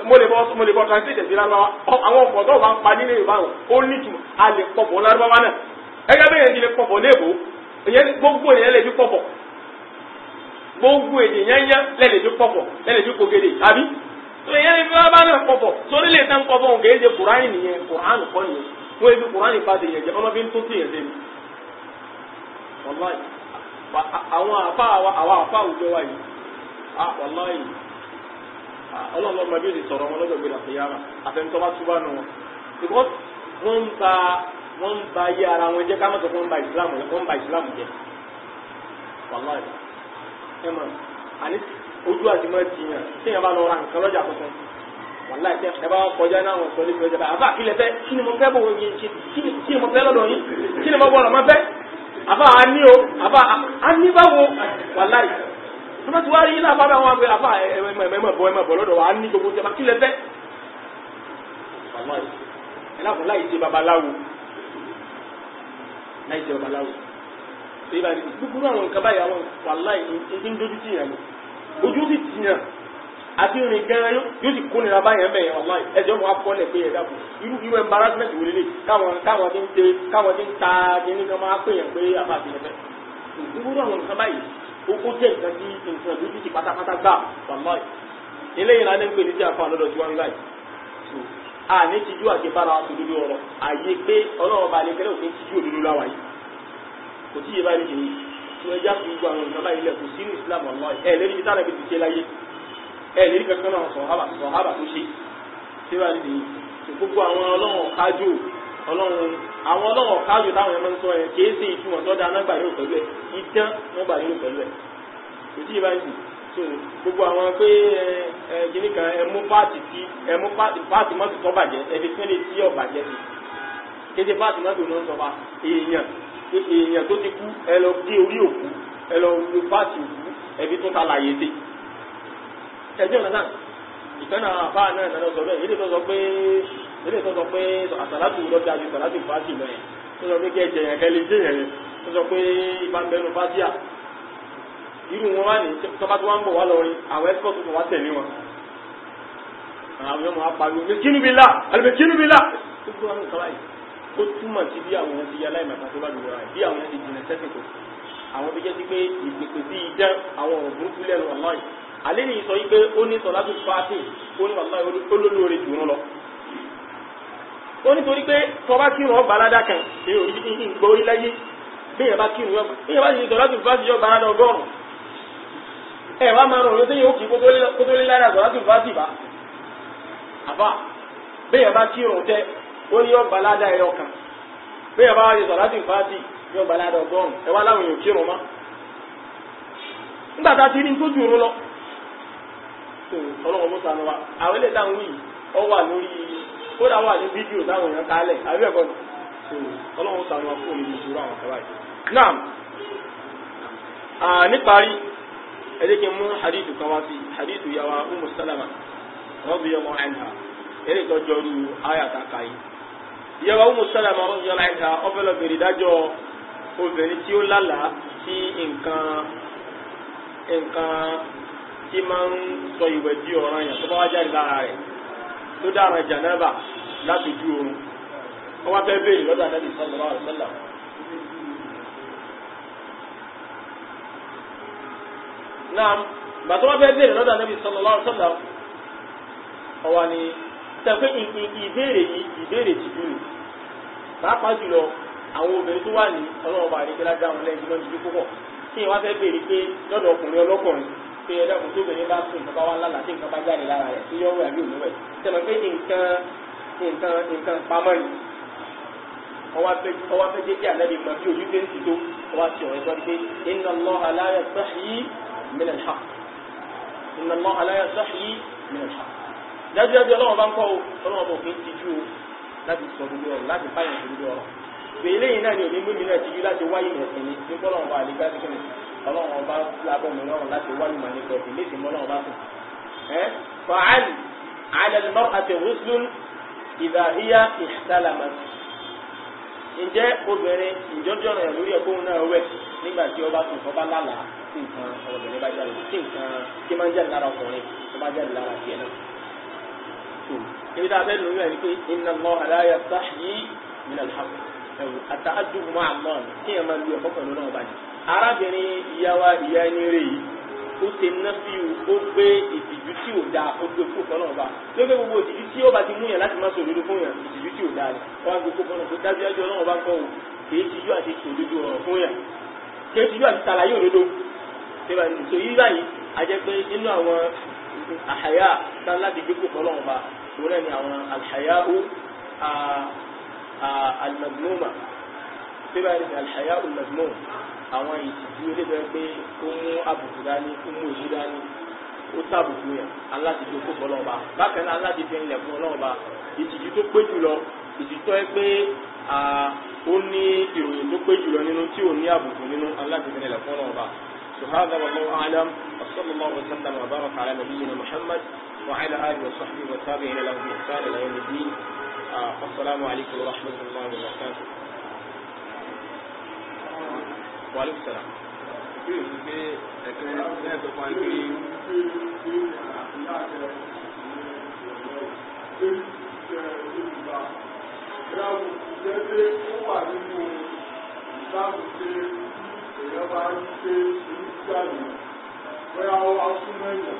mo lè bọ́ mo lè bọ́ àwọn tó bá ń pa nílé Yorùbá ní tù a lè pọ̀pọ̀ lárúbáwá náà ẹgbẹ́ bẹ́ẹ̀ yẹn gbogbo èdè yányá lẹ́lẹ́dẹ́ pọ̀pọ̀ lẹ́lẹ́dẹ́ kògede àbí ìyẹn ní bá bá náà pọ̀pọ̀ sórí lè tán pọ̀pọ̀ nǹkan èdè kùránì nìyẹn kùránì kọ́ wọ́n ebi kùránì fa tèèyàn jẹ́ ọmọ bí tó mi. àwọn àwọn wa yìí bí ti sọ̀rọ̀ ẹ mọ̀ àní ojú àti mọ́ ti yàn tí yàn bá lọ ra nǹkan lọ́jà tuntun wàláì tẹ ẹ bá kọjá náà wọn sọ níbi ọjà báyìí àbá àkílẹ̀ fẹ́ kí ni mo fẹ́ bò yín ṣe kí ni mo fẹ́ lọ́dọ̀ yín kí ni mo gbọ́dọ̀ mọ́ fẹ́ àbá a o àbá a ní báwo wàláì tó bá ti wá rí iná àbá àwọn àgbẹ̀ àbá ẹ̀mọ̀ bọ̀ ẹ̀mọ̀ bọ̀ lọ́dọ̀ wa a ní gbogbo ìjọba kílẹ̀ fẹ́ wàláì ẹ̀ láì ṣe babaláwo láì ṣe babaláwo ṣe bá yìí gbogbo àwọn nǹkan báyìí àwọn wàláì ní dojú tì yàn ni ojú sì tì yàn àti rìn gẹ́rẹ́ yóò sì kónira báyẹn bẹ̀yẹn wàláì ẹjọ́ wọn akọ́lẹ̀ pé ẹ̀dá kù irú irú embarrassment wò lélẹ̀ káwọn káwọn ti ń ṣe káwọn ti ń ta kíní kan máa pè yàn pé àbá àbíyẹn fẹ́ gbogbo àwọn nǹkan báyìí ó kó jẹ́ nǹkan tí nǹkan lójú ti kò tí yé bá nìyí tí wọ́n já fi gbọ́ àwọn nǹkan báyìí lẹ̀ kò sínú islam ọ̀nà ẹ̀ lẹ́ni bí tára ibi ti ṣe láyé ẹ̀ lẹ́ni kankan náà sọ hábà sọ hábà tó ṣe tí wọ́n ti nìyí tó gbogbo àwọn ọlọ́run kájò ọlọ́run àwọn ọlọ́run kájò táwọn ẹ̀ máa ń sọ ẹ̀ kì í ṣe ìtumọ̀ tó dáa náà yóò pẹ̀lú ẹ̀ ìtàn wọn gbà yóò pẹ̀lú ẹ̀ kò tí yé bá nìyí so gbogbo àwọn pé ẹ gini kan ẹ mú paati ti ẹ mú paati mọ́tò tó bàjẹ́ ẹ fi fún lè tí ọ̀ bàjẹ́ kéde paati mọ́tò náà sọ èèyàn èèyàn tó ti kú ẹ lọ gé orí òkú ẹ lọ wo páàtì òkú ẹbí tún ta láàyè dé ẹjọ́ náà ìtàn náà àbá náà ìtàn náà sọ bẹ́ẹ̀ ilé tó sọ pé ilé tó sọ pé àsàlátù lọ dájú àsàlátù fàájì lọ yẹn tó sọ pé kí ẹjẹ yẹn kẹlẹ jẹ yẹn tó sọ pé ibà ń bẹnu fàájì à irú wọn wá ní tọ́ba tó wá ń bọ̀ wá lọ rí àwọn ẹ́sìkọ́ tó wá tẹ̀lé wọn àwọn ọmọ apariwo mẹkínú bí là àlùmẹkínú bí là tó gbọ́ wọn kọ́ báyìí ó túmọ̀ sí bí àwọn ti yálà ìmọ̀ta tó bá dùn ra bí àwọn ti jìnà sẹ́sìn tó àwọn tó jẹ́ sí pé ìpèpè sí idán àwọn ọ̀rọ̀ burúkú lẹ́nu wàláì alẹ́ nìyí sọ wípé ó ní sọ látò fáàtì ó ní wàláì olólóore jùlọ lọ. ó nítorí pé tọba kírun ọba aládá kan ṣe òrìṣi ní ìgbọ́ orí láyé bẹ́ẹ̀ bá kírun ọba bẹ́ẹ̀ bá ti sọ látò fáàtì yọ barada ọgọ́rùn-ún. ẹ wá máa rọrùn sẹ́yìn ó kì í kótó lé lára sọ látò fáàtì bá àbá bẹ́ẹ̀ bá kírun tẹ́ o n'i yóò gbalada ẹ̀yọ kan pé ẹ bá wáyé sọ̀láàtì fàájì yóò gbalada ọgọ́rùn ẹ wá láwọn èèyàn kírun mọ́ nígbà tá a ti rí lọ ọlọ́wọ́ mọ́ta lọ wa àwọn ilé táwọn wí ọ wà lórí kódà wà ní fídíò táwọn èèyàn kálẹ̀ àbí ẹ̀kọ́ ni ọlọ́wọ́ wa fún mi ní ìṣúra àwọn naam níparí ẹ jẹ́ kí n mú hadithu kan wá sí hadithu umu salama ìyàwó Umu Salama ọ̀yọ́lá ẹ̀ka ọ̀fẹ́ lọ bèrè dájọ́ obìnrin tí ó lálàá tí nǹkan nǹkan tí máa ń sọ ìwẹ̀ di ọ̀ràn yẹn tó bá wá jáde lára rẹ̀ tó dára jànáàbà láti ojú oorun wọ́n wá fẹ́ bèrè lọ́dọ̀ àdáni sallallahu alaihi wasallam. náà bàtọ́ wá fẹ́ bèrè lọ́dọ̀ àdáni sallallahu alaihi wasallam ọ̀wá ni sẹ́pẹ́ ìbéèrè yìí ìbéèrè jìbìrì pàápàá jùlọ àwọn obìnrin tó wà ní ọlọ́ọ̀bà àdékẹ́lá dáhùn lẹ́yìn lọ́jọ́ ìdí púpọ̀ kí wọ́n fẹ́ béèrè pé lọ́dọ̀ ọkùnrin ọlọ́kùnrin pé ẹ dákun tó bẹ̀rẹ̀ bá sùn nǹkan bá wà lálàá tí nǹkan bá jáde lára rẹ̀ tí yọ̀wẹ̀ àbí òmùwẹ̀ tẹ̀mọ̀ pé nǹkan nǹkan nǹkan pamọ́ ni ọwọ́ fẹ́ jẹ́ kí ànábì mọ̀ bí ojú pé ń ti tó ọwọ́ ti ọ̀rẹ́ sọ pé inna Allaha la yastahi min al-haqq inna Allaha la yastahi min al-haqq dájúdájú ọlọ́wọ́n bá ń kọ́ o ọlọ́wọ́n bò kí n ti jú o láti sọ gbogbo ọ̀rọ̀ láti báyìí gbogbo ọ̀rọ̀ pé eléyìí náà ni òní mímí náà ti jú láti wáyé ẹ̀sìn ni pé bọ́lọ́wọ́n bá lè gbájú kìnnì ọlọ́wọ́n bá lábọ̀ mi lọ́rùn láti wáyé mà ní pẹ̀lú ilé ìsìn mọ́lọ́wọ́n bá sùn. ẹ fàáàlì àdàlùmọ́ àti rúṣùn ìdàríyá ìṣàlámà ǹjẹ́ obìnrin ìjọ́jọ́ rẹ̀ lórí ẹ̀kọ́ náà wẹ̀ nígbà tí ọba tó nǹkan lálàá sí nǹkan ọmọbìnrin bá jáde sí nǹkan tí máa ń jáde lára ọkùnrin tó bá jáde lára tiẹ̀ náà ibi tá a fẹ́ lóyún ẹ̀ ni pé inna Allaha la yastahyi min al-haqq ẹ̀wù àtàdùn mọ́ àmọ́ kí ẹ̀ máa lu ẹ̀kọ́ pẹ̀lú náà báyìí. arábìnrin ìyáwá ìyá ẹni rè yìí ó ṣe nọ́ọ̀sì ó gbé ìtìjú tí ò dáa ó gbé kó fọ́nà ọba tó gbé gbogbo ìtìjú tí ó bá ti mú yàn láti má sọ òdodo fún yàn ìtìjú tí ò dáa ni wọ́n á gbé kó fọ́nà tó dájú ẹjọ́ náà bá kọ́ ò kìí tijú àti sòdodo ọ̀rọ̀ fún yàn kìí tijú àti sàlàyé òdodo tẹ́lẹ̀ ní sòyí báyìí a jẹ́ pé nínú àwọn àhàyà tá láti gbé kó fọ́nà ọba òun náà ni àwọn alhaya'u almagnoma tí báyìí ni alhaya'u almagnoma àwọn ìtìjú oníbẹ̀ pé ó mú àbùkù dání ó mú òjú dání ó tàbùkù yẹn aláti fi kó fọlọ́ ọba bákan náà aláti fi ilẹ̀ fún ọlọ́ọ̀ba ìtìjú tó pé jùlọ ìtìjú tó yẹ pé ó ní ìròyìn tó pé jùlọ nínú tí ò ní àbùkù nínú aláti ilẹ̀ fún ọlọ́ọ̀ba. سبحان الله والله أعلم وصلى الله وسلم وبارك على نبينا محمد وعلى آله وصحبه وتابعين لهم بإحسان إلى يوم الدين والسلام عليكم ورحمة الله وبركاته وعليكم السلام Ìjọba ń ṣe ìrúgbàlù, bóyá ó wá súnmọ́ ìyàn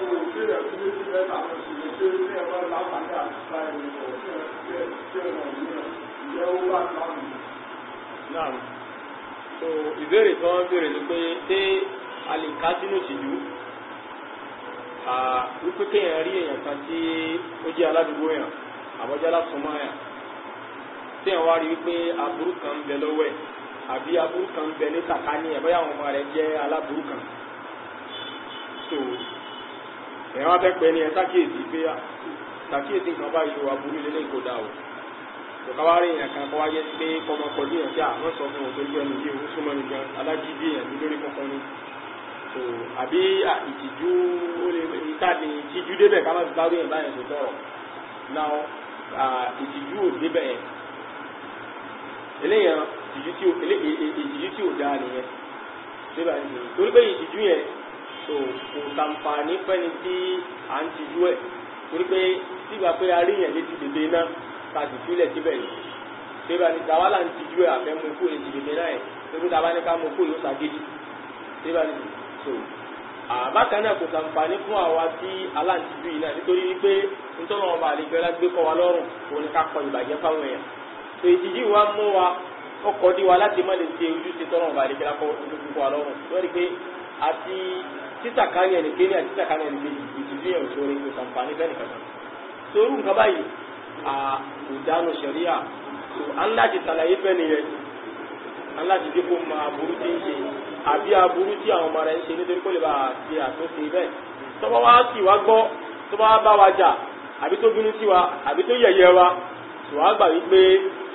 就这个其实是在打的企业，就是这样把老板干在那个这这这种业务办法里。那，so ìbéèrè tí wọ́n béèrè ni pé ṣé a lè ká sínú ìṣèlú wípé kéèyàn rí èèyàn kan tí ó jẹ́ aládùúgbò yàn àbọ̀jẹ́ alásùnmọ́ yàn téèyàn wá rí wípé aburú kan ń bẹ lọ́wọ́ ẹ̀ àbí aburú kan ń bẹ ní sàkání ẹ̀ bóyá àwọn ọmọ rẹ̀ jẹ́ aláburú kan so ẹ̀yàn wá fẹ́ pẹ́ ní ẹ sákìyèsí pé sàkíyèsí ah, nǹkan bá ìlú aburú lélẹ́ kò dáa o kò ká wá rí èèyàn kan kọ́ wáyé pé kọ́mọ kọjú èèyàn sí àwọn ah, sọ fún òtò ìjọ nìyí òun súnmọ́ ní gan alágídí èèyàn ní lórí kankan ni so àbí ah, ìtìjú ó lè ìta ni ìtìjú débẹ̀ ká má ti bárú èèyàn báyẹn tó tọrọ now ìtìjú ò débẹ̀ yẹn eléyàn ìtìjú tí ò dáa nìyẹn débẹ̀ yẹn torí pé ìtìjú yẹn so kò sàǹfààní fẹ́ni tí à ń tijú ẹ̀ torí pé sígbà pé a rí yẹn létí dèdè náà ta sì sílẹ̀ síbẹ̀ yìí síbẹ̀ ni tàwa là ń tijú ẹ̀ àfẹ́ mú kó létí dèdè náà ẹ̀ tóbi tàwa ní ká mú kó yóò ṣàgídí síbẹ̀ ni so àbákan náà kò sàǹfààní fún àwa tí aláǹtijú yìí náà nítorí wípé nítorí wọn bá àlejò ẹlá gbé kọ́ wa lọ́rùn òun ni ká kọ ìbàjẹ́ fáwọn èèyàn so ìtìjú wa mú wa ọkọ̀ dí wa láti má lè ṣe ojúṣe tọ́lọ́wọ́n bá àlejò ẹlá àti títàkà ní ẹnì kéènì àti títàkà ní ẹnì méjì ìdílé ọ̀ṣọ́rí kò sàǹfààní bẹ́ẹ̀ nìkan kan sórú nǹkan báyìí à kò dánu sẹ̀ríà tó aláàjì sàlàyé fẹ́ nìyẹn aláàjì dípò máa aburú tí ń ṣe àbí aburú tí àwọn ọmọ rẹ̀ ń ṣe nítorí kó lè bá àtúnṣe bẹ́ẹ̀ tọ́ba wá sì wá gbọ́ tọ́ba wá bá wa jà àbí tó bínú sí wa àbí tó yẹ̀yẹ́ wa tó wá gbà wípé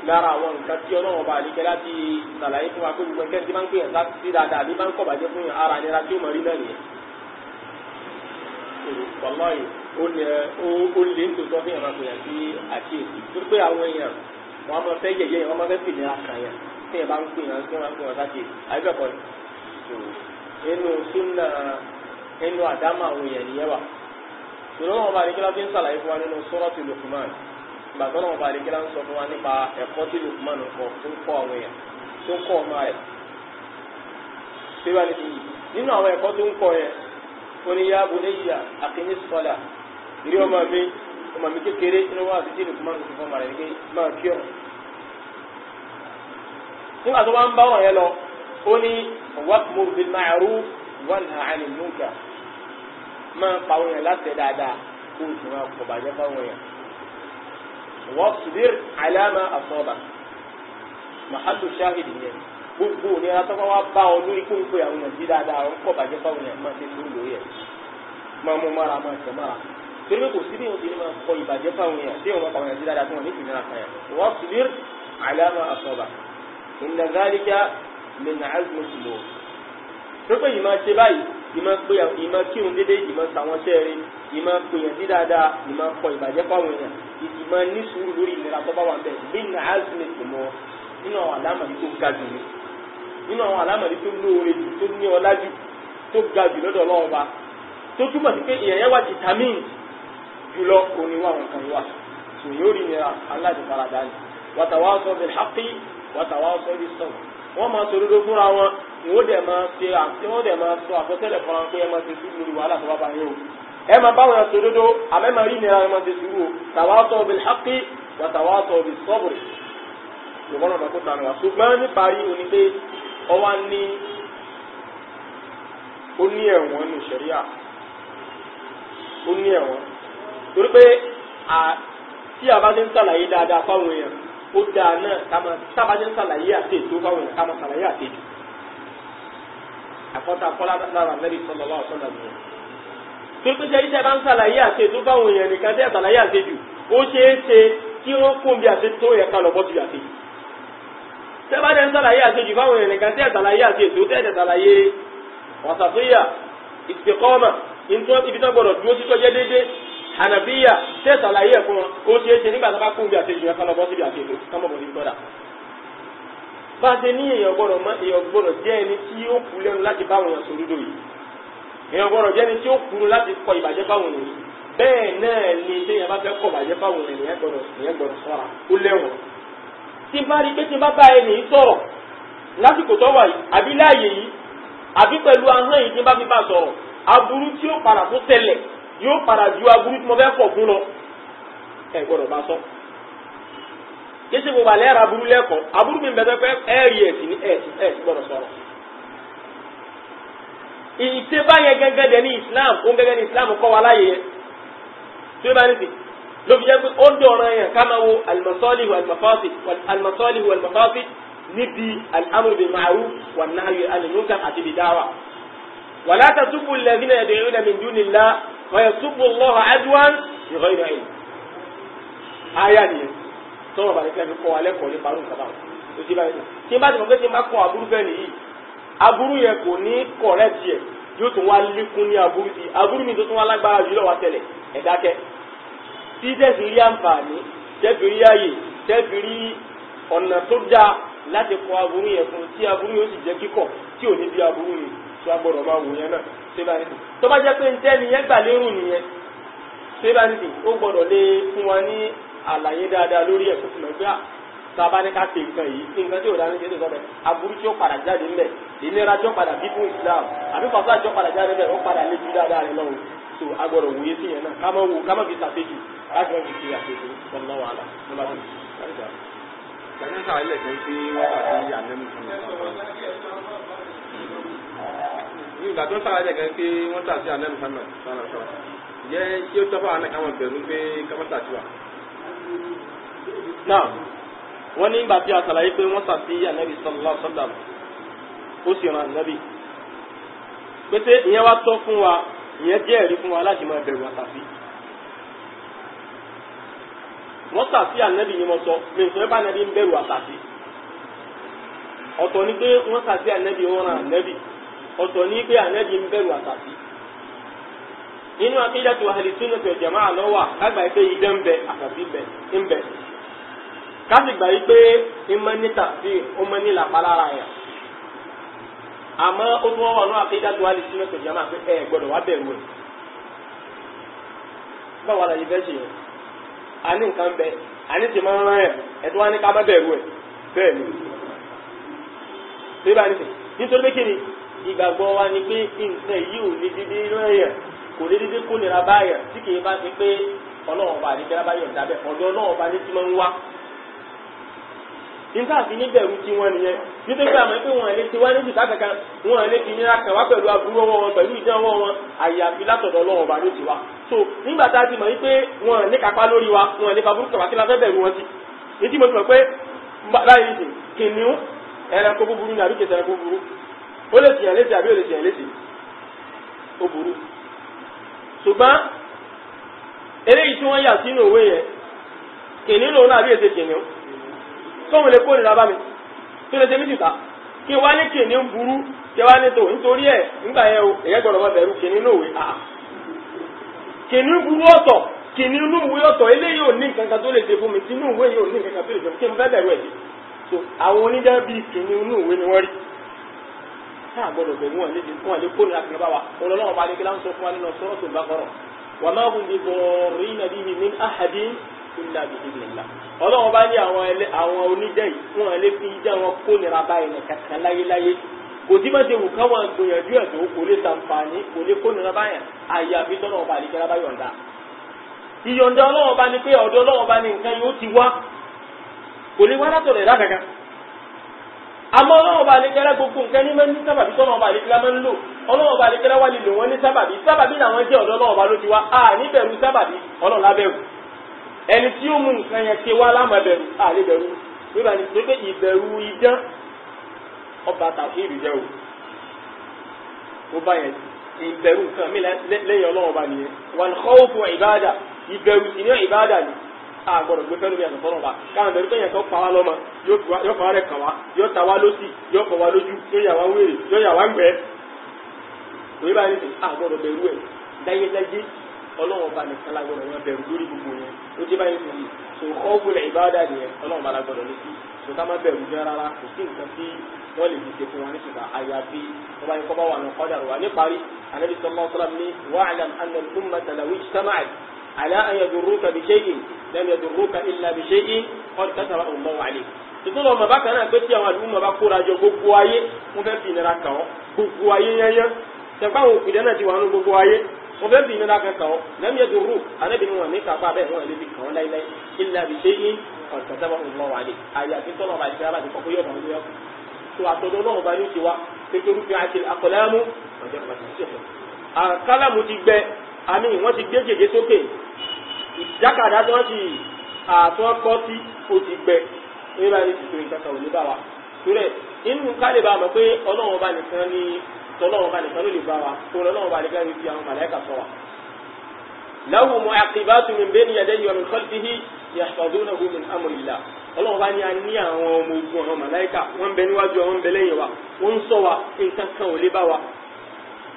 lára àwọn nǹkan tí ọlọ́run bá àlíkẹ́ láti ṣàlàyé fún wa pé gbogbo ẹ̀kẹ́ tí máa ń pè ẹ̀sá sí dáadáa àbí máa ń kọ̀ bàjẹ́ fún ara nira tí ó mọ̀ rí náà nìyẹn. wàláì ó lè ń tòótọ́ fún ìrànlọ́pọ̀ yẹn sí àkíyèsí tó pé àwọn èèyàn wọn máa fẹ́ yẹ̀yẹ́ wọn máa fẹ́ fìdíra kàn yẹn tí ẹ bá ń pè yẹn tí wọ́n máa ń pè wọn sákèyèsí àbíbẹ̀kọ́ inú súnà inú àdámà àwọn èèyàn nìyẹn wà. ìrọ̀lọ́wọ́n bá àlíkẹ́ láti ń ṣàlàyé fún wa nínú Suratul Luqman gbàtọ́nà ọba àdìgẹ́lá ń sọ fún wa nípa ẹ̀kọ́ tí Lukman kọ tó ń kọ́ àwọn èèyàn tó ń kọ́ ọmọ rẹ̀ síbá ní ìyí nínú àwọn ẹ̀kọ́ tó ń kọ́ yẹn ó ní yá abúlé yíya àkíní sọ́là ìrí ọmọ mi ọmọ mi kékeré inú wa àti tí Lukman kò fọ́ ọmọ rẹ̀ máa kí ọ̀ nígbà tó máa ń bá wọn lọ ó ní wàkùmùr bil ma'ruf wanha 'anil munkar máa pa yẹn láti dáadáa kó o sì máa kọ̀ bàjẹ́ bá yẹn wasbir ala ma asaba màhálù ṣáhìd yẹn gbogbo ònira tó bá wá bá ọ lórí kó ń pe àwọn èèyàn jí dáadáa ọ ń kọ́ bàjẹ́ fáwọn èèyàn máa ṣe fún lórí ẹ̀ máa mú mára máa tẹ̀ mára torí pé kò sí bí òṣèlú máa kọ ìbàjẹ́ fáwọn èèyàn tí òun àpàwọn èèyàn jí dáadáa fún wọn ní ìpínlẹ̀ àkàyà wasbir ala ma asaba inna zalika min azmi al-umur tó pé yìí máa ṣe báyìí ìmọ̀ kírun dédé ìmọ̀ sàwọn sẹ́ẹ̀rẹ́ ìmọ̀ pèyàn sí dáadáa ìmọ̀ kọ ìbàjẹ́ fáwọn èèyàn ìmọ̀ ní sùúrù lórí ìlera tó bá wà bẹ́ẹ̀ bí nà á sì lè tì mọ́ nínú àwọn àlámọ̀rí tó ga jù nínú àwọn àlámọ̀rí tó lóore jù tó ní ọlá jù tó ga jù lọ́dọ̀ ọlọ́run wa tó túmọ̀ sí pé ìyẹn wà determine jùlọ òní wà wọn kan wà sòyìn orí nira aláàdìfaradà ni wàtàwá sọ bẹ wo dẹ̀ ma se àti wọ́n dẹ̀ sọ pé ẹ ma se wàhálà bá yẹ o ẹ máa bá wọn dodo àmẹ́ máa rí ìnira ẹ máa ṣe sùúrù o hapi bil haqqi wà tàwátọ̀ bis sabr ìwọ́n ọ̀nà tó tàn wá ṣùgbọ́n pé ní ó ní ẹ̀wọ̀n ó ní ẹ̀wọ̀n torí pé tí a bá ti ń ṣàlàyé dáadáa fáwọn èèyàn ó dáa náà ti ń àti ètò fáwọn àkọ́tà kọ́lá lára Nabi sallallahu alaihi wasallam. tó tó jẹ́ iṣẹ́ bá ń sàlàyé àṣẹ tó bá wọ̀nyẹn nìkan tẹ́ sàlàyé àṣẹ jù ó ṣeé ṣe kí wọ́n kún bí àṣẹ tó yẹ ká lọ bọ́ sí àṣẹ jù. tẹ́ bá dẹ́ ń sàlàyé àṣẹ jù báwọn èèyàn nìkan tẹ́ sàlàyé àṣẹ tó tẹ́ sàlàyé wasatiyya istiqama ibi tó gbọdọ̀ dúró sí tọ́jẹ́ déédé hànàbíyà tẹ́ sàlàyé ẹ̀kún ó ṣeé ṣe nígbà tó bá kún bí àṣẹ jù yẹn ká lọ bọ́ sí àṣẹ tó ká mọ̀ bọ̀ sí gbọ́dà bá a ṣe ní èèyàn gbọ́dọ̀ mọ́ èèyàn gbọ́dọ̀ jẹ́ ẹni tí ó kú lẹ́nu láti bá àwọn ẹ̀sùn lódò yìí èèyàn gbọ́dọ̀ jẹ́ ẹni tí ó kú láti kọ ìbàjẹ́ fáwọn ènìyàn bẹ́ẹ̀ náà ni téèyàn bá fẹ́ kọ ìbàjẹ́ fáwọn ènìyàn gbọ́dọ̀ èèyàn gbọ́dọ̀ sọ́ra ó lẹ́wọ̀n tí n bá rí pé tí n bá bá ẹni sọ̀rọ̀ lásìkò tó wà yìí àbí láàyè yìí àbí pẹ̀lú ahọ́n yìí tí n bá fi bá sọ̀rọ̀ aburú tí ó padà tó tẹ̀lẹ̀ yóò padà ju aburú tí mo fẹ́ kọ̀ fún lọ ẹ gbọ́dọ̀ bá sọ̀rọ̀ yéṣe gbogbo alẹ́ ra aburú lẹ́kọ̀ọ́ aburú mi bẹ̀rẹ̀ pé ẹ̀rì ẹ̀sìn ní ẹ̀sìn ẹ̀sìn gbọ́dọ̀ sọ̀rọ̀. ìṣe báyẹn gẹ́gẹ́ dẹ̀ ní Islam ó ń gẹ́gẹ́ ní Islam kọ́ wa láyé yẹn tí ó bá ní sìn ló fi jẹ́ pé ó ń dọ̀ràn yẹn ká máa wo al-masalih wal-mafasid al-masalih wal-mafasid níbi al-amru bil ma'ruf wan-nahyi 'anil munkar àti ìdáwà. wala tasubbu alladhina yad'una min dunillah wa yasubbu Allaha 'adwan bighayri 'ilm. ayé àdìyẹ tọrọ bàtí fẹẹ fi kọ alẹ kọ nípa arúgbó sábà tó ti báyìí tí n bá ti mọ pé tí n bá kọ aburú bẹ́ẹ̀ nìyí aburú yẹn kò ní kọ̀rẹ́tì yẹ yóò tún wá lékún ní aburú sí aburú mi tó tún wá lágbára yìí lọ́wọ́ tẹ̀lẹ̀ ẹ̀dákẹ́ tí tẹ̀sí rí àǹfààní tẹ́fi rí ààyè tẹ́fi rí ọ̀nà tó dáa láti kọ aburú yẹn fún tí aburú yóò sì jẹ́ kíkọ̀ tí ò ní bí aburú mi tí a gbọ́dọ̀ máa wò yẹn náà ṣé bá nìsín tó bá jẹ́ pé ń tẹ́ni yẹn gbà lérò nìyẹn ṣé bá nìsín ó gbọ́dọ̀ lè fún wa ní àlàyé dáadáa lórí ẹ̀kọ́ fún ẹgbẹ́ à sábà ní ká pè nǹkan yìí nǹkan tí ò dáná ṣe tó sọ́bẹ̀ aburú tí ó padà jáde ńlẹ̀ ìnira tí ó padà bí fún Islam àbí fàṣà tí ó padà jáde ńlẹ̀ ó padà lé ju dáadáa so agbọ́dọ̀ wòye sí yẹn náà ká máa wò ká fi láti fi ṣe wàhálà bá ìgbà tó ń náà wọ́n ní ìgbà tí a sàlàyé pé wọ́n sàtí ànábì sallallahu alaihi wasallam ó sì ràn ànábì pété ìyẹn wá tọ́ fún wa ìyẹn jẹ́ ẹ̀rí fún wa láti máa bẹ̀rù àtàfi wọ́n sàtí ànábì ni mo sọ mi sọ bá ànábì ń bẹ̀rù àtàfi ọ̀tọ̀ ni pé wọ́n sàtí ànábì wọ́n ràn ànábì ọ̀tọ̀ ni pé ànábì ń bẹ̀rù àtàfi nínú akídàtò àhàlìsínà tó jẹ̀mọ́ àlọ́wà lágbà pé idẹ́ ń bẹ àkàbí bẹ ń bẹ kásìgbà yìí pé ìmọ̀ ní tàbí ọmọ ní làpálára yẹn àmọ́ ó tún wọ́n wà ní akídàtò àhàlìsínà tó jẹ̀mọ́ àpé ẹ gbọ́dọ̀ wá bẹ̀rù ẹ̀ la yìí fẹ́ ṣe yẹn a ní nǹkan bẹ a ní tìmọ̀ rán ẹ̀ ẹ̀ tó wá ní ká bá bẹ̀rù kò lè dédé kó nira báyà tí kì í bá ti pé ọlọ́run ọba àdéjẹ́ lábáyọ̀ dábẹ́ ọ̀dọ̀ ọlọ́run ọba ní tí wọ́n ń wá. nígbà tí níbẹ̀rù tí wọ́n nìyẹn nítorí pé àmọ́ pé wọ́n lè ti wá ní ìta kankan wọ́n lè fi nira kan wá pẹ̀lú aburú ọwọ́ wọn pẹ̀lú ìdán ọwọ́ wọn àyàfi látọ̀dọ̀ ọlọ́run ọba ló ti wá. so nígbà tá a ti mọ̀ yí pé wọ́n ní kápá lórí wa wọ́n lè fa burúkú kàwá kí la fẹ́ bẹ̀rù wọn sí. ètí mo ti mọ̀ pé báyìí nìyí kìnìún ẹranko búburú ni àbí kìtẹ̀ẹ̀ranko búburú ó lè tìyàn létí àbí ó lè tìyàn létí ó burú ṣùgbọ́n eléyìí tí wọ́n yà sínú òwe yẹn kìnní lòun náà bí èsè kìnní tóun lè kó nira mi tó lè tẹ́mí jùtà kí wá ní kìnní burú kí wá ní tó nítorí ẹ̀ nígbà yẹn o èyẹ gbọ́dọ̀ mọ bẹ̀rù kìnní lòwe à ah. kìnní burú ọ̀tọ̀ kìnní inú ìwé ọ̀tọ̀ eléyìí ò ní nǹkan kan tó táà gbọ́dọ̀ bẹ̀rù wọn léde fún àlẹ́ kó nira kan bá wa ọlọ́run bá lékelá ń sọ fún wa nínú sọ́rọ́ tó bá kọ́rọ̀ wà má hùn bí bọ̀ọ̀rì nàbí mi ní àhàdí ńlá bí ìdìlá ọlọ́run bá ní àwọn oníjẹ́ yìí fún àlẹ́ fi jẹ́ wọn kó nira báyìí nà kàkà láyéláyé kò tí máa ṣe wù káwọn gbìyànjú ẹ̀ tó kò lè sàǹfààní kò lè kó nira báyà àyàfi tọ́nà ọba bá yọ̀ǹda ìyọ̀ǹda àmọ́ ọlọ́run bá àlekẹ́lá gbogbo nǹkan ní máa ń ní sábàbí tọ́lọ́run bá àlekẹ́lá máa ń lò ọlọ́run bá àlekẹ́lá wà lè lò ní sábàbí sábàbí làwọn jẹ́ ọ̀dọ́ ọlọ́run bá ló ti a níbẹ̀rù sábàbí ọlọ́run lábẹ̀rù ẹni tí ó mú nǹkan yẹn ṣe wá láàmà bẹ̀rù a lè bẹ̀rù nígbà ní pé ìbẹ̀rù idán ọba tàfíìrì jẹ́ o ó bá yẹn ìbẹ̀rù nǹkan mi lẹ́yìn ọlọ́run bá nìyẹn wal àgbọ̀dọ̀ gbé fẹ́lú ìyàtọ̀ sọ́nà wa káwọn bẹ̀rù pé ìyàtọ̀ pa wá lọ́mọ yóò pa wá rẹ̀ kàn wá yóò ta wá lọ́sì yóò kọ̀ wá lójú yóò yà wá wèrè yóò yà wá gbẹ́. òye bá ní sè àgbọ̀dọ̀ bẹ̀rù ẹ̀ dáyédáyé ọlọ́wọ́n bá nìkan lágbọ̀dọ̀ wọn bẹ̀rù lórí gbogbo yẹn ó dé báyìí sè so ọ̀gbù lẹ̀ ìbáradà nìyẹn ọlọ́wọ́n bá lágbọ̀dọ̀ lọ sí so ká má bẹ̀rù jẹ́ rárá kò sí nǹkan tí wọ́n lè fi fún wa ní ṣùgbọ́n àyàfi wọ́n bá ní kọ́ bá wà ní kọ́dà rẹ̀ wá níparí Ànábì sallallahu alaihi wasallam ní wa'lam anna al-ummata law ijtama'at على أن يضروك بشيء لم يضروك إلا بشيء قد كتبه الله عليك tuntun lọ màbá kan náà pé tí àwọn àdúgbò màbá kóra jọ gbogbo ayé wọn fẹẹ fi ìnira kàn ọ gbogbo ayé yányán tẹpá àwọn òpìdẹ náà ti wà nù gbogbo ayé wọn fẹẹ fi ìnira kan kàn ọ lẹmi ẹdùn rú anábìnrin wọn ní kápá bẹ́ẹ̀ wọn lè fi kàn ọ láíláí ilẹ àbíṣe yín ọ̀tọ̀tọ̀bọ̀ ọ̀gbọ̀n wà lè àyà tí tọ́lọ̀ bá ìṣẹ́ aláàbí kọ́kọ́ yóò bá wọn yọkù tó àtọ́dọ́ náà bá ní tiwa kékeré fi àti àmì wọ́n ti gbé gègé sókè ìdákàdá tí wọ́n ti àtún ọkọ́ sí o ti gbẹ ní bá ní tìtò ìkàkà òní bá wa torí inú ká lè bá a mọ̀ pé ọlọ́run ọba nìkan ní tọ́lọ́run ọba nìkan ló lè bá wa torí ọlọ́run ọba nìkan ló fi àwọn màláìkà sọ wa. láwù mọ àkìbá tún mi bẹ́ẹ̀ ni yàtẹ̀ yọ̀ mi kọ́lì ní a ní ọmọ ogun àwọn bá wa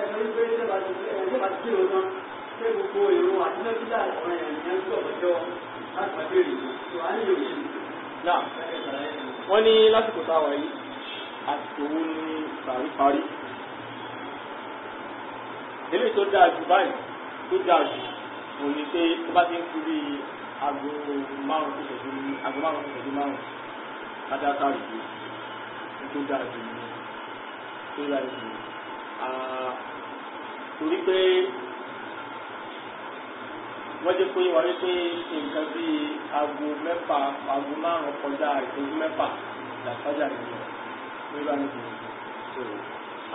ẹ̀rọ ìgbé ìjọba ti ṣe ẹ̀rọ ìjọba ti ṣe òun náà pé gbogbo èrò àti nọ́kítà ọ̀rẹ́ ẹ̀yìn gbọ̀gbọ̀jọ́ láti máa béèrè ìlú àní yòóyè. náà wọ́n ní lásìkò táwọn yìí àsìkò wo ni parí parí. ilé tó dáa jù báyìí tó dáa jù kò ní pé tó bá ti ń kú bí aago márùn-ún ìṣẹ́jú aago márùn-ún ìṣẹ́jú márùn-ún kádàtà rèé tó dáa jù ní tó dáa jù ní torí pé wọ́n jẹ́ pé wọ́n rí pé nǹkan bí aago mẹ́fà aago márùn-ún kọjá ìtọ́jú mẹ́fà làkọjá ìlú pé bá ní kìí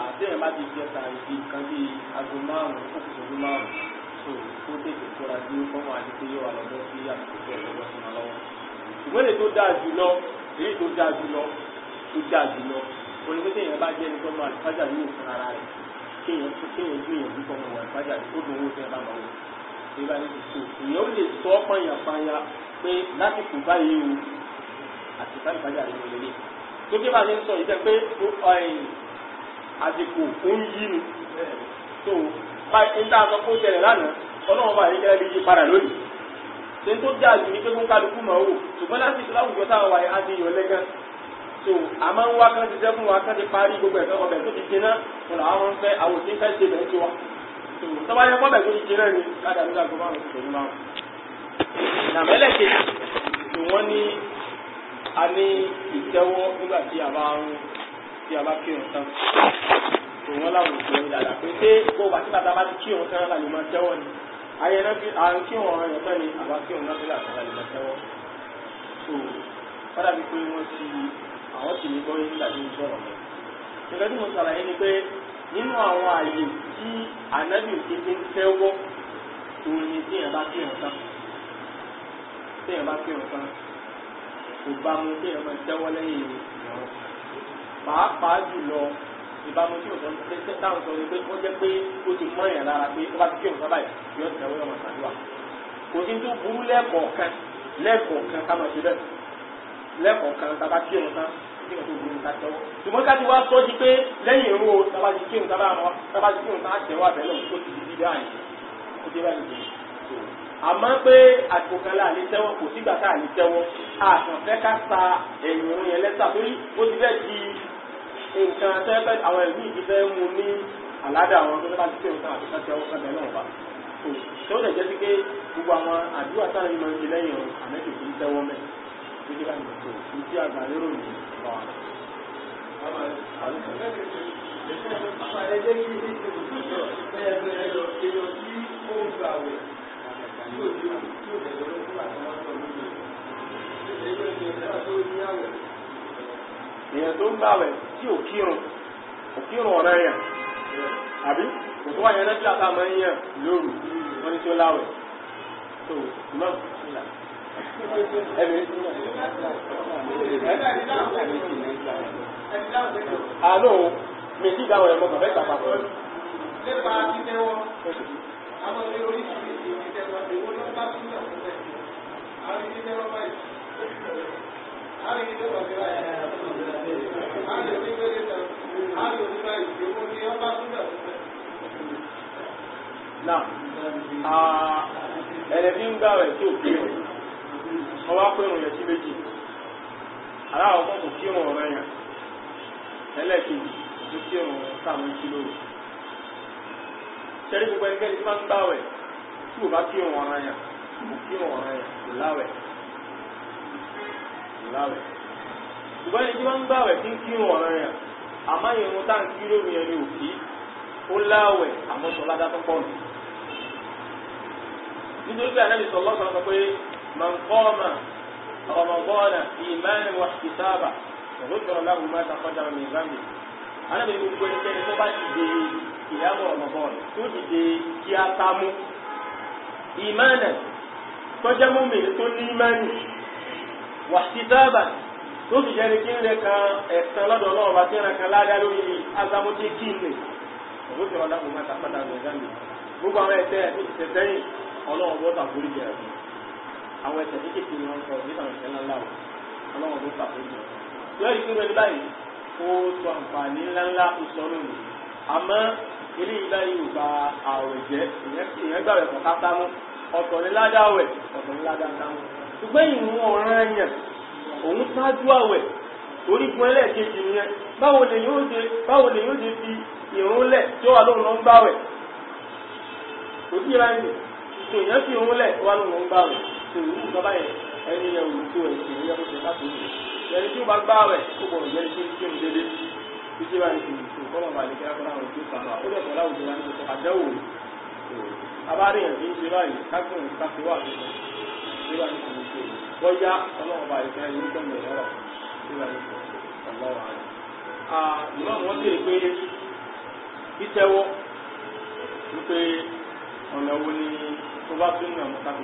àti ẹ̀ má ti jẹ́ ta ìdí nǹkan bí aago márùn-ún kò kò tóbi márùn-ún so kó tètè tóra bí ó fọ́nmọ́ àti pé yóò wà lọ́dọ́ sí àtúntò ẹ̀ lọ́wọ́ sí wọn lọ́wọ́ ìwé tó dáa jù lọ èyí tó dáa jù lọ tó dáa jù lọ onígbẹ́tẹ̀ yẹn bá jẹ́ ẹni tó mọ àlùfájà yóò fún ara rẹ̀ kéèyàn kéèyàn gbìyànjú kọ́ mọ àlùfájà tó dùn owó tẹ́ bá mọ̀ wọ́n nígbà tí kò tó èèyàn lè sọ pányápányá pé láti kù báyìí o àti àlùfájà rẹ̀ lè lè tó kí bá ṣe sọ yìí jẹ́ pé àdìpọ̀ ó ń yí ni tó báyìí ń dá aṣọ kó ṣẹlẹ̀ lánàá ọlọ́run bá yíyá ẹbí yí padà lónìí ṣe tó dáa jù ní pé kó kálukú máa wò ṣùgbọ́n láti láwùjọ táwọn wáyé á ti yàn lẹ́gàn so àmọ́ ń wá kán ti sẹ́fún wa kán ti parí gbogbo ẹ̀fẹ́ ọbẹ̀ tó ti jiná wọn làwọn máa ń fẹ́ àwọn tí ń fẹ́ ṣe bẹ́ẹ̀ tí wa so tọ́ba yẹ kọ́bẹ̀ tó ti jiná ni káàdà nígbà tó máa ń sọ ní márùn. nàmẹ́lẹ̀ kejì ni wọ́n ní a ní ìtẹ́wọ́ nígbà tí a bá ń tí a bá kírun tán so wọ́n láwọn ìṣòro dàda pé ṣé kó wà tí bàtà bá ti kírun tán láti máa tẹ́wọ́ ni ayẹyẹ náà à ń kírun ọ̀rọ̀ yẹn tán ni àbá kírun náà àwọn sì ní gbọ́yé tàbí ìṣọ̀rọ̀ rẹ̀. Nígbà tí mo ṣàlàyé ni pé nínú àwọn àyè tí ànábì òkété ń tẹ́wọ́ òun ni tí èèyàn bá kí èèyàn tán. Tí èèyàn bá kí èèyàn tán, kò bá mu tí èèyàn máa tẹ́wọ́ lẹ́yìn ìrọ̀. Pàápàá jùlọ ìbámu tí òun sọ táwọn sọ pé wọ́n jẹ́ pé ó ti mọ́ èèyàn lára pé ó bá ti kí òun sábà yọ tẹ̀wé ọmọ sàdúrà. Kò sí tó burú lẹ́ẹ̀kọ̀ọ̀kan lẹ́ẹ̀kọ̀ọ̀kan ká máa ṣe bẹ́ẹ̀ lẹ́ẹ̀kọ̀ọ̀kan tá a bá kí òun tán kí n tó gbé nǹkan tẹ́wọ́ ṣùgbọ́n ti wá sọ di pé lẹ́yìn ìró tábà ti kírun tábà mọ́ tábà ti kírun tábà tẹ̀wọ́ àbẹ̀lẹ̀ ti di bíbá yìí ó dé báyìí jẹ́ àmọ́ pé àsìkò kan la lè tẹ́wọ́ kò sígbà tá à lè tẹ́wọ́ àtànfẹ́ ká sa ẹ̀yìn òun yẹn lẹ́sà torí ó ti fẹ́ di nǹkan tẹ́fẹ́ àwọn ẹ̀mí ti fẹ́ mu ní àládà àwọn tó bá ti kírun tábà tó tẹ́wọ́ kẹ́mẹ́ náà bá tó lè jẹ́ gbogbo àwọn àdúrà táwọn ìmọ̀ ìṣẹ̀lẹ̀ yẹn àmẹ́tò kì í tẹ́wọ́ mẹ́ nígbà tó ti àgbà lérò nìyẹn èèyàn tó ń gbàwẹ̀ tí ò kírun ò kírun ọ̀rọ̀ yẹn àbí kò tó wà yẹn àtàmọ́ yẹn lóru wọ́n ní tó láwẹ̀ tó náà mais àlọ́ méjì dáwọn ẹ̀mọ́ kàfẹ́ kàfà pọ̀. nípa títẹ́wọ́ àwọn ilé oríṣiríṣi títẹ́wọ́ èwo ló bá sí ìyàwó rẹ̀ àwọn ilé tẹ́wọ́ báyìí àwọn ilé tẹ́wọ́ báyìí àwọn ilé tẹ́wọ́ báyìí àwọn ilé tẹ́wọ́ báyìí èwo ni ó bá sí ìyàwó rẹ̀. náà ẹ̀rẹ̀ bí ń gbà rẹ̀ tí ò kí o wọ́n wá pé sí méjì aláwọ̀ kan kò kírun ọ̀rọ̀ yẹn ẹlẹ́ẹ̀kejì tó kírun táwọn kí lóru sẹ́rí gbogbo ẹnikẹ́ni tí ń gbàwẹ̀ tí kò bá kírun ọ̀rọ̀ yẹn kò kírun ọ̀rọ̀ yẹn kò láwẹ̀ kò láwẹ̀ ṣùgbọ́n ẹni tí máa ń gbàwẹ̀ tí ń kírun ọ̀rọ̀ yẹn àmọ́ ìrun táwọn kí lóru yẹn ni ò kí ó láwẹ̀ àmọ́ sọlá dá tó pọ̀ nù nítorí pé àná من قام رمضان إيمانا واحتسابا غفر له ما تقدم من ذنبه أنا بقول لك أنت بعد قيام رمضان تجد قيام إيمانا tọ́jẹ́ mọ́mìnì tó ní mẹ́rin wàṣítábà tó sì jẹ́ni kí n lè kan ẹ̀sán lọ́dọ̀ náà wá sí ẹran kan ládá lórí azamuti kíni òun ti ọ̀dà kò má ta pátá lọ́dọ̀ mi gbogbo àwọn ẹ̀sẹ̀ tó ti tẹ̀ sẹ́yìn forí jẹ́ ẹ̀sìn àwọn ẹsẹ̀ tó kékeré wọn sọ nígbà wọn ìṣẹ̀lẹ̀ ńlá o ọlọ́run ló pàṣẹ jù lọ́ọ̀ yìí kúrò ní báyìí ó sọ àǹfààní ńláńlá oṣù ọ̀nà mi àmọ́ ilé ìgbà yìí ò gba àwẹ̀ jẹ́ ìyẹn gbàwẹ̀ kọ̀ ká sámú ọ̀tọ̀ ní ládàá àwẹ̀ ọ̀tọ̀ ní ládàá sámú ṣùgbọ́n ìwọ̀n ọ̀ràn yẹn òun ṣáájú àwẹ̀ orígun ẹlẹ́ẹ̀kejì yẹn báwo lè yóò ṣe báwo lè yóò ṣe fi ìrún lẹ̀ tí ó wà lóun lọ ń gbàwẹ̀ kò sí ìrànlẹ̀ ìṣòyàn fi ìrún lẹ̀ wà lóun lọ ń gbàwẹ̀ tó irú nǹkan báyẹn ẹni yẹn ò tó ẹ̀sìn ìyẹn kò tẹ̀ láti ìlú ẹni tí ó bá gbá rẹ̀ ó gbọ́dọ̀ jẹ́ ní ń kéwòn dédé tó jẹ́ báyìí kò tó kọ́lọ̀ bá lè kí akọ́lá tó sàmà ó dẹ̀ kọ́lá òjò láti sọ àdẹ́wò abárí yẹn ń ṣe báyìí kákùn káfí wà tó ṣe wà ní kò tó bọ́yá ọlọ́run bá lè kí akọ́lá wọn tó sàmà ó dẹ̀ kọ́lá òjò láti sọ àdẹ́wò wípé ọ̀nà wo ni tó bá tún nà mọ́ta fi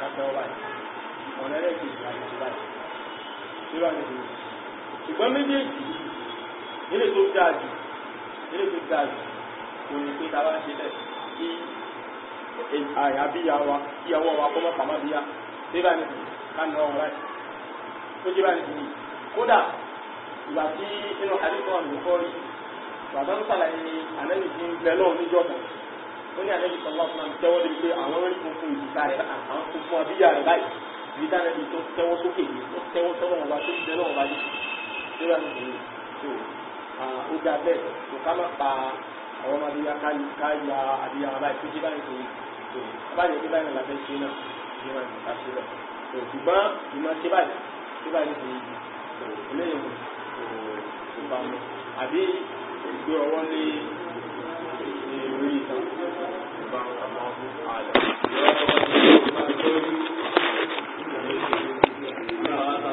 kápẹ́ ọba yìí ọ̀nà ẹlẹ́kejì àyẹ̀wò báyìí tí wàá nìyí ṣùgbọ́n méjèèjì nílé tó dáa jù nílé tó dáa jù kò ní pé táwa ṣe lẹ̀ kí àbíyàwó ìyàwó wa kọ́mọ́ pàmọ́ bíyà tí wàá nìyí ká nà ọ̀rọ̀ báyìí tó jẹ́ báyìí nìyí kódà ìgbà tí inú àdìsọ́ àdìsọ́ rí bàbá ń sàlàyé ànẹ́yìn ti ń bẹ lọ́ọ̀ níjọ́ kan ó ní àlejò sọlá ọ̀sán àti tẹ́wọ́ lè pé àwọn orí funfun ìdíta rẹ̀ àwọn funfun abíyá rẹ̀ báyìí ibi táwọn ẹbí tó tẹ́wọ́ sókè yìí tó tẹ́wọ́ sọ́wọ́ wọn bá tó tẹ́ lọ́wọ́ bá yìí tó rà nìyí tó ó dá bẹ́ẹ̀ tó ká má pa àwọn ọmọ abíyá ká ya abíyá wọn báyìí tó jí báyìí tó tó abáyé tó báyìí làbẹ́ ṣe náà ṣe máa nìta ṣe lọ tó ṣùgbọ́n ìmọ̀ ṣe báyìí tó yìí Allahu alem.